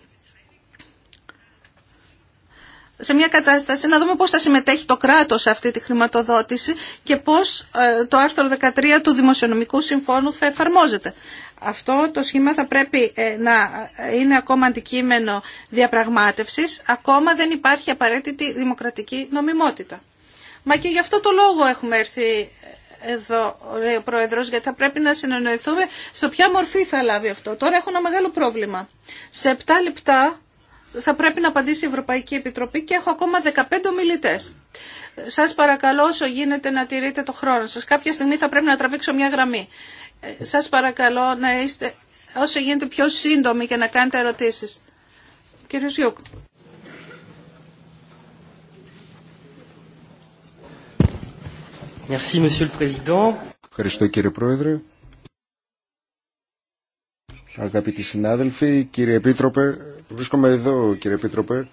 σε μια κατάσταση να δούμε πώς θα συμμετέχει το κράτος σε αυτή τη χρηματοδότηση και πώς ε, το άρθρο 13 του Δημοσιονομικού Συμφώνου θα εφαρμόζεται. Αυτό το σχήμα θα πρέπει ε, να είναι ακόμα αντικείμενο διαπραγμάτευσης. Ακόμα δεν υπάρχει απαραίτητη δημοκρατική νομιμότητα. Μα και γι' αυτό το λόγο έχουμε έρθει εδώ, ο Πρόεδρος, γιατί θα πρέπει να συνεννοηθούμε στο ποια μορφή θα λάβει αυτό. Τώρα έχω ένα μεγάλο πρόβλημα. Σε 7 λεπτά θα πρέπει να απαντήσει η Ευρωπαϊκή Επιτροπή και έχω ακόμα 15 ομιλητέ. Σας παρακαλώ όσο γίνεται να τηρείτε το χρόνο σας. Κάποια στιγμή θα πρέπει να τραβήξω μια γραμμή σας παρακαλώ να είστε όσο γίνεται πιο σύντομοι και να κάνετε ερωτήσεις. Κύριος Γιούκ. Ευχαριστώ κύριε Πρόεδρε. Αγαπητοί συνάδελφοι, κύριε Επίτροπε, βρίσκομαι εδώ κύριε Επίτροπε.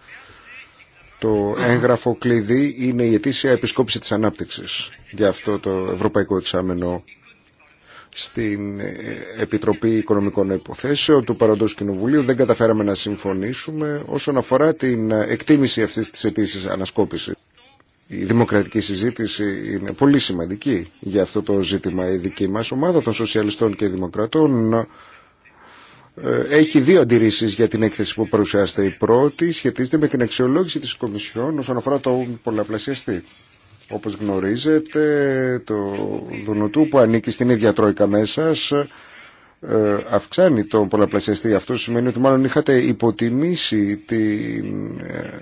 Το έγγραφο κλειδί είναι η ετήσια επισκόπηση της ανάπτυξης για αυτό το Ευρωπαϊκό Εξάμενο στην ε, Επιτροπή Οικονομικών Υποθέσεων του παροντός Κοινοβουλίου δεν καταφέραμε να συμφωνήσουμε όσον αφορά την ε, εκτίμηση αυτής της αιτήσης ανασκόπηση. Η δημοκρατική συζήτηση είναι πολύ σημαντική για αυτό το ζήτημα. Η δική μας ομάδα των σοσιαλιστών και δημοκρατών ε, έχει δύο αντιρρήσει για την έκθεση που παρουσιάζεται. Η πρώτη σχετίζεται με την αξιολόγηση τη Κομισιόν όσον αφορά τον πολλαπλασιαστή. Όπως γνωρίζετε, το Δουνουτού που ανήκει στην ίδια τρόικα μέσα ε, αυξάνει τον πολλαπλασιαστή. Αυτό σημαίνει ότι μάλλον είχατε υποτιμήσει την, ε,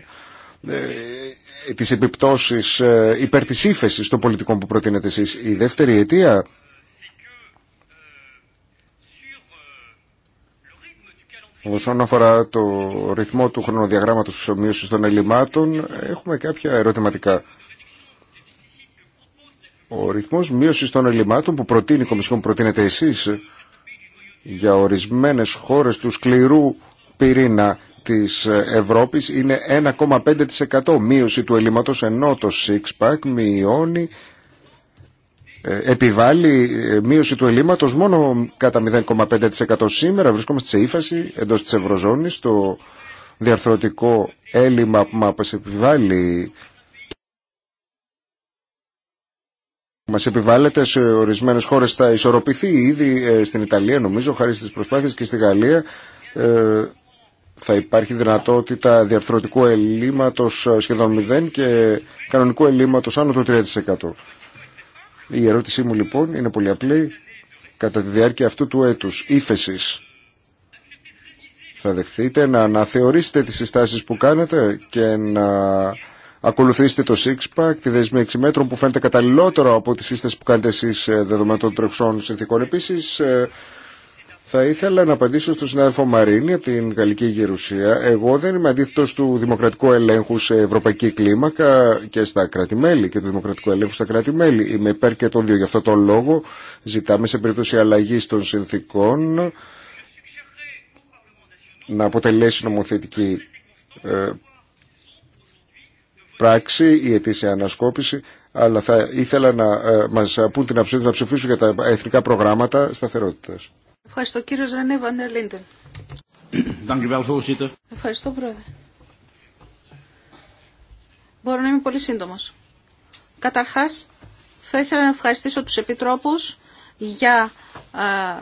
ε, τις επιπτώσεις υπέρ της ύφεσης των πολιτικών που προτείνετε εσείς. Η δεύτερη αιτία Όσον αφορά το ρυθμό του χρονοδιαγράμματος της ομοίωσης των ελλημάτων, έχουμε κάποια ερωτηματικά. Ο ρυθμός μείωσης των ελλημάτων που προτείνει η Κομισιόν, προτείνετε εσείς, για ορισμένες χώρες του σκληρού πυρήνα της Ευρώπης είναι 1,5% μείωση του ελλήματος ενώ το six-pack μειώνει ε, επιβάλλει ε, μείωση του ελλήματος μόνο κατά 0,5% σήμερα βρισκόμαστε σε ύφαση εντός της Ευρωζώνης το διαρθρωτικό έλλειμμα που μας επιβάλλει μας επιβάλλεται σε ορισμένες χώρες θα ισορροπηθεί ήδη ε, στην Ιταλία νομίζω χάρη στις προσπάθειες και στη Γαλλία ε, θα υπάρχει δυνατότητα διαρθρωτικού ελλείμματος ε, σχεδόν μηδέν και κανονικού ελλείμματος άνω του 3%. Η ερώτησή μου λοιπόν είναι πολύ απλή. Κατά τη διάρκεια αυτού του έτους ύφεση. θα δεχθείτε να αναθεωρήσετε τις συστάσεις που κάνετε και να Ακολουθήστε το Sixpack, τη δεσμή 6 μέτρων που φαίνεται καταλληλότερο από τις σύστασεις που κάνετε εσείς ε, δεδομένων των τρεξών συνθήκων. Επίσης, ε, θα ήθελα να απαντήσω στον συνάδελφο Μαρίνη από την Γαλλική Γερουσία. Εγώ δεν είμαι αντίθετο του δημοκρατικού ελέγχου σε ευρωπαϊκή κλίμακα και στα κράτη-μέλη και του δημοκρατικού ελέγχου στα κράτη-μέλη. Είμαι υπέρ και των δύο. Γι' αυτό τον λόγο ζητάμε σε περίπτωση αλλαγή των συνθήκων να αποτελέσει νομοθετική ε, πράξη, η ετήσια ανασκόπηση, αλλά θα ήθελα να ε, μας πούν την αψίδα να ψηφίσω για τα εθνικά προγράμματα σταθερότητας. Ευχαριστώ κύριο Ρενέ Βανερ Ευχαριστώ πρόεδρε. Μπορώ να είμαι πολύ σύντομος. Καταρχάς, θα ήθελα να ευχαριστήσω τους επιτρόπους για ε,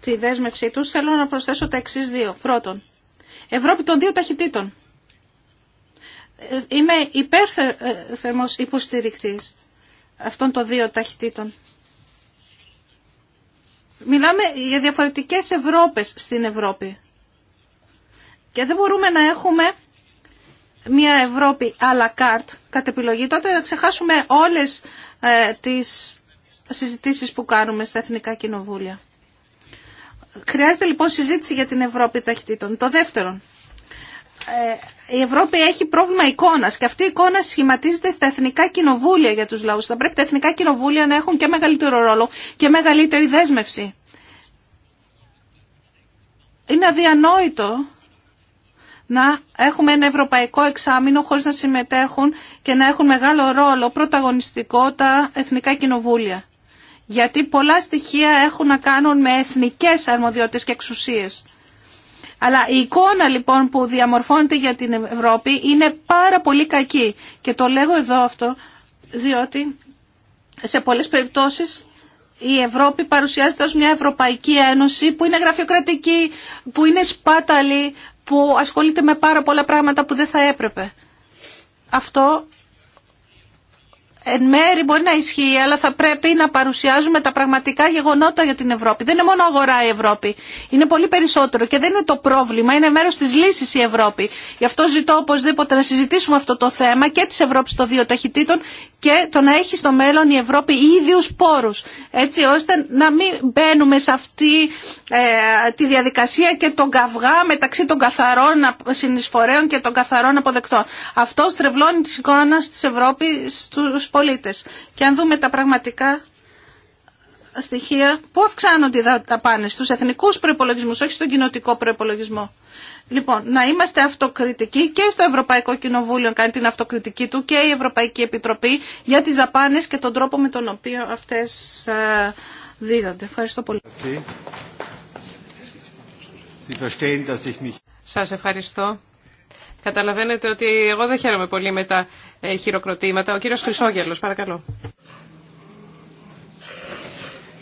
τη δέσμευσή τους. Θέλω να προσθέσω τα εξής δύο. Πρώτον, Ευρώπη των δύο ταχυτήτων είμαι υπέρθερμος υποστηρικτής αυτών των δύο ταχυτήτων. Μιλάμε για διαφορετικές Ευρώπες στην Ευρώπη. Και δεν μπορούμε να έχουμε μια Ευρώπη à la carte κατ' επιλογή. Τότε να ξεχάσουμε όλες ε, τις συζητήσεις που κάνουμε στα Εθνικά Κοινοβούλια. Χρειάζεται λοιπόν συζήτηση για την Ευρώπη ταχυτήτων. Το δεύτερο. Ε, η Ευρώπη έχει πρόβλημα εικόνα και αυτή η εικόνα σχηματίζεται στα εθνικά κοινοβούλια για του λαού. Θα πρέπει τα εθνικά κοινοβούλια να έχουν και μεγαλύτερο ρόλο και μεγαλύτερη δέσμευση. Είναι αδιανόητο να έχουμε ένα ευρωπαϊκό εξάμεινο χωρίς να συμμετέχουν και να έχουν μεγάλο ρόλο πρωταγωνιστικό τα εθνικά κοινοβούλια. Γιατί πολλά στοιχεία έχουν να κάνουν με εθνικές αρμοδιότητες και εξουσίες. Αλλά η εικόνα λοιπόν που διαμορφώνεται για την Ευρώπη είναι πάρα πολύ κακή. Και το λέγω εδώ αυτό διότι σε πολλές περιπτώσεις η Ευρώπη παρουσιάζεται ως μια Ευρωπαϊκή Ένωση που είναι γραφειοκρατική, που είναι σπάταλη, που ασχολείται με πάρα πολλά πράγματα που δεν θα έπρεπε. Αυτό εν μέρη μπορεί να ισχύει, αλλά θα πρέπει να παρουσιάζουμε τα πραγματικά γεγονότα για την Ευρώπη. Δεν είναι μόνο αγορά η Ευρώπη. Είναι πολύ περισσότερο και δεν είναι το πρόβλημα. Είναι μέρο τη λύση η Ευρώπη. Γι' αυτό ζητώ οπωσδήποτε να συζητήσουμε αυτό το θέμα και τη Ευρώπη των δύο ταχυτήτων και το να έχει στο μέλλον η Ευρώπη ίδιου πόρου. Έτσι ώστε να μην μπαίνουμε σε αυτή ε, τη διαδικασία και τον καυγά μεταξύ των καθαρών συνεισφορέων και των καθαρών αποδεκτών. Αυτό στρεβλώνει τη εικόνα τη Ευρώπη στου πολίτες. Και αν δούμε τα πραγματικά στοιχεία, πού αυξάνονται οι δαπάνες, στους εθνικούς προϋπολογισμούς, όχι στον κοινοτικό προϋπολογισμό. Λοιπόν, να είμαστε αυτοκριτικοί και στο Ευρωπαϊκό Κοινοβούλιο κάνει την αυτοκριτική του και η Ευρωπαϊκή Επιτροπή για τις δαπάνες και τον τρόπο με τον οποίο αυτές ε, δίδονται. Ευχαριστώ πολύ. Σας ευχαριστώ. Καταλαβαίνετε ότι εγώ δεν χαίρομαι πολύ με τα ε, χειροκροτήματα. Ο κύριος Χρυσόγελος, παρακαλώ.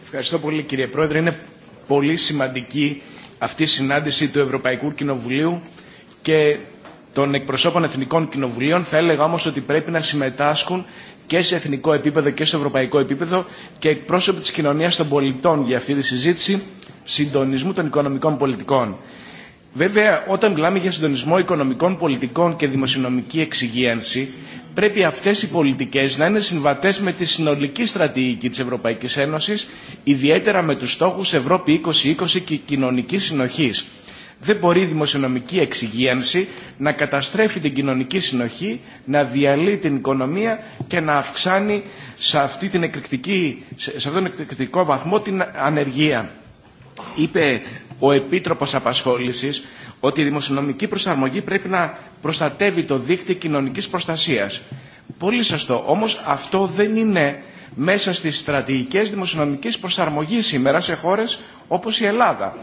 Ευχαριστώ πολύ κύριε Πρόεδρε. Είναι πολύ σημαντική αυτή η συνάντηση του Ευρωπαϊκού Κοινοβουλίου και των εκπροσώπων εθνικών κοινοβουλίων. Θα έλεγα όμως ότι πρέπει να συμμετάσχουν και σε εθνικό επίπεδο και σε ευρωπαϊκό επίπεδο και εκπρόσωποι της κοινωνίας των πολιτών για αυτή τη συζήτηση συντονισμού των οικονομικών πολιτικών. Βέβαια, όταν μιλάμε για συντονισμό οικονομικών πολιτικών και δημοσιονομική εξυγίανση, πρέπει αυτές οι πολιτικές να είναι συμβατές με τη συνολική στρατηγική της Ευρωπαϊκής Ένωσης, ιδιαίτερα με τους στόχους Ευρώπη 2020 και κοινωνική συνοχής. Δεν μπορεί η δημοσιονομική εξυγίανση να καταστρέφει την κοινωνική συνοχή, να διαλύει την οικονομία και να αυξάνει σε, αυτή την σε αυτόν τον εκρηκτικό βαθμό την ανεργία. Είπε ο Επίτροπος Απασχόλησης ότι η δημοσιονομική προσαρμογή πρέπει να προστατεύει το δίκτυο κοινωνικής προστασίας. Πολύ σωστό. Όμως αυτό δεν είναι μέσα στις στρατηγικές δημοσιονομικής προσαρμογής σήμερα σε χώρες όπως η Ελλάδα.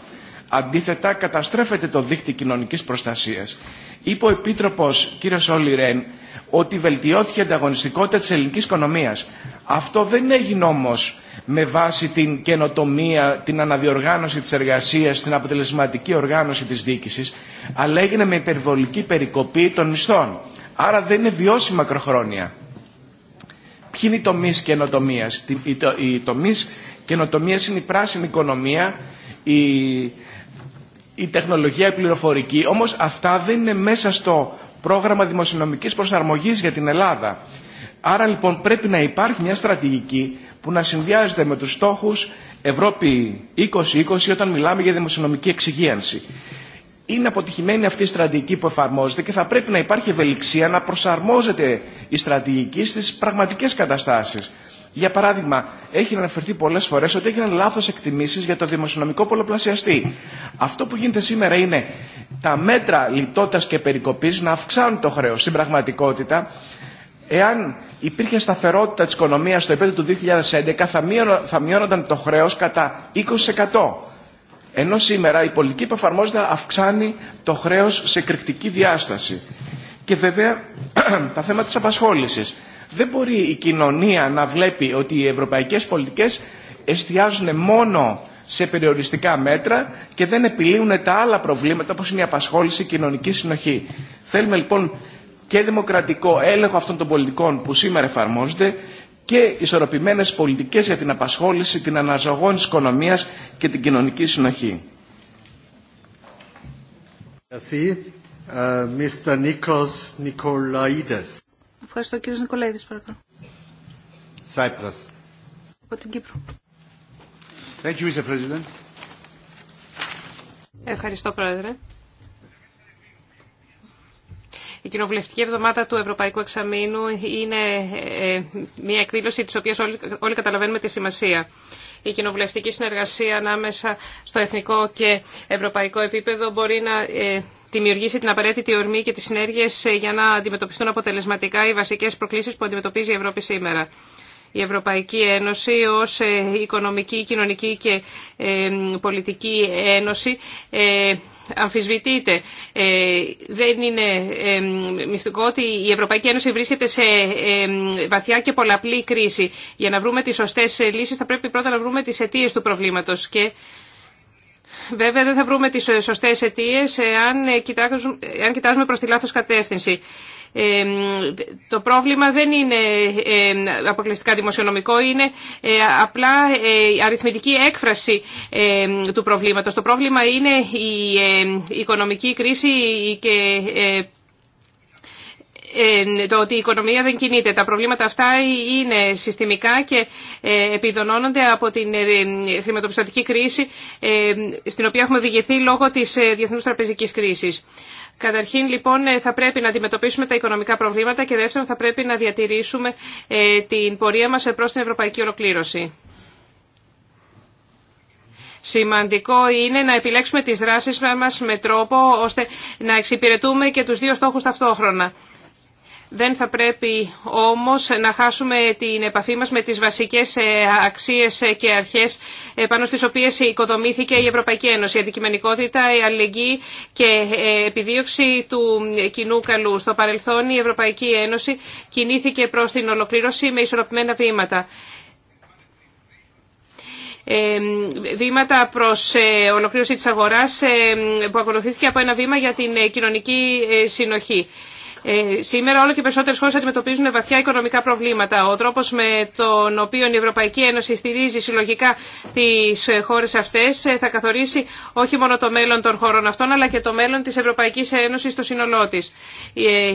Αντίθετα, καταστρέφεται το δίκτυο κοινωνικής προστασίας. Είπε ο επίτροπο κ. Όλη Ρεν ότι βελτιώθηκε η ανταγωνιστικότητα τη ελληνική οικονομία. Αυτό δεν έγινε όμω με βάση την καινοτομία, την αναδιοργάνωση τη εργασία, την αποτελεσματική οργάνωση τη διοίκηση, αλλά έγινε με υπερβολική περικοπή των μισθών. Άρα δεν είναι βιώσιμη μακροχρόνια. Ποιοι είναι οι τομεί καινοτομία. Οι τομεί καινοτομία είναι η πράσινη οικονομία, η η τεχνολογία, η πληροφορική, όμως αυτά δεν είναι μέσα στο πρόγραμμα δημοσιονομικής προσαρμογής για την Ελλάδα. Άρα λοιπόν πρέπει να υπάρχει μια στρατηγική που να συνδυάζεται με τους στόχους Ευρώπη 2020 όταν μιλάμε για δημοσιονομική εξυγίανση. Είναι αποτυχημένη αυτή η στρατηγική που εφαρμόζεται και θα πρέπει να υπάρχει ευελιξία να προσαρμόζεται η στρατηγική στις πραγματικές καταστάσεις. Για παράδειγμα, έχει αναφερθεί πολλέ φορέ ότι έγιναν λάθο εκτιμήσει για το δημοσιονομικό πολλαπλασιαστή. Αυτό που γίνεται σήμερα είναι τα μέτρα λιτότητα και περικοπή να αυξάνουν το χρέο. Στην πραγματικότητα, εάν υπήρχε σταθερότητα τη οικονομία στο επίπεδο του 2011, θα, μειώνονταν το χρέο κατά 20%. Ενώ σήμερα η πολιτική που εφαρμόζεται αυξάνει το χρέο σε εκρηκτική διάσταση. Και βέβαια τα θέματα τη απασχόληση. Δεν μπορεί η κοινωνία να βλέπει ότι οι ευρωπαϊκές πολιτικές εστιάζουν μόνο σε περιοριστικά μέτρα και δεν επιλύουν τα άλλα προβλήματα όπως είναι η απασχόληση, η κοινωνική συνοχή. Θέλουμε λοιπόν και δημοκρατικό έλεγχο αυτών των πολιτικών που σήμερα εφαρμόζονται και ισορροπημένες πολιτικές για την απασχόληση, την αναζωγόνηση της οικονομίας και την κοινωνική συνοχή. Uh, Mr. Nikos Ευχαριστώ κύριος Νικολαίδης παρακαλώ. Cyprus. Από την Κύπρο. Thank you, President. Ευχαριστώ Πρόεδρε. Η κοινοβουλευτική εβδομάδα του Ευρωπαϊκού Εξαμήνου είναι ε, ε, μια εκδήλωση της οποίας όλοι, όλοι καταλαβαίνουμε τη σημασία η κοινοβουλευτική συνεργασία ανάμεσα στο εθνικό και ευρωπαϊκό επίπεδο μπορεί να ε, δημιουργήσει την απαραίτητη ορμή και τις συνέργειες ε, για να αντιμετωπιστούν αποτελεσματικά οι βασικές προκλήσεις που αντιμετωπίζει η Ευρώπη σήμερα. Η Ευρωπαϊκή Ένωση ως ε, οικονομική, κοινωνική και πολιτική ένωση αμφισβητείται. Ε, δεν είναι μυστικό ότι η Ευρωπαϊκή Ένωση βρίσκεται σε βαθιά και πολλαπλή κρίση. Για να βρούμε τις σωστές λύσεις θα πρέπει πρώτα να βρούμε τις αιτίες του προβλήματος και Βέβαια δεν θα βρούμε τις σωστές αιτίες αν ε, κοιτάζουμε προς τη λάθος κατεύθυνση. Το πρόβλημα δεν είναι αποκλειστικά δημοσιονομικό, είναι ε, απλά ε, αριθμητική έκφραση του προβλήματος. Το πρόβλημα είναι η οικονομική κρίση και ε, το ότι η οικονομία δεν κινείται. Τα προβλήματα αυτά είναι συστημικά και επιδονώνονται από την χρηματοπιστωτική κρίση στην οποία έχουμε οδηγηθεί λόγω της διεθνούς τραπεζικής κρίσης. Καταρχήν, λοιπόν, ε, θα πρέπει να αντιμετωπίσουμε τα οικονομικά προβλήματα και δεύτερον, θα πρέπει να διατηρήσουμε ε, την πορεία μας ε, προς την ευρωπαϊκή ολοκλήρωση. Σημαντικό είναι να επιλέξουμε τις δράσεις μας με τρόπο ώστε να εξυπηρετούμε και τους δύο στόχους ταυτόχρονα. Δεν θα πρέπει όμως να χάσουμε την επαφή μας με τις βασικές ε, αξίες ε, και αρχές ε, πάνω στις οποίες οικοδομήθηκε η Ευρωπαϊκή Ένωση. Η αντικειμενικότητα, η αλληλεγγύη και επιδίωξη του κοινού καλού. Στο παρελθόν η Ευρωπαϊκή Ένωση κινήθηκε προς την ολοκλήρωση με ισορροπημένα βήματα βήματα προς ολοκλήρωση της αγοράς που ακολουθήθηκε από ένα βήμα για την κοινωνική συνοχή. Ε, σήμερα όλο και περισσότερε χώρε αντιμετωπίζουν βαθιά οικονομικά προβλήματα. Ο τρόπο με τον οποίο η Ευρωπαϊκή Ένωση στηρίζει συλλογικά τι χώρε αυτέ ε, θα καθορίσει όχι μόνο το μέλλον των χωρών αυτών, αλλά και το μέλλον τη Ευρωπαϊκή Ένωση στο σύνολό τη. Ε,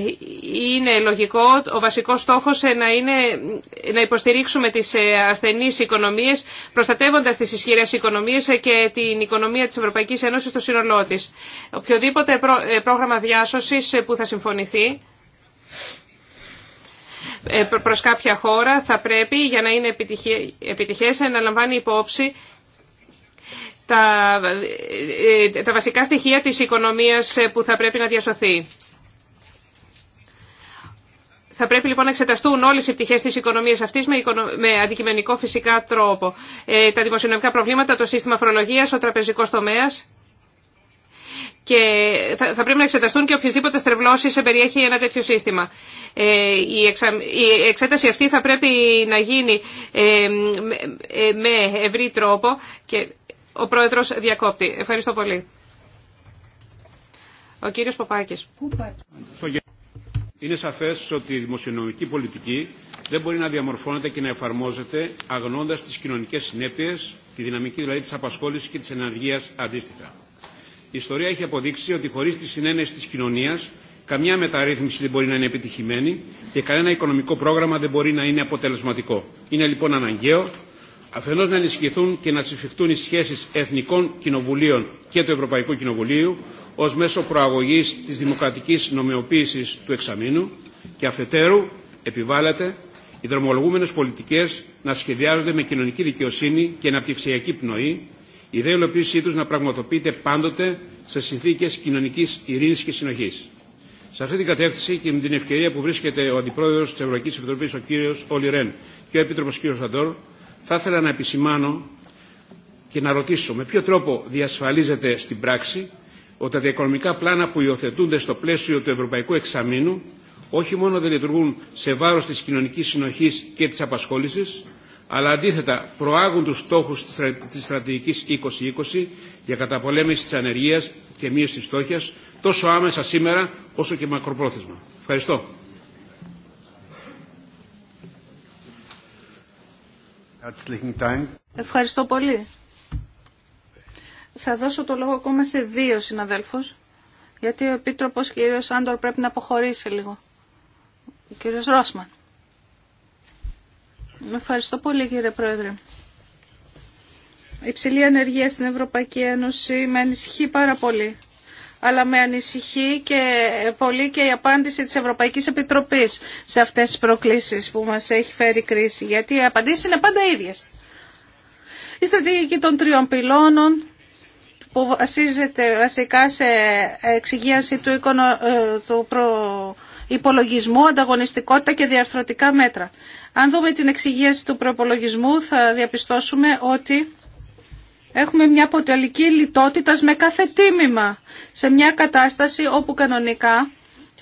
είναι λογικό ο βασικό στόχο ε, να είναι να υποστηρίξουμε τι ε, ασθενεί οικονομίε, προστατεύοντα τι ισχυρέ οικονομίε και την οικονομία τη Ευρωπαϊκή Ένωση στο σύνολό τη. Οποιοδήποτε πρόγραμμα διάσωση που θα συμφωνηθεί ε, προς κάποια χώρα θα πρέπει για να είναι επιτυχές να λαμβάνει υπόψη τα, ε, ε, τα βασικά στοιχεία της οικονομίας που θα πρέπει να διασωθεί. Θα πρέπει λοιπόν να εξεταστούν όλες οι πτυχέ της οικονομίας αυτής με αντικειμενικό φυσικά τρόπο. Τα δημοσιονομικά προβλήματα, το σύστημα φορολογίας, ο τραπεζικό τομέας και θα, πρέπει να εξεταστούν και οποιασδήποτε στρεβλώσεις περιέχει ένα τέτοιο σύστημα. Ε, η, εξέταση αυτή θα πρέπει να γίνει ε, ε, με ευρύ τρόπο και ο Πρόεδρος διακόπτει. Ευχαριστώ πολύ. Ο κύριος Παπάκης. Είναι σαφές ότι η δημοσιονομική πολιτική δεν μπορεί να διαμορφώνεται και να εφαρμόζεται αγνώντας τις κοινωνικές συνέπειες, τη δυναμική δηλαδή της απασχόλησης και της ενεργείας αντίστοιχα η ιστορία έχει αποδείξει ότι χωρί τη συνένεση τη κοινωνία, καμιά μεταρρύθμιση δεν μπορεί να είναι επιτυχημένη και κανένα οικονομικό πρόγραμμα δεν μπορεί να είναι αποτελεσματικό. Είναι λοιπόν αναγκαίο αφενό να ενισχυθούν και να συμφιχτούν οι σχέσει εθνικών κοινοβουλίων και του Ευρωπαϊκού Κοινοβουλίου ω μέσο προαγωγή τη δημοκρατική νομιμοποίηση του εξαμήνου και αφετέρου επιβάλλεται οι δρομολογούμενε πολιτικέ να σχεδιάζονται με κοινωνική δικαιοσύνη και αναπτυξιακή πνοή η ιδέα υλοποίησή του να πραγματοποιείται πάντοτε σε συνθήκε κοινωνική ειρήνη και συνοχή. Σε αυτή την κατεύθυνση και με την ευκαιρία που βρίσκεται ο Αντιπρόεδρο τη Ευρωπαϊκή Επιτροπή, ο κύριος Όλι Ρεν, και ο Επίτροπο κ. Σαντόρ, θα ήθελα να επισημάνω και να ρωτήσω με ποιο τρόπο διασφαλίζεται στην πράξη ότι τα διακονομικά πλάνα που υιοθετούνται στο πλαίσιο του Ευρωπαϊκού Εξαμήνου όχι μόνο δεν λειτουργούν σε βάρο τη κοινωνική συνοχή και τη απασχόληση, αλλά αντίθετα προάγουν τους στόχους της στρατηγικής 2020 για καταπολέμηση της ανεργίας και μείωση της φτώχειας τόσο άμεσα σήμερα όσο και μακροπρόθεσμα. Ευχαριστώ. Ευχαριστώ πολύ. Θα δώσω το λόγο ακόμα σε δύο συναδέλφους, γιατί ο Επίτροπος κύριος Άντορ πρέπει να αποχωρήσει λίγο. Ο κύριος Ρόσμαν. Ευχαριστώ πολύ κύριε Πρόεδρε. Η ψηλή ανεργία στην Ευρωπαϊκή Ένωση με ανησυχεί πάρα πολύ. Αλλά με ανησυχεί και πολύ και η απάντηση της Ευρωπαϊκής Επιτροπής σε αυτές τις προκλήσεις που μας έχει φέρει η κρίση. Γιατί οι απαντήσεις είναι πάντα ίδιες. Η στρατηγική των τριών πυλώνων που βασίζεται βασικά σε εξυγίανση του, οικονο... Ε, του προ υπολογισμού, ανταγωνιστικότητα και διαρθρωτικά μέτρα. Αν δούμε την εξηγίαση του προπολογισμού θα διαπιστώσουμε ότι έχουμε μια αποτελική λιτότητα με κάθε τίμημα σε μια κατάσταση όπου κανονικά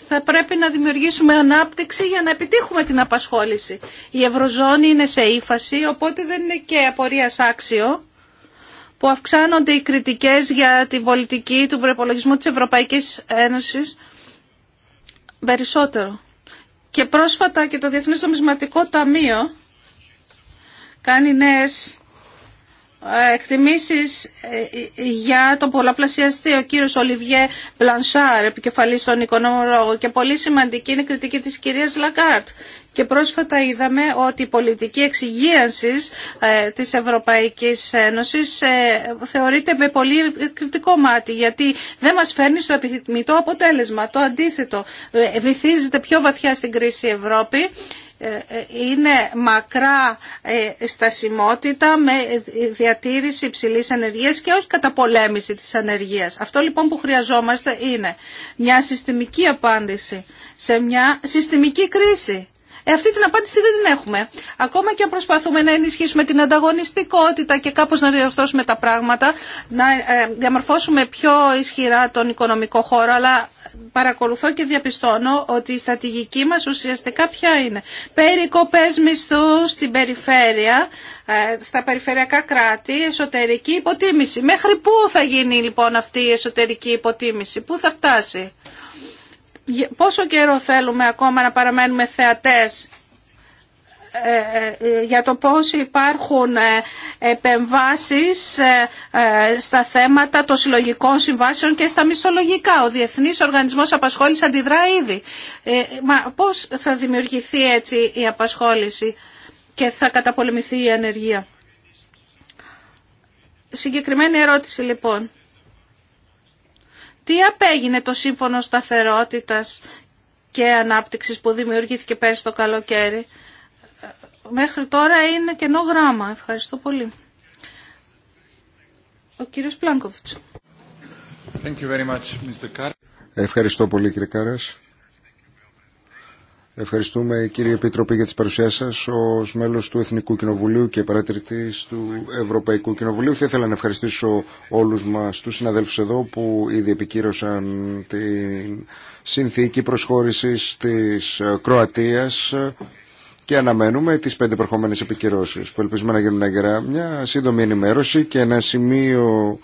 θα πρέπει να δημιουργήσουμε ανάπτυξη για να επιτύχουμε την απασχόληση. Η Ευρωζώνη είναι σε ύφαση, οπότε δεν είναι και απορία άξιο που αυξάνονται οι κριτικές για την πολιτική του προπολογισμού της Ευρωπαϊκής Ένωσης περισσότερο. Και πρόσφατα και το Διεθνές Νομισματικό Ταμείο κάνει νέες ε, εκτιμήσεις ε, για τον πολλαπλασιαστή ο κύριος Ολιβιέ Μπλανσάρ, επικεφαλής των οικονομολόγων και πολύ σημαντική είναι η κριτική της κυρίας Λαγκάρτ και πρόσφατα είδαμε ότι η πολιτική τη ε, της Ευρωπαϊκής Ένωσης ε, θεωρείται με πολύ κριτικό μάτι γιατί δεν μας φέρνει στο επιθυμητό αποτέλεσμα. Το αντίθετο, ε, βυθίζεται πιο βαθιά στην κρίση η Ευρώπη είναι μακρά στασιμότητα με διατήρηση υψηλής ανεργίας και όχι καταπολέμηση της ανεργίας. Αυτό λοιπόν που χρειαζόμαστε είναι μια συστημική απάντηση σε μια συστημική κρίση. Ε, αυτή την απάντηση δεν την έχουμε. Ακόμα και αν προσπαθούμε να ενισχύσουμε την ανταγωνιστικότητα και κάπως να διορθώσουμε τα πράγματα, να ε, διαμορφώσουμε πιο ισχυρά τον οικονομικό χώρο, αλλά παρακολουθώ και διαπιστώνω ότι η στρατηγική μας ουσιαστικά ποια είναι. Περικοπές μισθού στην περιφέρεια, ε, στα περιφερειακά κράτη, εσωτερική υποτίμηση. Μέχρι πού θα γίνει λοιπόν αυτή η εσωτερική υποτίμηση, πού θα φτάσει. Πόσο καιρό θέλουμε ακόμα να παραμένουμε θεατές ε, ε, για το πώς υπάρχουν ε, επεμβάσεις στα θέματα των συλλογικών συμβάσεων και στα μισολογικά. Ο Διεθνής Οργανισμός Απασχόλησης αντιδρά ήδη. Μα πώς θα δημιουργηθεί έτσι η απασχόληση και θα καταπολεμηθεί η ανεργία. Συγκεκριμένη ερώτηση λοιπόν. Τι απέγινε το Σύμφωνο Σταθερότητας και Ανάπτυξης που δημιουργήθηκε πέρσι το καλοκαίρι. Μέχρι τώρα είναι κενό γράμμα. Ευχαριστώ πολύ. Ο κύριος Πλάνκοβιτς. Ευχαριστώ πολύ κύριε Κάρας. Ευχαριστούμε κύριε Επίτροπη για τις παρουσίες σας ως μέλος του Εθνικού Κοινοβουλίου και παρατηρητής του Ευρωπαϊκού Κοινοβουλίου. Θα ήθελα να ευχαριστήσω όλους μας τους συναδέλφους εδώ που ήδη επικύρωσαν την συνθήκη προσχώρησης της Κροατίας και αναμένουμε τις πέντε προχωμένες επικυρώσεις που ελπίζουμε να γίνουν αγερά. Μια σύντομη ενημέρωση και ένα σημείο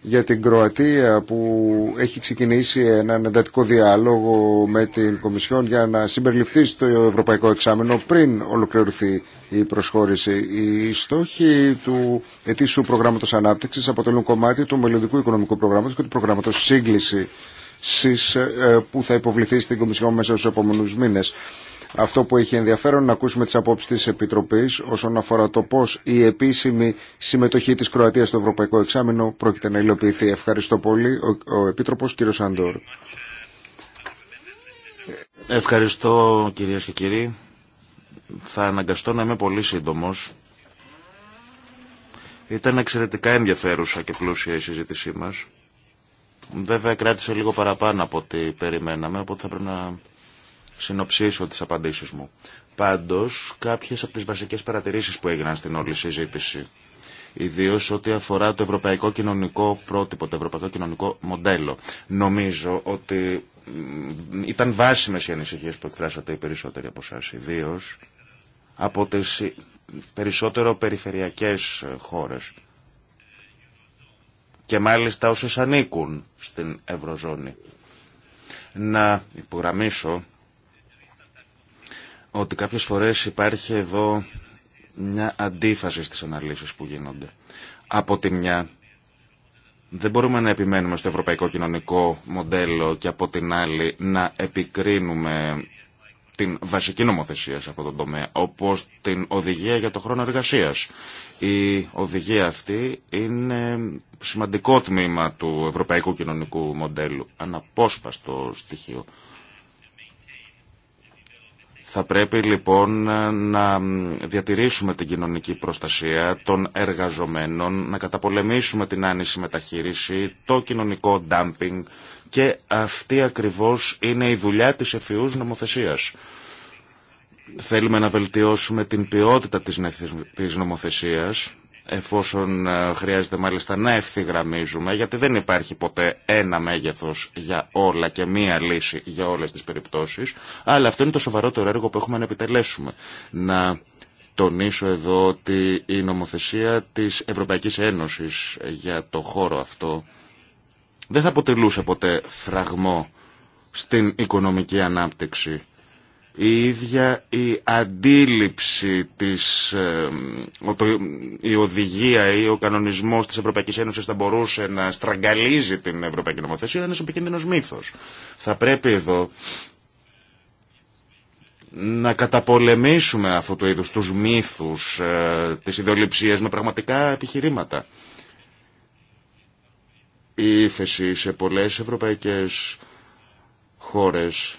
για την Κροατία που έχει ξεκινήσει έναν εντατικό διάλογο με την Κομισιόν για να συμπεριληφθεί στο Ευρωπαϊκό Εξάμενο πριν ολοκληρωθεί η προσχώρηση. Οι στόχοι του ετήσου προγράμματος ανάπτυξης αποτελούν κομμάτι του μελλοντικού οικονομικού προγράμματος και του προγράμματος σύγκληση ε, που θα υποβληθεί στην Κομισιόν μέσα στους επόμενους μήνες. Αυτό που έχει ενδιαφέρον να ακούσουμε τις απόψεις της Επιτροπής όσον αφορά το πώς η επίσημη συμμετοχή της Κροατίας στο Ευρωπαϊκό Εξάμεινο πρόκειται να υλοποιηθεί. Ευχαριστώ πολύ ο, Επίτροπος κ. Σαντόρ. Ευχαριστώ κυρίες και κύριοι. Θα αναγκαστώ να είμαι πολύ σύντομος. Ήταν εξαιρετικά ενδιαφέρουσα και πλούσια η συζήτησή μας. Βέβαια κράτησε λίγο παραπάνω από ό,τι περιμέναμε, οπότε θα πρέπει να συνοψίσω τις απαντήσεις μου. Πάντως, κάποιες από τις βασικές παρατηρήσεις που έγιναν στην όλη συζήτηση, ιδίω ό,τι αφορά το ευρωπαϊκό κοινωνικό πρότυπο, το ευρωπαϊκό κοινωνικό μοντέλο. Νομίζω ότι ήταν βάσιμες οι ανησυχίες που εκφράσατε οι περισσότεροι από εσάς, ιδίω από τις περισσότερο περιφερειακές ε, χώρες και μάλιστα όσες ανήκουν στην Ευρωζώνη. Να υπογραμμίσω ότι κάποιες φορές υπάρχει εδώ μια αντίφαση στις αναλύσεις που γίνονται. Από τη μια δεν μπορούμε να επιμένουμε στο ευρωπαϊκό κοινωνικό μοντέλο και από την άλλη να επικρίνουμε την βασική νομοθεσία σε αυτό το τομέα, όπως την οδηγία για το χρόνο εργασίας. Η οδηγία αυτή είναι σημαντικό τμήμα του ευρωπαϊκού κοινωνικού μοντέλου, αναπόσπαστο στοιχείο. Θα πρέπει λοιπόν να διατηρήσουμε την κοινωνική προστασία των εργαζομένων, να καταπολεμήσουμε την άνηση μεταχείριση, το κοινωνικό ντάμπινγκ και αυτή ακριβώς είναι η δουλειά της εφηούς νομοθεσίας. Θέλουμε να βελτιώσουμε την ποιότητα της νομοθεσίας εφόσον ε, χρειάζεται μάλιστα να ευθυγραμμίζουμε, γιατί δεν υπάρχει ποτέ ένα μέγεθος για όλα και μία λύση για όλες τις περιπτώσεις, αλλά αυτό είναι το σοβαρότερο έργο που έχουμε να επιτελέσουμε. Να τονίσω εδώ ότι η νομοθεσία της Ευρωπαϊκής Ένωσης για το χώρο αυτό δεν θα αποτελούσε ποτέ φραγμό στην οικονομική ανάπτυξη η ίδια η αντίληψη της, ε, η οδηγία ή ο κανονισμός της Ευρωπαϊκής Ένωσης θα μπορούσε να στραγγαλίζει την Ευρωπαϊκή Νομοθεσία είναι ένας επικίνδυνος μύθος. Θα πρέπει εδώ να καταπολεμήσουμε αυτού του είδους τους μύθους, ε, τις ιδεολειψίες με πραγματικά επιχειρήματα. Η ο κανονισμος της ευρωπαικης ενωσης θα μπορουσε να στραγγαλιζει την ευρωπαικη νομοθεσια ειναι ενας επικινδυνος μυθος θα πρεπει εδω να καταπολεμησουμε αυτου του ειδους τους μυθους της ιδεολειψιας με πραγματικα επιχειρηματα η υφεση σε πολλές ευρωπαϊκές χώρες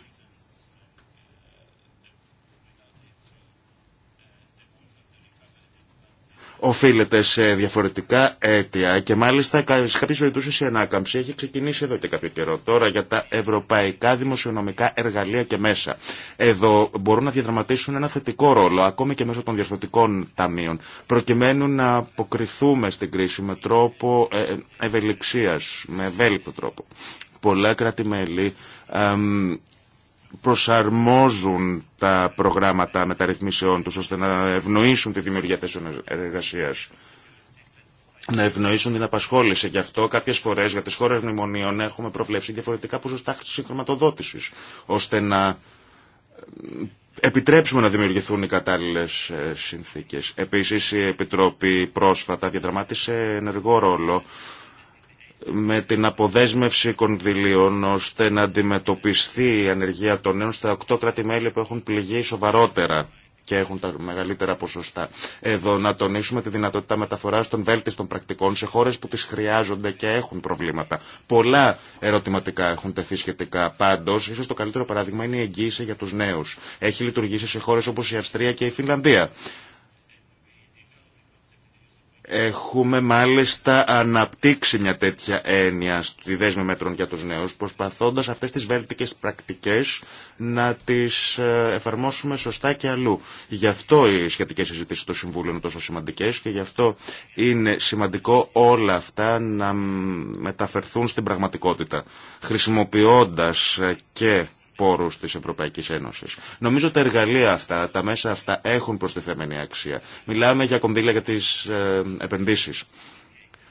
οφείλεται σε διαφορετικά αίτια και μάλιστα σε κάποιε περιπτώσει η ανάκαμψη έχει ξεκινήσει εδώ και κάποιο καιρό. Τώρα για τα ευρωπαϊκά δημοσιονομικά εργαλεία και μέσα. Εδώ μπορούν να διαδραματίσουν ένα θετικό ρόλο, ακόμη και μέσω των διαρθωτικών ταμείων, προκειμένου να αποκριθούμε στην κρίση με τρόπο ε, ε, ευελιξία, με ευέλικτο τρόπο. Πολλά κράτη-μέλη προσαρμόζουν τα προγράμματα μεταρρυθμίσεών τους ώστε να ευνοήσουν τη δημιουργία θέσεων εργασία, να ευνοήσουν την απασχόληση. Γι' αυτό κάποιε φορέ για τι χώρε μνημονίων έχουμε προβλέψει διαφορετικά ποσοστά συγχρηματοδότηση, ώστε να ε, επιτρέψουμε να δημιουργηθούν οι κατάλληλε ε, συνθήκε. Επίση, η Επιτροπή πρόσφατα διαδραμάτισε ενεργό ρόλο με την αποδέσμευση κονδυλίων ώστε να αντιμετωπιστεί η ανεργία των νέων στα οκτω κράτη-μέλη που έχουν πληγεί σοβαρότερα και έχουν τα μεγαλύτερα ποσοστά. Εδώ να τονίσουμε τη δυνατότητα μεταφοράς των βέλτιστων πρακτικών σε χώρες που τις χρειάζονται και έχουν προβλήματα. Πολλά ερωτηματικά έχουν τεθεί σχετικά. Πάντως, ίσως το καλύτερο παράδειγμα είναι η εγγύηση για τους νέους. Έχει λειτουργήσει σε χώρες όπως η Αυστρία και η Φινλανδία. Έχουμε μάλιστα αναπτύξει μια τέτοια έννοια στη δέσμη μέτρων για τους νέους, προσπαθώντας αυτές τις βέλτικες πρακτικές να τις ε, εφαρμόσουμε σωστά και αλλού. Γι' αυτό οι σχετικές συζητήσεις του Συμβούλου είναι τόσο σημαντικές και γι' αυτό είναι σημαντικό όλα αυτά να μεταφερθούν στην πραγματικότητα, χρησιμοποιώντας ε, και πόρους της Ευρωπαϊκής Ένωσης. Νομίζω τα εργαλεία αυτά, τα μέσα αυτά έχουν προστιθέμενη αξία. Μιλάμε για κονδύλια για τις ε, επενδύσεις.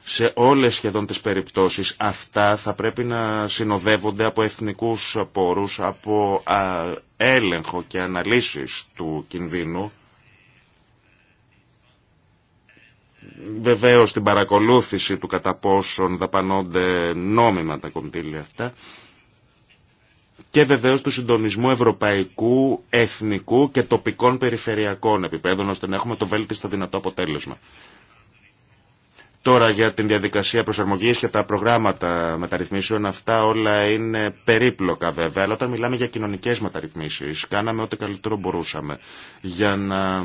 Σε όλες σχεδόν τις περιπτώσεις αυτά θα πρέπει να συνοδεύονται από εθνικούς πόρους, από έλεγχο και αναλύσεις του κινδύνου βεβαίως την παρακολούθηση του κατά πόσον δαπανώνται νόμιμα τα κονδύλια αυτά και βεβαίω του συντονισμού ευρωπαϊκού, εθνικού και τοπικών περιφερειακών επιπέδων, ώστε να έχουμε το βέλτιστο δυνατό αποτέλεσμα. Τώρα για την διαδικασία προσαρμογής και τα προγράμματα μεταρρυθμίσεων, αυτά όλα είναι περίπλοκα βέβαια, αλλά όταν μιλάμε για κοινωνικές μεταρρυθμίσεις, κάναμε ό,τι καλύτερο μπορούσαμε για να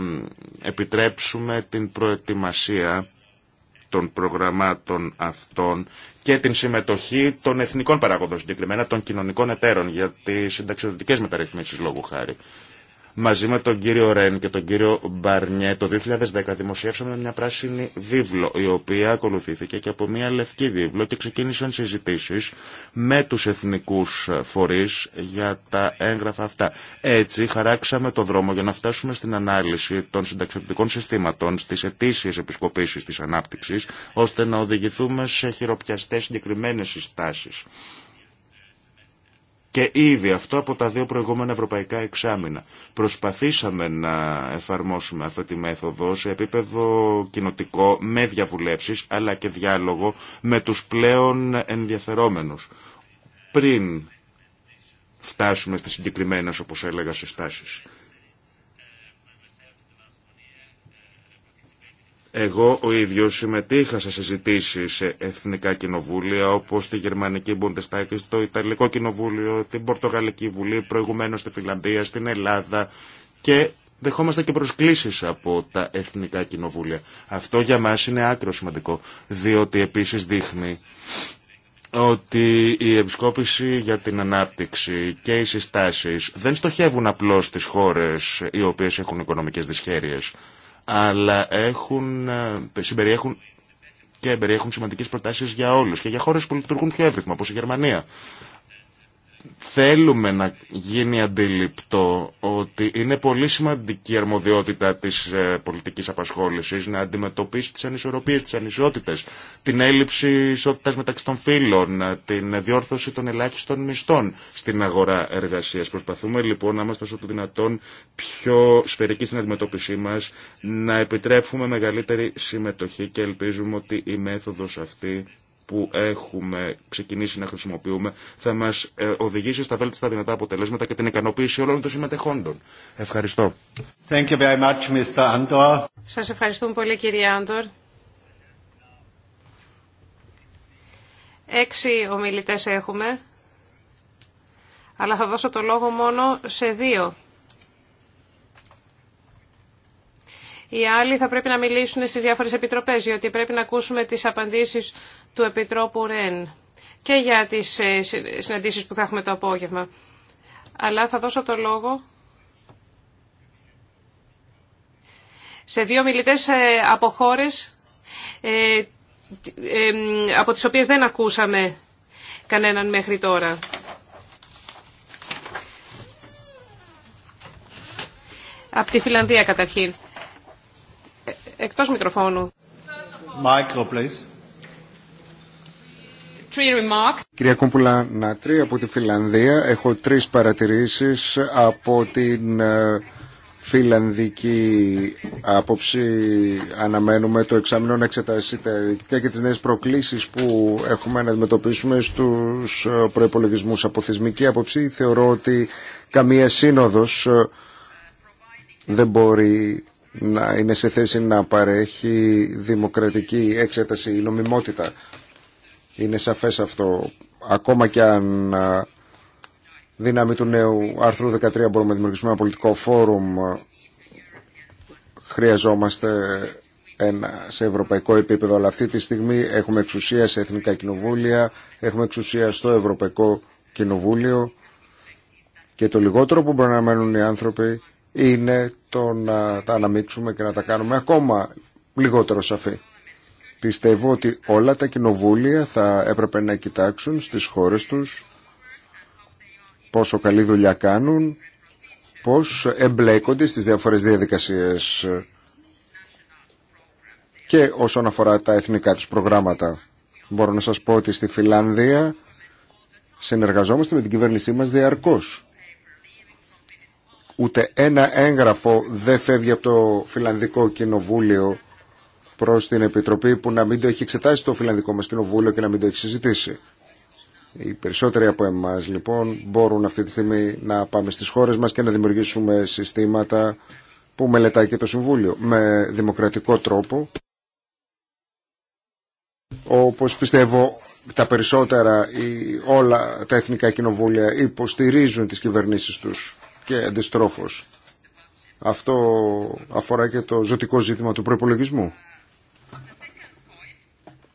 επιτρέψουμε την προετοιμασία των προγραμμάτων αυτών και την συμμετοχή των εθνικών παράγοντων συγκεκριμένα, των κοινωνικών εταίρων για τι συνταξιδοτικέ μεταρρυθμίσει λόγου χάρη. Μαζί με τον κύριο Ρεν και τον κύριο Μπαρνιέ το 2010 δημοσιεύσαμε μια πράσινη βίβλο η οποία ακολουθήθηκε και από μια λευκή βίβλο και ξεκίνησαν συζητήσεις με τους εθνικούς φορείς για τα έγγραφα αυτά. Έτσι χαράξαμε το δρόμο για να φτάσουμε στην ανάλυση των συνταξιωτικών συστήματων στις αιτήσει επισκοπήσεις της ανάπτυξης ώστε να οδηγηθούμε σε χειροπιαστές συγκεκριμένες συστάσεις και ήδη αυτό από τα δύο προηγούμενα ευρωπαϊκά εξάμεινα. Προσπαθήσαμε να εφαρμόσουμε αυτή τη μέθοδο σε επίπεδο κοινοτικό με διαβουλεύσεις αλλά και διάλογο με τους πλέον ενδιαφερόμενους. Πριν φτάσουμε στις συγκεκριμένες όπως έλεγα συστάσεις. Εγώ ο ίδιο συμμετείχα σε συζητήσει σε εθνικά κοινοβούλια όπω τη Γερμανική Bundestag, το Ιταλικό Κοινοβούλιο, την Πορτογαλική Βουλή, προηγουμένω στη Φιλανδία, στην Ελλάδα και δεχόμαστε και προσκλήσεις από τα εθνικά κοινοβούλια. Αυτό για μας είναι άκρο σημαντικό, διότι επίσης δείχνει ότι η επισκόπηση για την ανάπτυξη και οι συστάσεις δεν στοχεύουν απλώς στις χώρες οι οποίες έχουν οικονομικές δυσχέρειες αλλά έχουν, ε, συμπεριέχουν και περιέχουν σημαντικές προτάσεις για όλους και για χώρες που λειτουργούν πιο εύρυθμα, όπως η Γερμανία θέλουμε να γίνει αντιληπτό ότι είναι πολύ σημαντική η αρμοδιότητα της ε, πολιτικής απασχόλησης να αντιμετωπίσει τις ανισορροπίες, τις ανισότητες, την έλλειψη ισότητας μεταξύ των φύλων, ε, την διόρθωση των ελάχιστων μισθών στην αγορά εργασίας. Προσπαθούμε λοιπόν να είμαστε όσο το δυνατόν πιο σφαιρικοί στην αντιμετώπιση μας, να επιτρέπουμε μεγαλύτερη συμμετοχή και ελπίζουμε ότι η μέθοδος αυτή που έχουμε ξεκινήσει να χρησιμοποιούμε θα μας ε, οδηγήσει στα βέλτιστα δυνατά αποτελέσματα και την ικανοποίηση όλων των συμμετεχόντων. Ευχαριστώ. Thank ευχαριστούμε πολύ κύριε Άντορ. Έξι ομιλητές έχουμε, αλλά θα δώσω το λόγο μόνο σε δύο. Οι άλλοι θα πρέπει να μιλήσουν στις διάφορες επιτροπές, διότι πρέπει να ακούσουμε τις απαντήσεις του Επιτρόπου ΡΕΝ και για τις ε, συναντήσεις που θα έχουμε το απόγευμα. Αλλά θα δώσω το λόγο σε δύο μιλητές ε, από χώρες ε, από τις οποίες δεν ακούσαμε κανέναν μέχρι τώρα. Από τη Φιλανδία καταρχήν εκτός μικροφώνου. please. Κυρία Κούμπουλα Νάτρη από τη Φιλανδία. Έχω τρεις παρατηρήσεις από την ε, φιλανδική άποψη. Αναμένουμε το εξάμεινο να εξετάσει και τις νέες προκλήσεις που έχουμε να αντιμετωπίσουμε στους ε, προϋπολογισμούς. Από θεσμική άποψη θεωρώ ότι καμία σύνοδος ε, δεν μπορεί να είναι σε θέση να παρέχει δημοκρατική εξέταση, η νομιμότητα. Είναι σαφές αυτό. Ακόμα και αν δύναμη του νέου άρθρου 13 μπορούμε να δημιουργήσουμε ένα πολιτικό φόρουμ, χρειαζόμαστε ένα, σε ευρωπαϊκό επίπεδο. Αλλά αυτή τη στιγμή έχουμε εξουσία σε εθνικά κοινοβούλια, έχουμε εξουσία στο Ευρωπαϊκό Κοινοβούλιο και το λιγότερο που μπορεί να μένουν οι άνθρωποι είναι το να τα αναμίξουμε και να τα κάνουμε ακόμα λιγότερο σαφή. Πιστεύω ότι όλα τα κοινοβούλια θα έπρεπε να κοιτάξουν στις χώρες τους πόσο καλή δουλειά κάνουν, πώς εμπλέκονται στις διάφορες διαδικασίες και όσον αφορά τα εθνικά τους προγράμματα. Μπορώ να σας πω ότι στη Φιλανδία συνεργαζόμαστε με την κυβέρνησή μας διαρκώς Ούτε ένα έγγραφο δεν φεύγει από το Φιλανδικό Κοινοβούλιο προς την Επιτροπή που να μην το έχει εξετάσει το Φιλανδικό μας Κοινοβούλιο και να μην το έχει συζητήσει. Οι περισσότεροι από εμάς λοιπόν μπορούν αυτή τη στιγμή να πάμε στις χώρες μας και να δημιουργήσουμε συστήματα που μελετάει και το Συμβούλιο με δημοκρατικό τρόπο. Όπως πιστεύω τα περισσότερα ή όλα τα εθνικά κοινοβούλια υποστηρίζουν τις κυβερνήσεις τους και αντιστρόφως. Αυτό αφορά και το ζωτικό ζήτημα του προπολογισμού.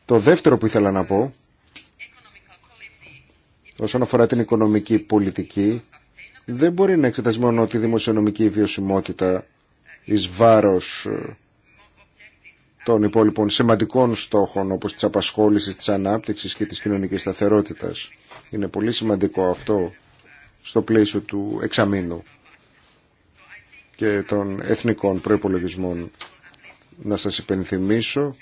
Το δεύτερο που ήθελα να πω, όσον αφορά την οικονομική πολιτική, δεν μπορεί να εξετασει μόνο τη δημοσιονομική βιωσιμότητα εις βάρος ε, των υπόλοιπων σημαντικών στόχων όπως της απασχόλησης, της ανάπτυξης και της κοινωνικής σταθερότητας. Είναι πολύ σημαντικό αυτό στο πλαίσιο του εξαμήνου και των εθνικών προϋπολογισμών. Να σας υπενθυμίσω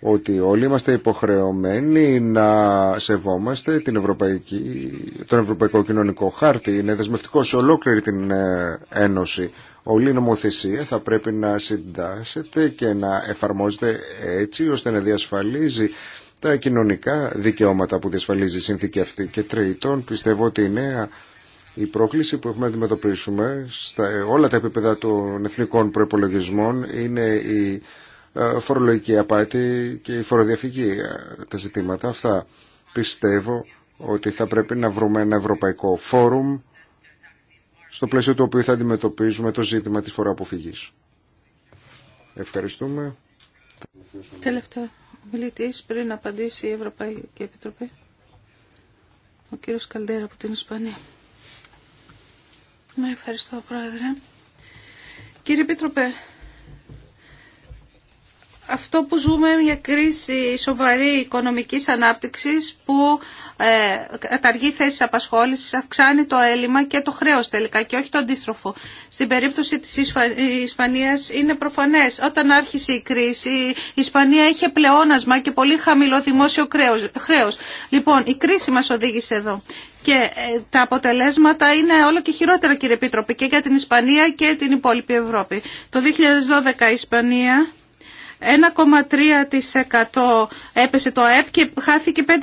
ότι όλοι είμαστε υποχρεωμένοι να σεβόμαστε την Ευρωπαϊκή, τον Ευρωπαϊκό Κοινωνικό Χάρτη. Είναι δεσμευτικό σε ολόκληρη την ε, Ένωση. Όλη η νομοθεσία θα πρέπει να συντάσσεται και να εφαρμόζεται έτσι ώστε να διασφαλίζει τα κοινωνικά δικαιώματα που διασφαλίζει η συνθήκη αυτή. Και τρίτον, πιστεύω ότι η νέα η πρόκληση που έχουμε να αντιμετωπίσουμε στα όλα τα επίπεδα των εθνικών προπολογισμών είναι η ε, φορολογική απάτη και η φοροδιαφυγή. Ε, τα ζητήματα αυτά πιστεύω ότι θα πρέπει να βρούμε ένα ευρωπαϊκό φόρουμ στο πλαίσιο του οποίου θα αντιμετωπίζουμε το ζήτημα της φοροαποφυγής. Ευχαριστούμε μιλητής πριν απαντήσει η Ευρωπαϊκή Επιτροπή. Ο κύριος Καλτέρα από την Ισπανία. Να ευχαριστώ πρόεδρε. Κύριε Επίτροπε, αυτό που ζούμε είναι μια κρίση σοβαρή οικονομικής ανάπτυξης που ε, καταργεί θέσεις απασχόλησης, αυξάνει το έλλειμμα και το χρέος τελικά και όχι το αντίστροφο. Στην περίπτωση της Ισπανίας είναι προφανές. Όταν άρχισε η κρίση η Ισπανία είχε πλεόνασμα και πολύ χαμηλό δημόσιο χρέος. Λοιπόν, η κρίση μας οδήγησε εδώ. Και ε, τα αποτελέσματα είναι όλο και χειρότερα κύριε Επίτροπη και για την Ισπανία και την υπόλοιπη Ευρώπη. Το 2012 η Ισπανία 1,3% έπεσε το ΑΕΠ και χάθηκε 5% ε,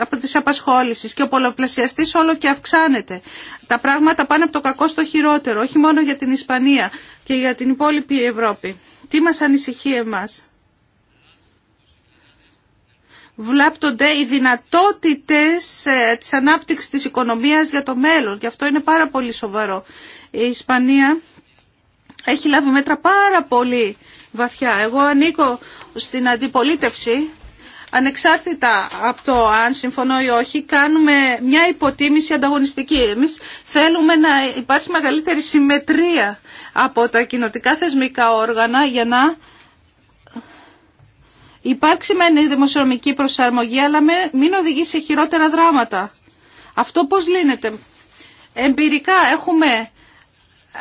από τις απασχόλησεις και ο πολλαπλασιαστής όλο και αυξάνεται. Τα πράγματα πάνε από το κακό στο χειρότερο, όχι μόνο για την Ισπανία και για την υπόλοιπη Ευρώπη. Τι μας ανησυχεί εμάς. Βλάπτονται οι δυνατότητες ε, της ανάπτυξης της οικονομίας για το μέλλον και αυτό είναι πάρα πολύ σοβαρό. Η Ισπανία έχει λάβει μέτρα πάρα πολύ βαθιά. Εγώ ανήκω στην αντιπολίτευση, ανεξάρτητα από το αν συμφωνώ ή όχι, κάνουμε μια υποτίμηση ανταγωνιστική. Εμείς θέλουμε να υπάρχει μεγαλύτερη συμμετρία από τα κοινοτικά θεσμικά όργανα για να υπάρξει μεν η δημοσιονομική προσαρμογή, αλλά μην οδηγεί σε χειρότερα δράματα. Αυτό πώς λύνεται. Εμπειρικά έχουμε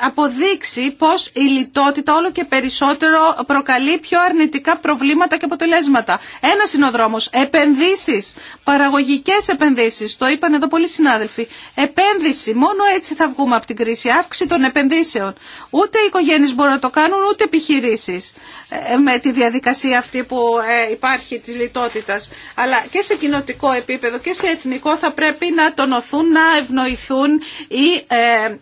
αποδείξει πως η λιτότητα όλο και περισσότερο προκαλεί πιο αρνητικά προβλήματα και αποτελέσματα. Ένα είναι ο δρόμος. Επενδύσεις, παραγωγικές επενδύσεις, το είπαν εδώ πολλοί συνάδελφοι. Επένδυση, μόνο έτσι θα βγούμε από την κρίση, αύξηση των επενδύσεων. Ούτε οι οικογένειες μπορούν να το κάνουν, ούτε επιχειρήσεις ε, με τη διαδικασία αυτή που ε, υπάρχει της λιτότητας. Αλλά και σε κοινοτικό επίπεδο και σε εθνικό θα πρέπει να τονωθούν, να ευνοηθούν οι ε,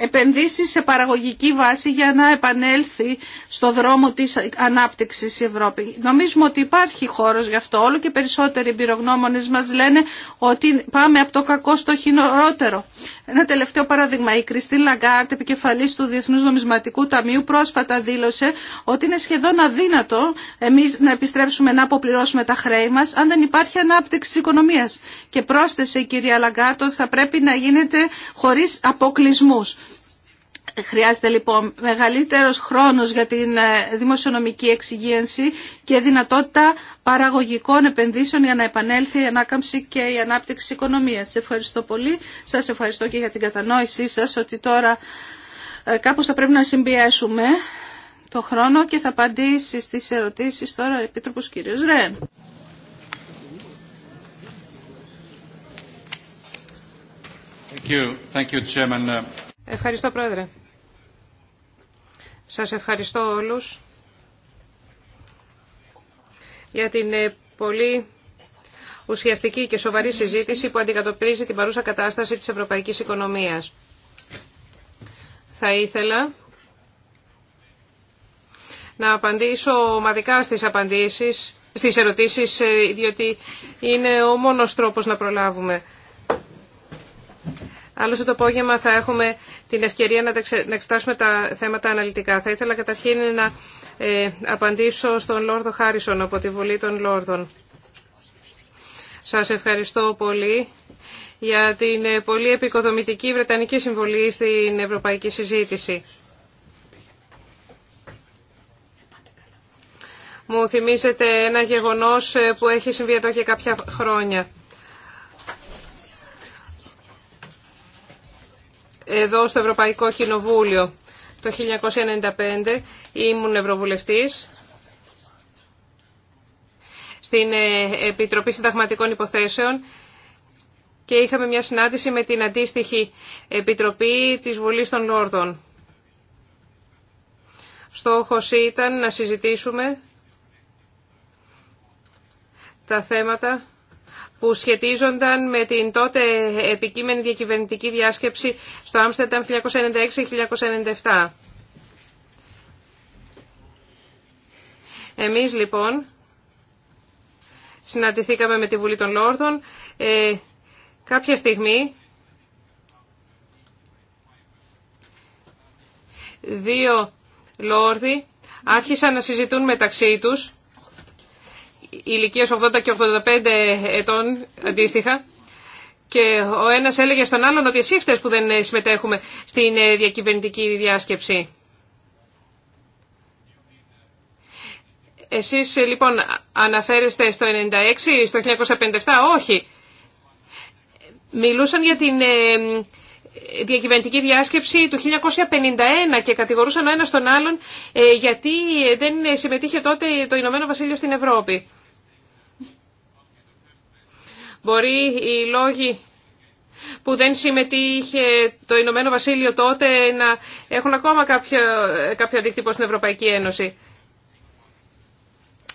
επενδύσεις σε παραγωγική βάση για να επανέλθει στο δρόμο της ανάπτυξης η Ευρώπη. Νομίζουμε ότι υπάρχει χώρος γι' αυτό. Όλο και περισσότεροι εμπειρογνώμονες μας λένε ότι πάμε από το κακό στο χειρότερο. Ένα τελευταίο παράδειγμα. Η Κριστίν Λαγκάρτ, επικεφαλής του Διεθνούς Νομισματικού Ταμείου, πρόσφατα δήλωσε ότι είναι σχεδόν αδύνατο εμείς να επιστρέψουμε να αποπληρώσουμε τα χρέη μας αν δεν υπάρχει ανάπτυξη της οικονομίας. Και πρόσθεσε η κυρία Λαγκάρτ ότι θα πρέπει να γίνεται χωρίς αποκλεισμούς. Χρειάζεται λοιπόν μεγαλύτερος χρόνος για την ε, δημοσιονομική εξυγίανση και δυνατότητα παραγωγικών επενδύσεων για να επανέλθει η ανάκαμψη και η ανάπτυξη της οικονομίας. Σε ευχαριστώ πολύ. Σας ευχαριστώ και για την κατανόησή σας ότι τώρα ε, κάπως θα πρέπει να συμπιέσουμε το χρόνο και θα απαντήσει στις ερωτήσεις τώρα ο Επίτροπος κ. Ρέν. Thank you. Thank you, Ευχαριστώ, Πρόεδρε. Σας ευχαριστώ όλους για την ε, πολύ ουσιαστική και σοβαρή συζήτηση που αντικατοπτρίζει την παρούσα κατάσταση της ευρωπαϊκής οικονομίας. Θα ήθελα να απαντήσω ομαδικά στις απαντήσεις, στις ερωτήσεις, ε, διότι είναι ο μόνος τρόπος να προλάβουμε. Άλλωστε το απόγευμα θα έχουμε την ευκαιρία να, να εξετάσουμε τα θέματα αναλυτικά. Θα ήθελα καταρχήν να ε, απαντήσω στον Λόρδο Χάρισον από τη Βουλή των Λόρδων. Σας ευχαριστώ πολύ για την ε, πολύ επικοδομητική Βρετανική συμβολή στην Ευρωπαϊκή Συζήτηση. Μου θυμίζετε ένα γεγονός ε, που έχει συμβεί εδώ και κάποια χρόνια. εδώ στο Ευρωπαϊκό Κοινοβούλιο το 1995 ήμουν Ευρωβουλευτής στην ε, Επιτροπή Συνταγματικών Υποθέσεων και είχαμε μια συνάντηση με την αντίστοιχη Επιτροπή της Βουλής των Λόρδων. Στόχος ήταν να συζητήσουμε τα θέματα που σχετίζονταν με την τότε επικείμενη διακυβερνητική διάσκεψη στο Άμστερνταμ 1996-1997. Εμείς λοιπόν συναντηθήκαμε με τη Βουλή των Λόρδων. Ε, κάποια στιγμή δύο Λόρδοι άρχισαν να συζητούν μεταξύ τους ηλικία 80 και 85 ετών αντίστοιχα. Και ο ένας έλεγε στον άλλον ότι εσύ φταίς που δεν συμμετέχουμε στην ε, διακυβερνητική διάσκεψη. Εσείς ε, λοιπόν αναφέρεστε στο 96, στο 1957, όχι. Μιλούσαν για την ε, διακυβερνητική διάσκεψη του 1951 και κατηγορούσαν ο ένας τον άλλον γιατί δεν συμμετείχε τότε το Ηνωμένο Βασίλειο στην Ευρώπη. Μπορεί οι λόγοι που δεν συμμετείχε το Ηνωμένο Βασίλειο τότε να έχουν ακόμα κάποιο, κάποιο αντίκτυπο στην Ευρωπαϊκή Ένωση.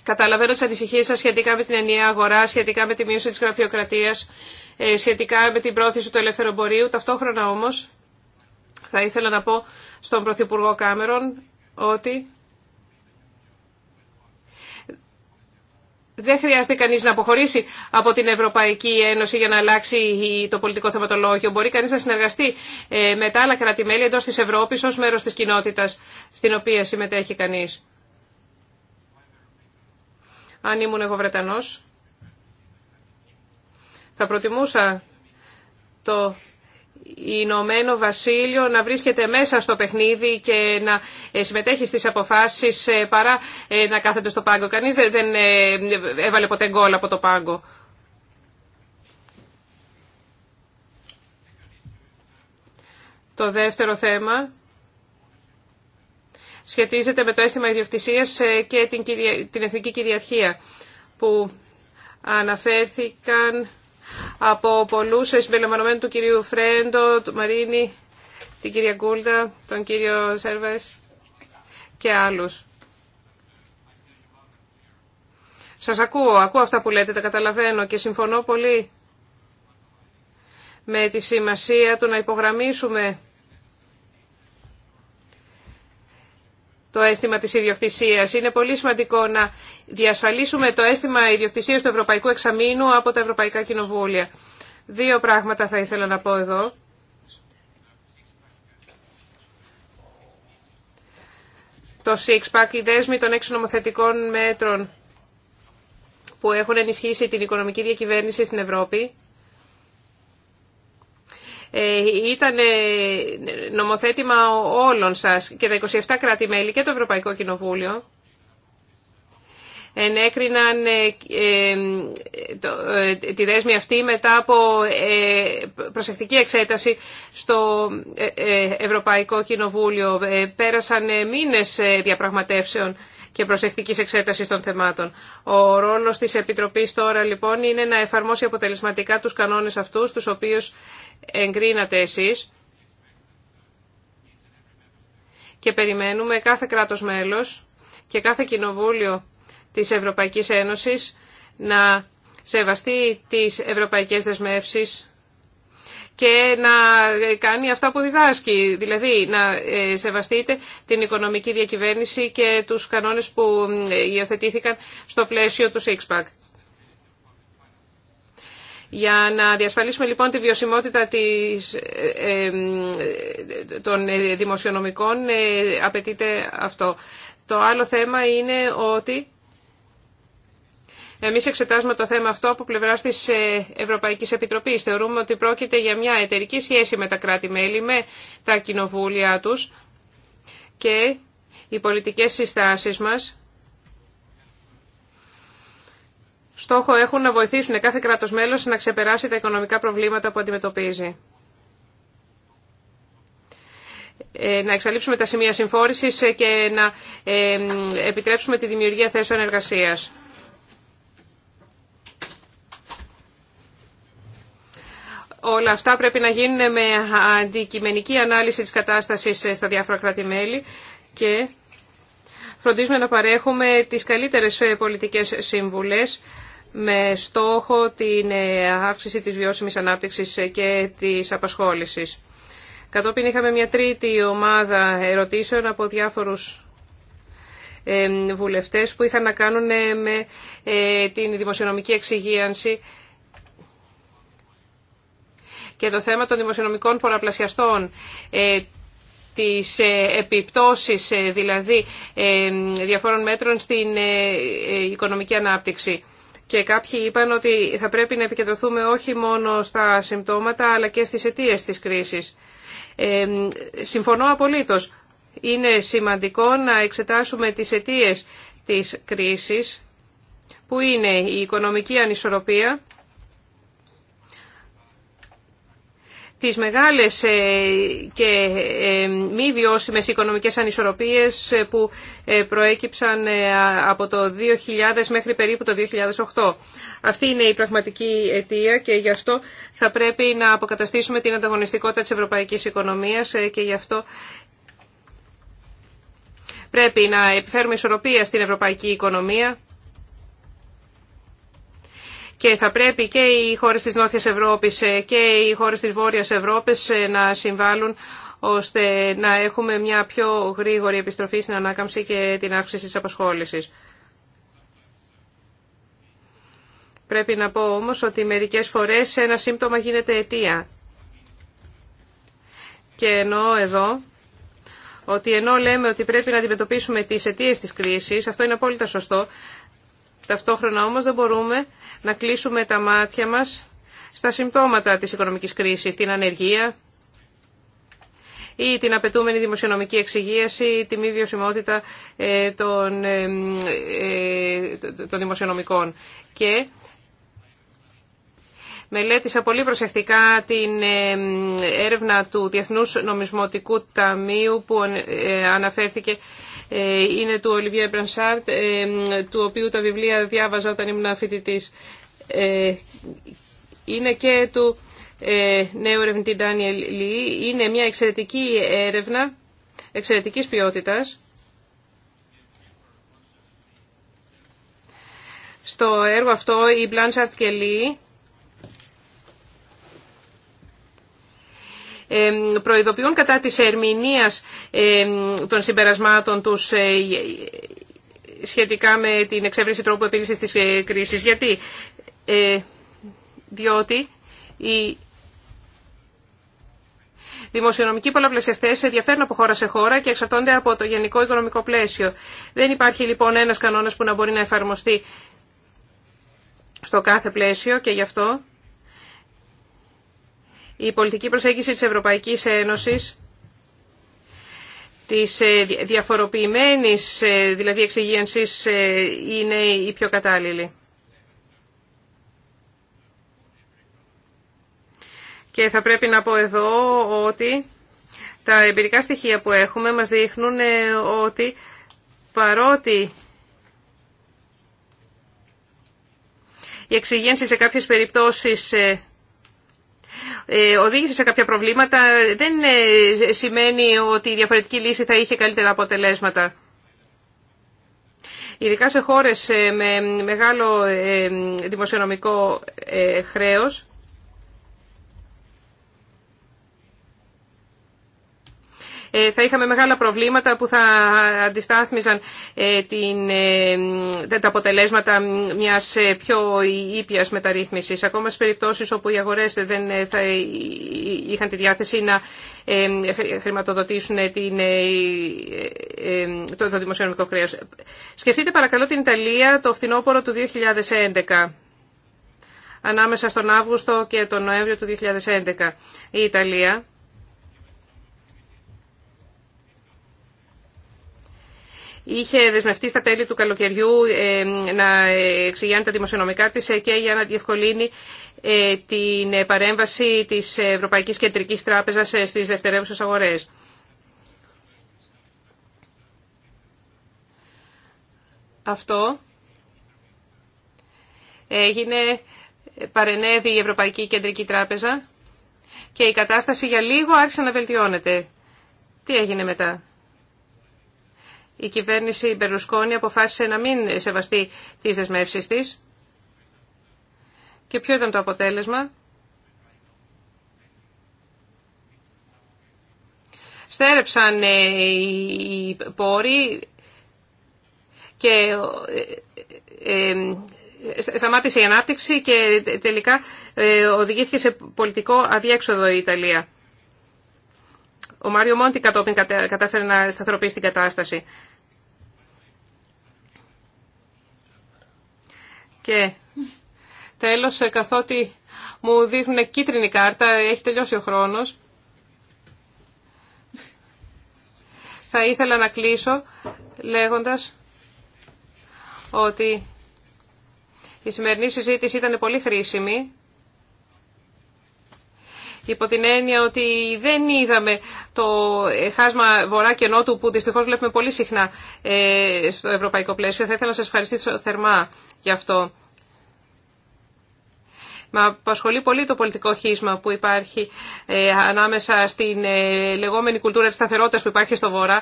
Καταλαβαίνω τι ανησυχίε σα σχετικά με την ενιαία αγορά, σχετικά με τη μείωση τη γραφειοκρατία, ε, σχετικά με την πρόθεση του ελεύθερου εμπορίου. Ταυτόχρονα όμω, θα ήθελα να πω στον Πρωθυπουργό Κάμερον ότι δεν χρειάζεται κανείς να αποχωρήσει από την Ευρωπαϊκή Ένωση για να αλλάξει το πολιτικό θεματολόγιο. Μπορεί κανείς να συνεργαστεί ε, με τα άλλα κράτη-μέλη εντός της Ευρώπης ως μέρος της κοινότητας στην οποία συμμετέχει κανείς. Αν ήμουν εγώ Βρετανός, θα προτιμούσα το Ηνωμένο Βασίλειο να βρίσκεται μέσα στο παιχνίδι και να ε, συμμετέχει στις αποφάσεις ε, παρά ε, να κάθεται στο πάγκο. Κανείς δεν έβαλε ποτέ γκολ από το πάγκο. Το δεύτερο θέμα σχετίζεται με το αίσθημα ιδιοκτησίας και την εθνική κυριαρχία που αναφέρθηκαν από πολλούς ε, συμπεριλαμβανομένου του κυρίου Φρέντο, του Μαρίνη, την κυρία Γκούλτα, τον κύριο Σέρβες και άλλους. Σας ακούω, ακούω αυτά που λέτε, τα καταλαβαίνω και συμφωνώ πολύ με τη σημασία του να υπογραμμίσουμε το αίσθημα της ιδιοκτησίας. Είναι πολύ σημαντικό να διασφαλίσουμε το αίσθημα ιδιοκτησίας του Ευρωπαϊκού Εξαμήνου από τα Ευρωπαϊκά Κοινοβούλια. Δύο πράγματα θα ήθελα να πω εδώ. Το ΣΥΚΣΠΑΚ, η οι των έξι νομοθετικών μέτρων που έχουν ενισχύσει την οικονομική διακυβέρνηση στην Ευρώπη ε, ήταν νομοθέτημα όλων σας και τα 27 κράτη-μέλη και το Ευρωπαϊκό Κοινοβούλιο ενέκριναν ε, ε, τη δέσμη αυτή μετά από προσεκτική εξέταση στο Ευρωπαϊκό Κοινοβούλιο. Πέρασαν μήνες διαπραγματεύσεων και προσεκτική εξέταση των θεμάτων. Ο ρόλος της Επιτροπής τώρα λοιπόν είναι να εφαρμόσει αποτελεσματικά τους κανόνες αυτούς, τους οποίους εγκρίνατε εσείς. Και περιμένουμε κάθε κράτος μέλος και κάθε κοινοβούλιο της Ευρωπαϊκής Ένωσης να σεβαστεί τις ευρωπαϊκές δεσμεύσεις και να κάνει αυτά που διδάσκει, δηλαδή να ε, σεβαστείτε την οικονομική διακυβέρνηση και τους κανόνες που ε, υιοθετήθηκαν στο πλαίσιο του ΣΥΚΣΠΑΚ. Για να διασφαλίσουμε λοιπόν τη βιωσιμότητα της, ε, των δημοσιονομικών απαιτείται αυτό. Το άλλο θέμα είναι ότι εμείς εξετάζουμε το θέμα αυτό από πλευρά τη ε, Ευρωπαϊκή Επιτροπής. Θεωρούμε ότι πρόκειται για μια εταιρική σχέση με τα κράτη-μέλη, με τα κοινοβούλια τους και οι πολιτικέ συστάσεις μας στόχο έχουν να βοηθήσουν κάθε κράτος μέλος να ξεπεράσει τα οικονομικά προβλήματα που αντιμετωπίζει. Ε, να εξαλείψουμε τα σημεία συμφόρησης ε, και να επιτρέψουμε τη δημιουργία θέσεων εργασίας. Όλα αυτά πρέπει να γίνουν με αντικειμενική ανάλυση της κατάστασης στα διάφορα κράτη-μέλη και φροντίζουμε να παρέχουμε τις καλύτερες πολιτικές σύμβουλες με στόχο την αύξηση της βιώσιμης ανάπτυξης και της απασχόλησης. Κατόπιν είχαμε μια τρίτη ομάδα ερωτήσεων από διάφορους βουλευτές που είχαν να κάνουν ε, με ε, την δημοσιονομική εξυγίανση και το θέμα των δημοσιονομικών πολλαπλασιαστών, ε, τις ε, επιπτώσεις ε, δηλαδή διαφόρων μέτρων στην οικονομική ανάπτυξη. Και κάποιοι είπαν ότι θα πρέπει να επικεντρωθούμε όχι μόνο στα συμπτώματα αλλά και στις αιτίες της κρίσης. Ε, συμφωνώ απολύτως. Είναι σημαντικό να εξετάσουμε τις αιτίες της κρίσης που είναι η οικονομική ανισορροπία τις μεγάλες ε, και ε, μη βιώσιμες οικονομικές ανισορροπίες ε, που προέκυψαν από το 2000 μέχρι περίπου το 2008. Αυτή είναι η πραγματική αιτία και γι' αυτό θα πρέπει να αποκαταστήσουμε την ανταγωνιστικότητα της ευρωπαϊκής οικονομίας και γι' αυτό πρέπει να επιφέρουμε ισορροπία στην ευρωπαϊκή οικονομία και θα πρέπει και οι χώρες της Νότιας Ευρώπης ε, και οι χώρες της Βόρειας Ευρώπης ε, να συμβάλλουν ώστε να έχουμε μια πιο γρήγορη επιστροφή στην ανάκαμψη και την αύξηση της απασχόλησης. Πρέπει να πω όμως ότι μερικές φορές ένα σύμπτωμα γίνεται αιτία. Και ενώ εδώ ότι ενώ λέμε ότι πρέπει να αντιμετωπίσουμε τις αιτίες της κρίσης, αυτό είναι απόλυτα σωστό, Ταυτόχρονα όμως δεν μπορούμε να κλείσουμε τα μάτια μας στα συμπτώματα της οικονομικής κρίσης, την ανεργία ή την απαιτούμενη δημοσιονομική εξυγίαση, τη μη βιωσιμότητα ε, των, ε, ε, των δημοσιονομικών. Και μελέτησα πολύ προσεκτικά την έρευνα του Διεθνούς Νομισματικού Ταμείου που αναφέρθηκε ε, είναι του Ολιβιέ Μπρανσάρτ, ε, του οποίου τα βιβλία διάβαζα όταν ήμουν φοιτητή. Ε, είναι και του νέου ερευνητή Ντάνιελ Λί. Είναι μια εξαιρετική έρευνα, εξαιρετικής ποιότητας. Στο έργο αυτό η Μπλάνσαρτ και Λί προειδοποιούν κατά της ερμηνείας των συμπερασμάτων τους ε, σχετικά με την εξεύρυνση τρόπου επίλυσης της ε, κρίσης. Γιατί, ε, διότι η Δημοσιονομικοί πολλαπλασιαστέ ενδιαφέρουν από χώρα σε χώρα και εξαρτώνται από το γενικό οικονομικό πλαίσιο. Δεν υπάρχει λοιπόν ένα κανόνα που να μπορεί να εφαρμοστεί στο κάθε πλαίσιο και γι' αυτό η πολιτική προσέγγιση της Ευρωπαϊκής Ένωσης της ε, διαφοροποιημένης ε, δηλαδή εξυγίανσης ε, είναι η πιο κατάλληλη. Και θα πρέπει να πω εδώ ότι τα εμπειρικά στοιχεία που έχουμε μας δείχνουν ότι παρότι η εξυγένση σε κάποιες περιπτώσεις ε, οδήγησε σε κάποια προβλήματα δεν ε, σημαίνει ότι η διαφορετική λύση θα είχε καλύτερα αποτελέσματα. Ειδικά σε χώρες ε, με μεγάλο δημοσιονομικό χρέος Ε, θα είχαμε μεγάλα προβλήματα που θα αντιστάθμιζαν ε, την, ε, τα αποτελέσματα μιας πιο ήπιας μεταρρύθμισης. Ακόμα στις περιπτώσεις όπου οι αγορές δεν θα είχαν τη διάθεση να χρηματοδοτήσουν την, το, το δημοσιονομικό κρέας. Σκεφτείτε παρακαλώ την Ιταλία το φθινόπωρο του 2011 ανάμεσα στον Αύγουστο και τον Νοέμβριο του 2011. Η Ιταλία είχε δεσμευτεί στα τέλη του καλοκαιριού ε, να εξηγιάνει τα δημοσιονομικά της ε, και για να διευκολύνει ε, την παρέμβαση της Ευρωπαϊκής Κεντρικής Τράπεζας στις δευτερεύουσες αγορές. Αυτό έγινε, παρενέβη η Ευρωπαϊκή Κεντρική Τράπεζα και η κατάσταση για λίγο άρχισε να βελτιώνεται. Τι έγινε μετά η κυβέρνηση Μπερλουσκόνη αποφάσισε να μην σεβαστεί τις δεσμεύσεις της. Και ποιο ήταν το αποτέλεσμα. Στέρεψαν ε, οι πόροι και ε, ε, σταμάτησε η ανάπτυξη και τελικά οδηγήθηκε σε πολιτικό αδιέξοδο η Ιταλία. Ο Μάριο Μόντι κατόπιν κατάφερε να σταθεροποιήσει την κατάσταση. Και τέλος, ε, καθότι μου δείχνουν κίτρινη κάρτα, έχει τελειώσει ο χρόνος. Θα ήθελα να κλείσω λέγοντας ότι η σημερινή συζήτηση ήταν πολύ χρήσιμη υπό την έννοια ότι δεν είδαμε το χάσμα βορρά και νότου που δυστυχώ βλέπουμε πολύ συχνά ε, στο ευρωπαϊκό πλαίσιο. Θα ήθελα να σας ευχαριστήσω θερμά γι' αυτό. Με απασχολεί πολύ το πολιτικό χίσμα που υπάρχει ε, ανάμεσα στην ε, λεγόμενη κουλτούρα της σταθερότητας που υπάρχει στο Βορρά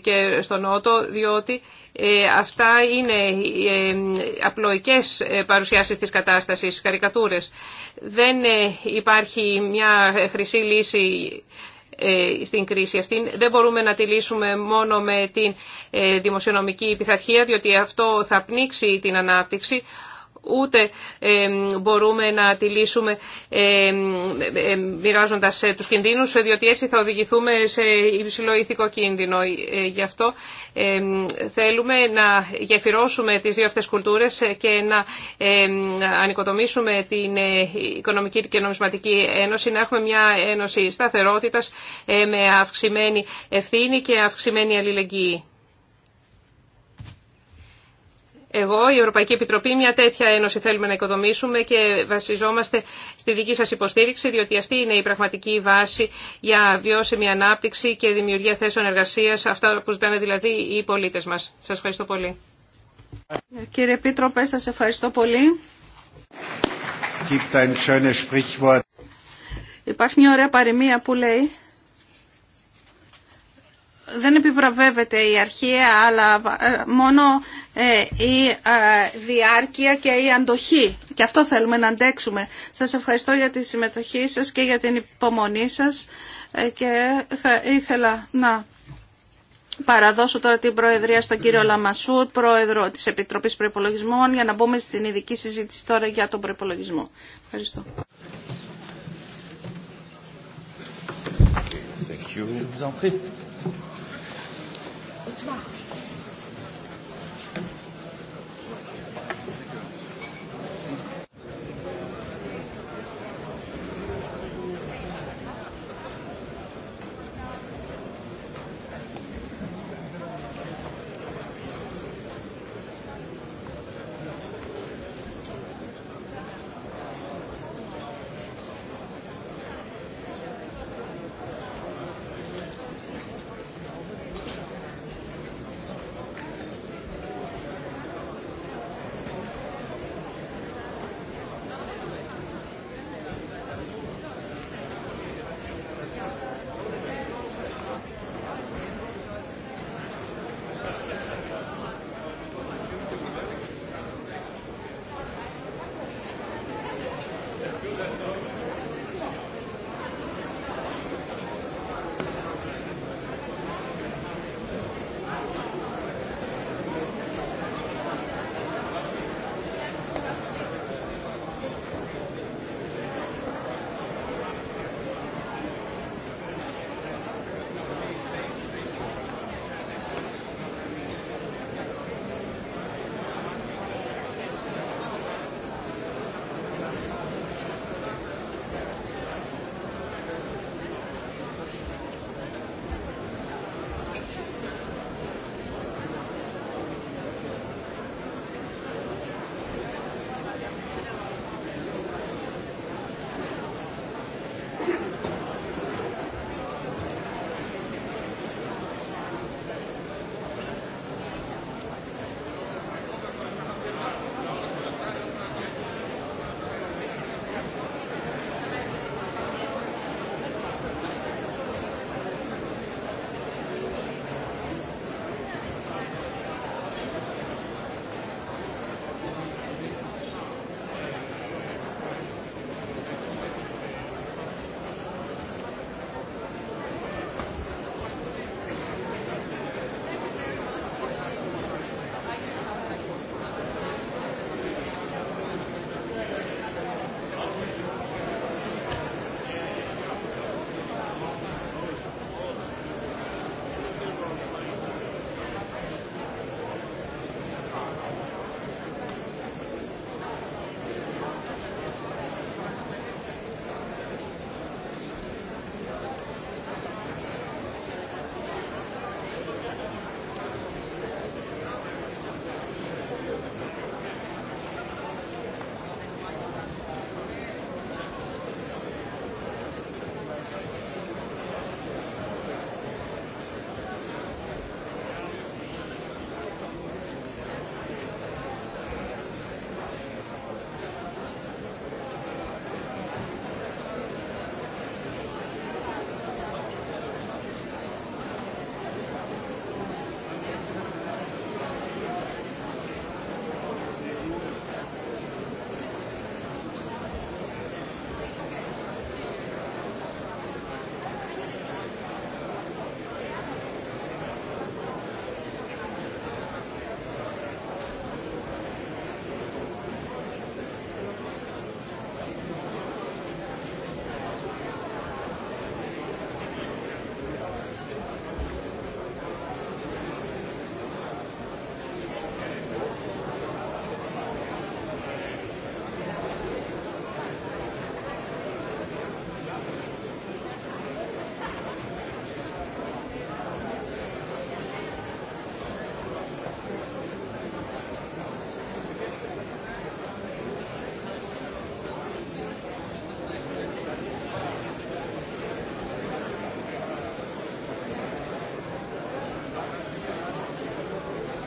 και στο Νότο, διότι ε, αυτά είναι ε, απλοϊκές ε, παρουσιάσεις της κατάστασης, καρικατούρες. Δεν υπάρχει μια χρυσή λύση στην κρίση αυτή. Δεν μπορούμε να τη λύσουμε μόνο με την δημοσιονομική πειθαρχία, διότι αυτό θα πνίξει την ανάπτυξη ούτε μπορούμε να τη λύσουμε μοιράζοντας ε, τους κινδύνους, διότι έτσι θα οδηγηθούμε σε υψηλό ηθικό κίνδυνο. Ε, γι' αυτό θέλουμε να γεφυρώσουμε τις δύο αυτές κουλτούρες και να ανοικοτομήσουμε την ε, Οικονομική και Νομισματική Ένωση, να έχουμε μια ένωση σταθερότητας με αυξημένη ευθύνη και αυξημένη αλληλεγγύη εγώ, η Ευρωπαϊκή Επιτροπή, μια τέτοια ένωση θέλουμε να οικοδομήσουμε και βασιζόμαστε στη δική σας υποστήριξη, διότι αυτή είναι η πραγματική βάση για βιώσιμη ανάπτυξη και δημιουργία θέσεων εργασίας, αυτά που ζητάνε δηλαδή οι πολίτες μας. Σας ευχαριστώ πολύ. Κύριε Επίτροπε, σας ευχαριστώ πολύ. Υπάρχει μια ωραία παροιμία που λέει δεν επιβραβεύεται η αρχαία, αλλά ε, μόνο ε, η διάρκεια και η αντοχή. Και αυτό θέλουμε να αντέξουμε. Σας ευχαριστώ για τη συμμετοχή σας και για την υπομονή σας ε, και θα ήθελα να παραδώσω τώρα την Προεδρία στον κύριο Λαμασούτ, Πρόεδρο της Επιτροπής Προϋπολογισμών, για να μπούμε στην ειδική συζήτηση τώρα για τον προϋπολογισμό. Ευχαριστώ.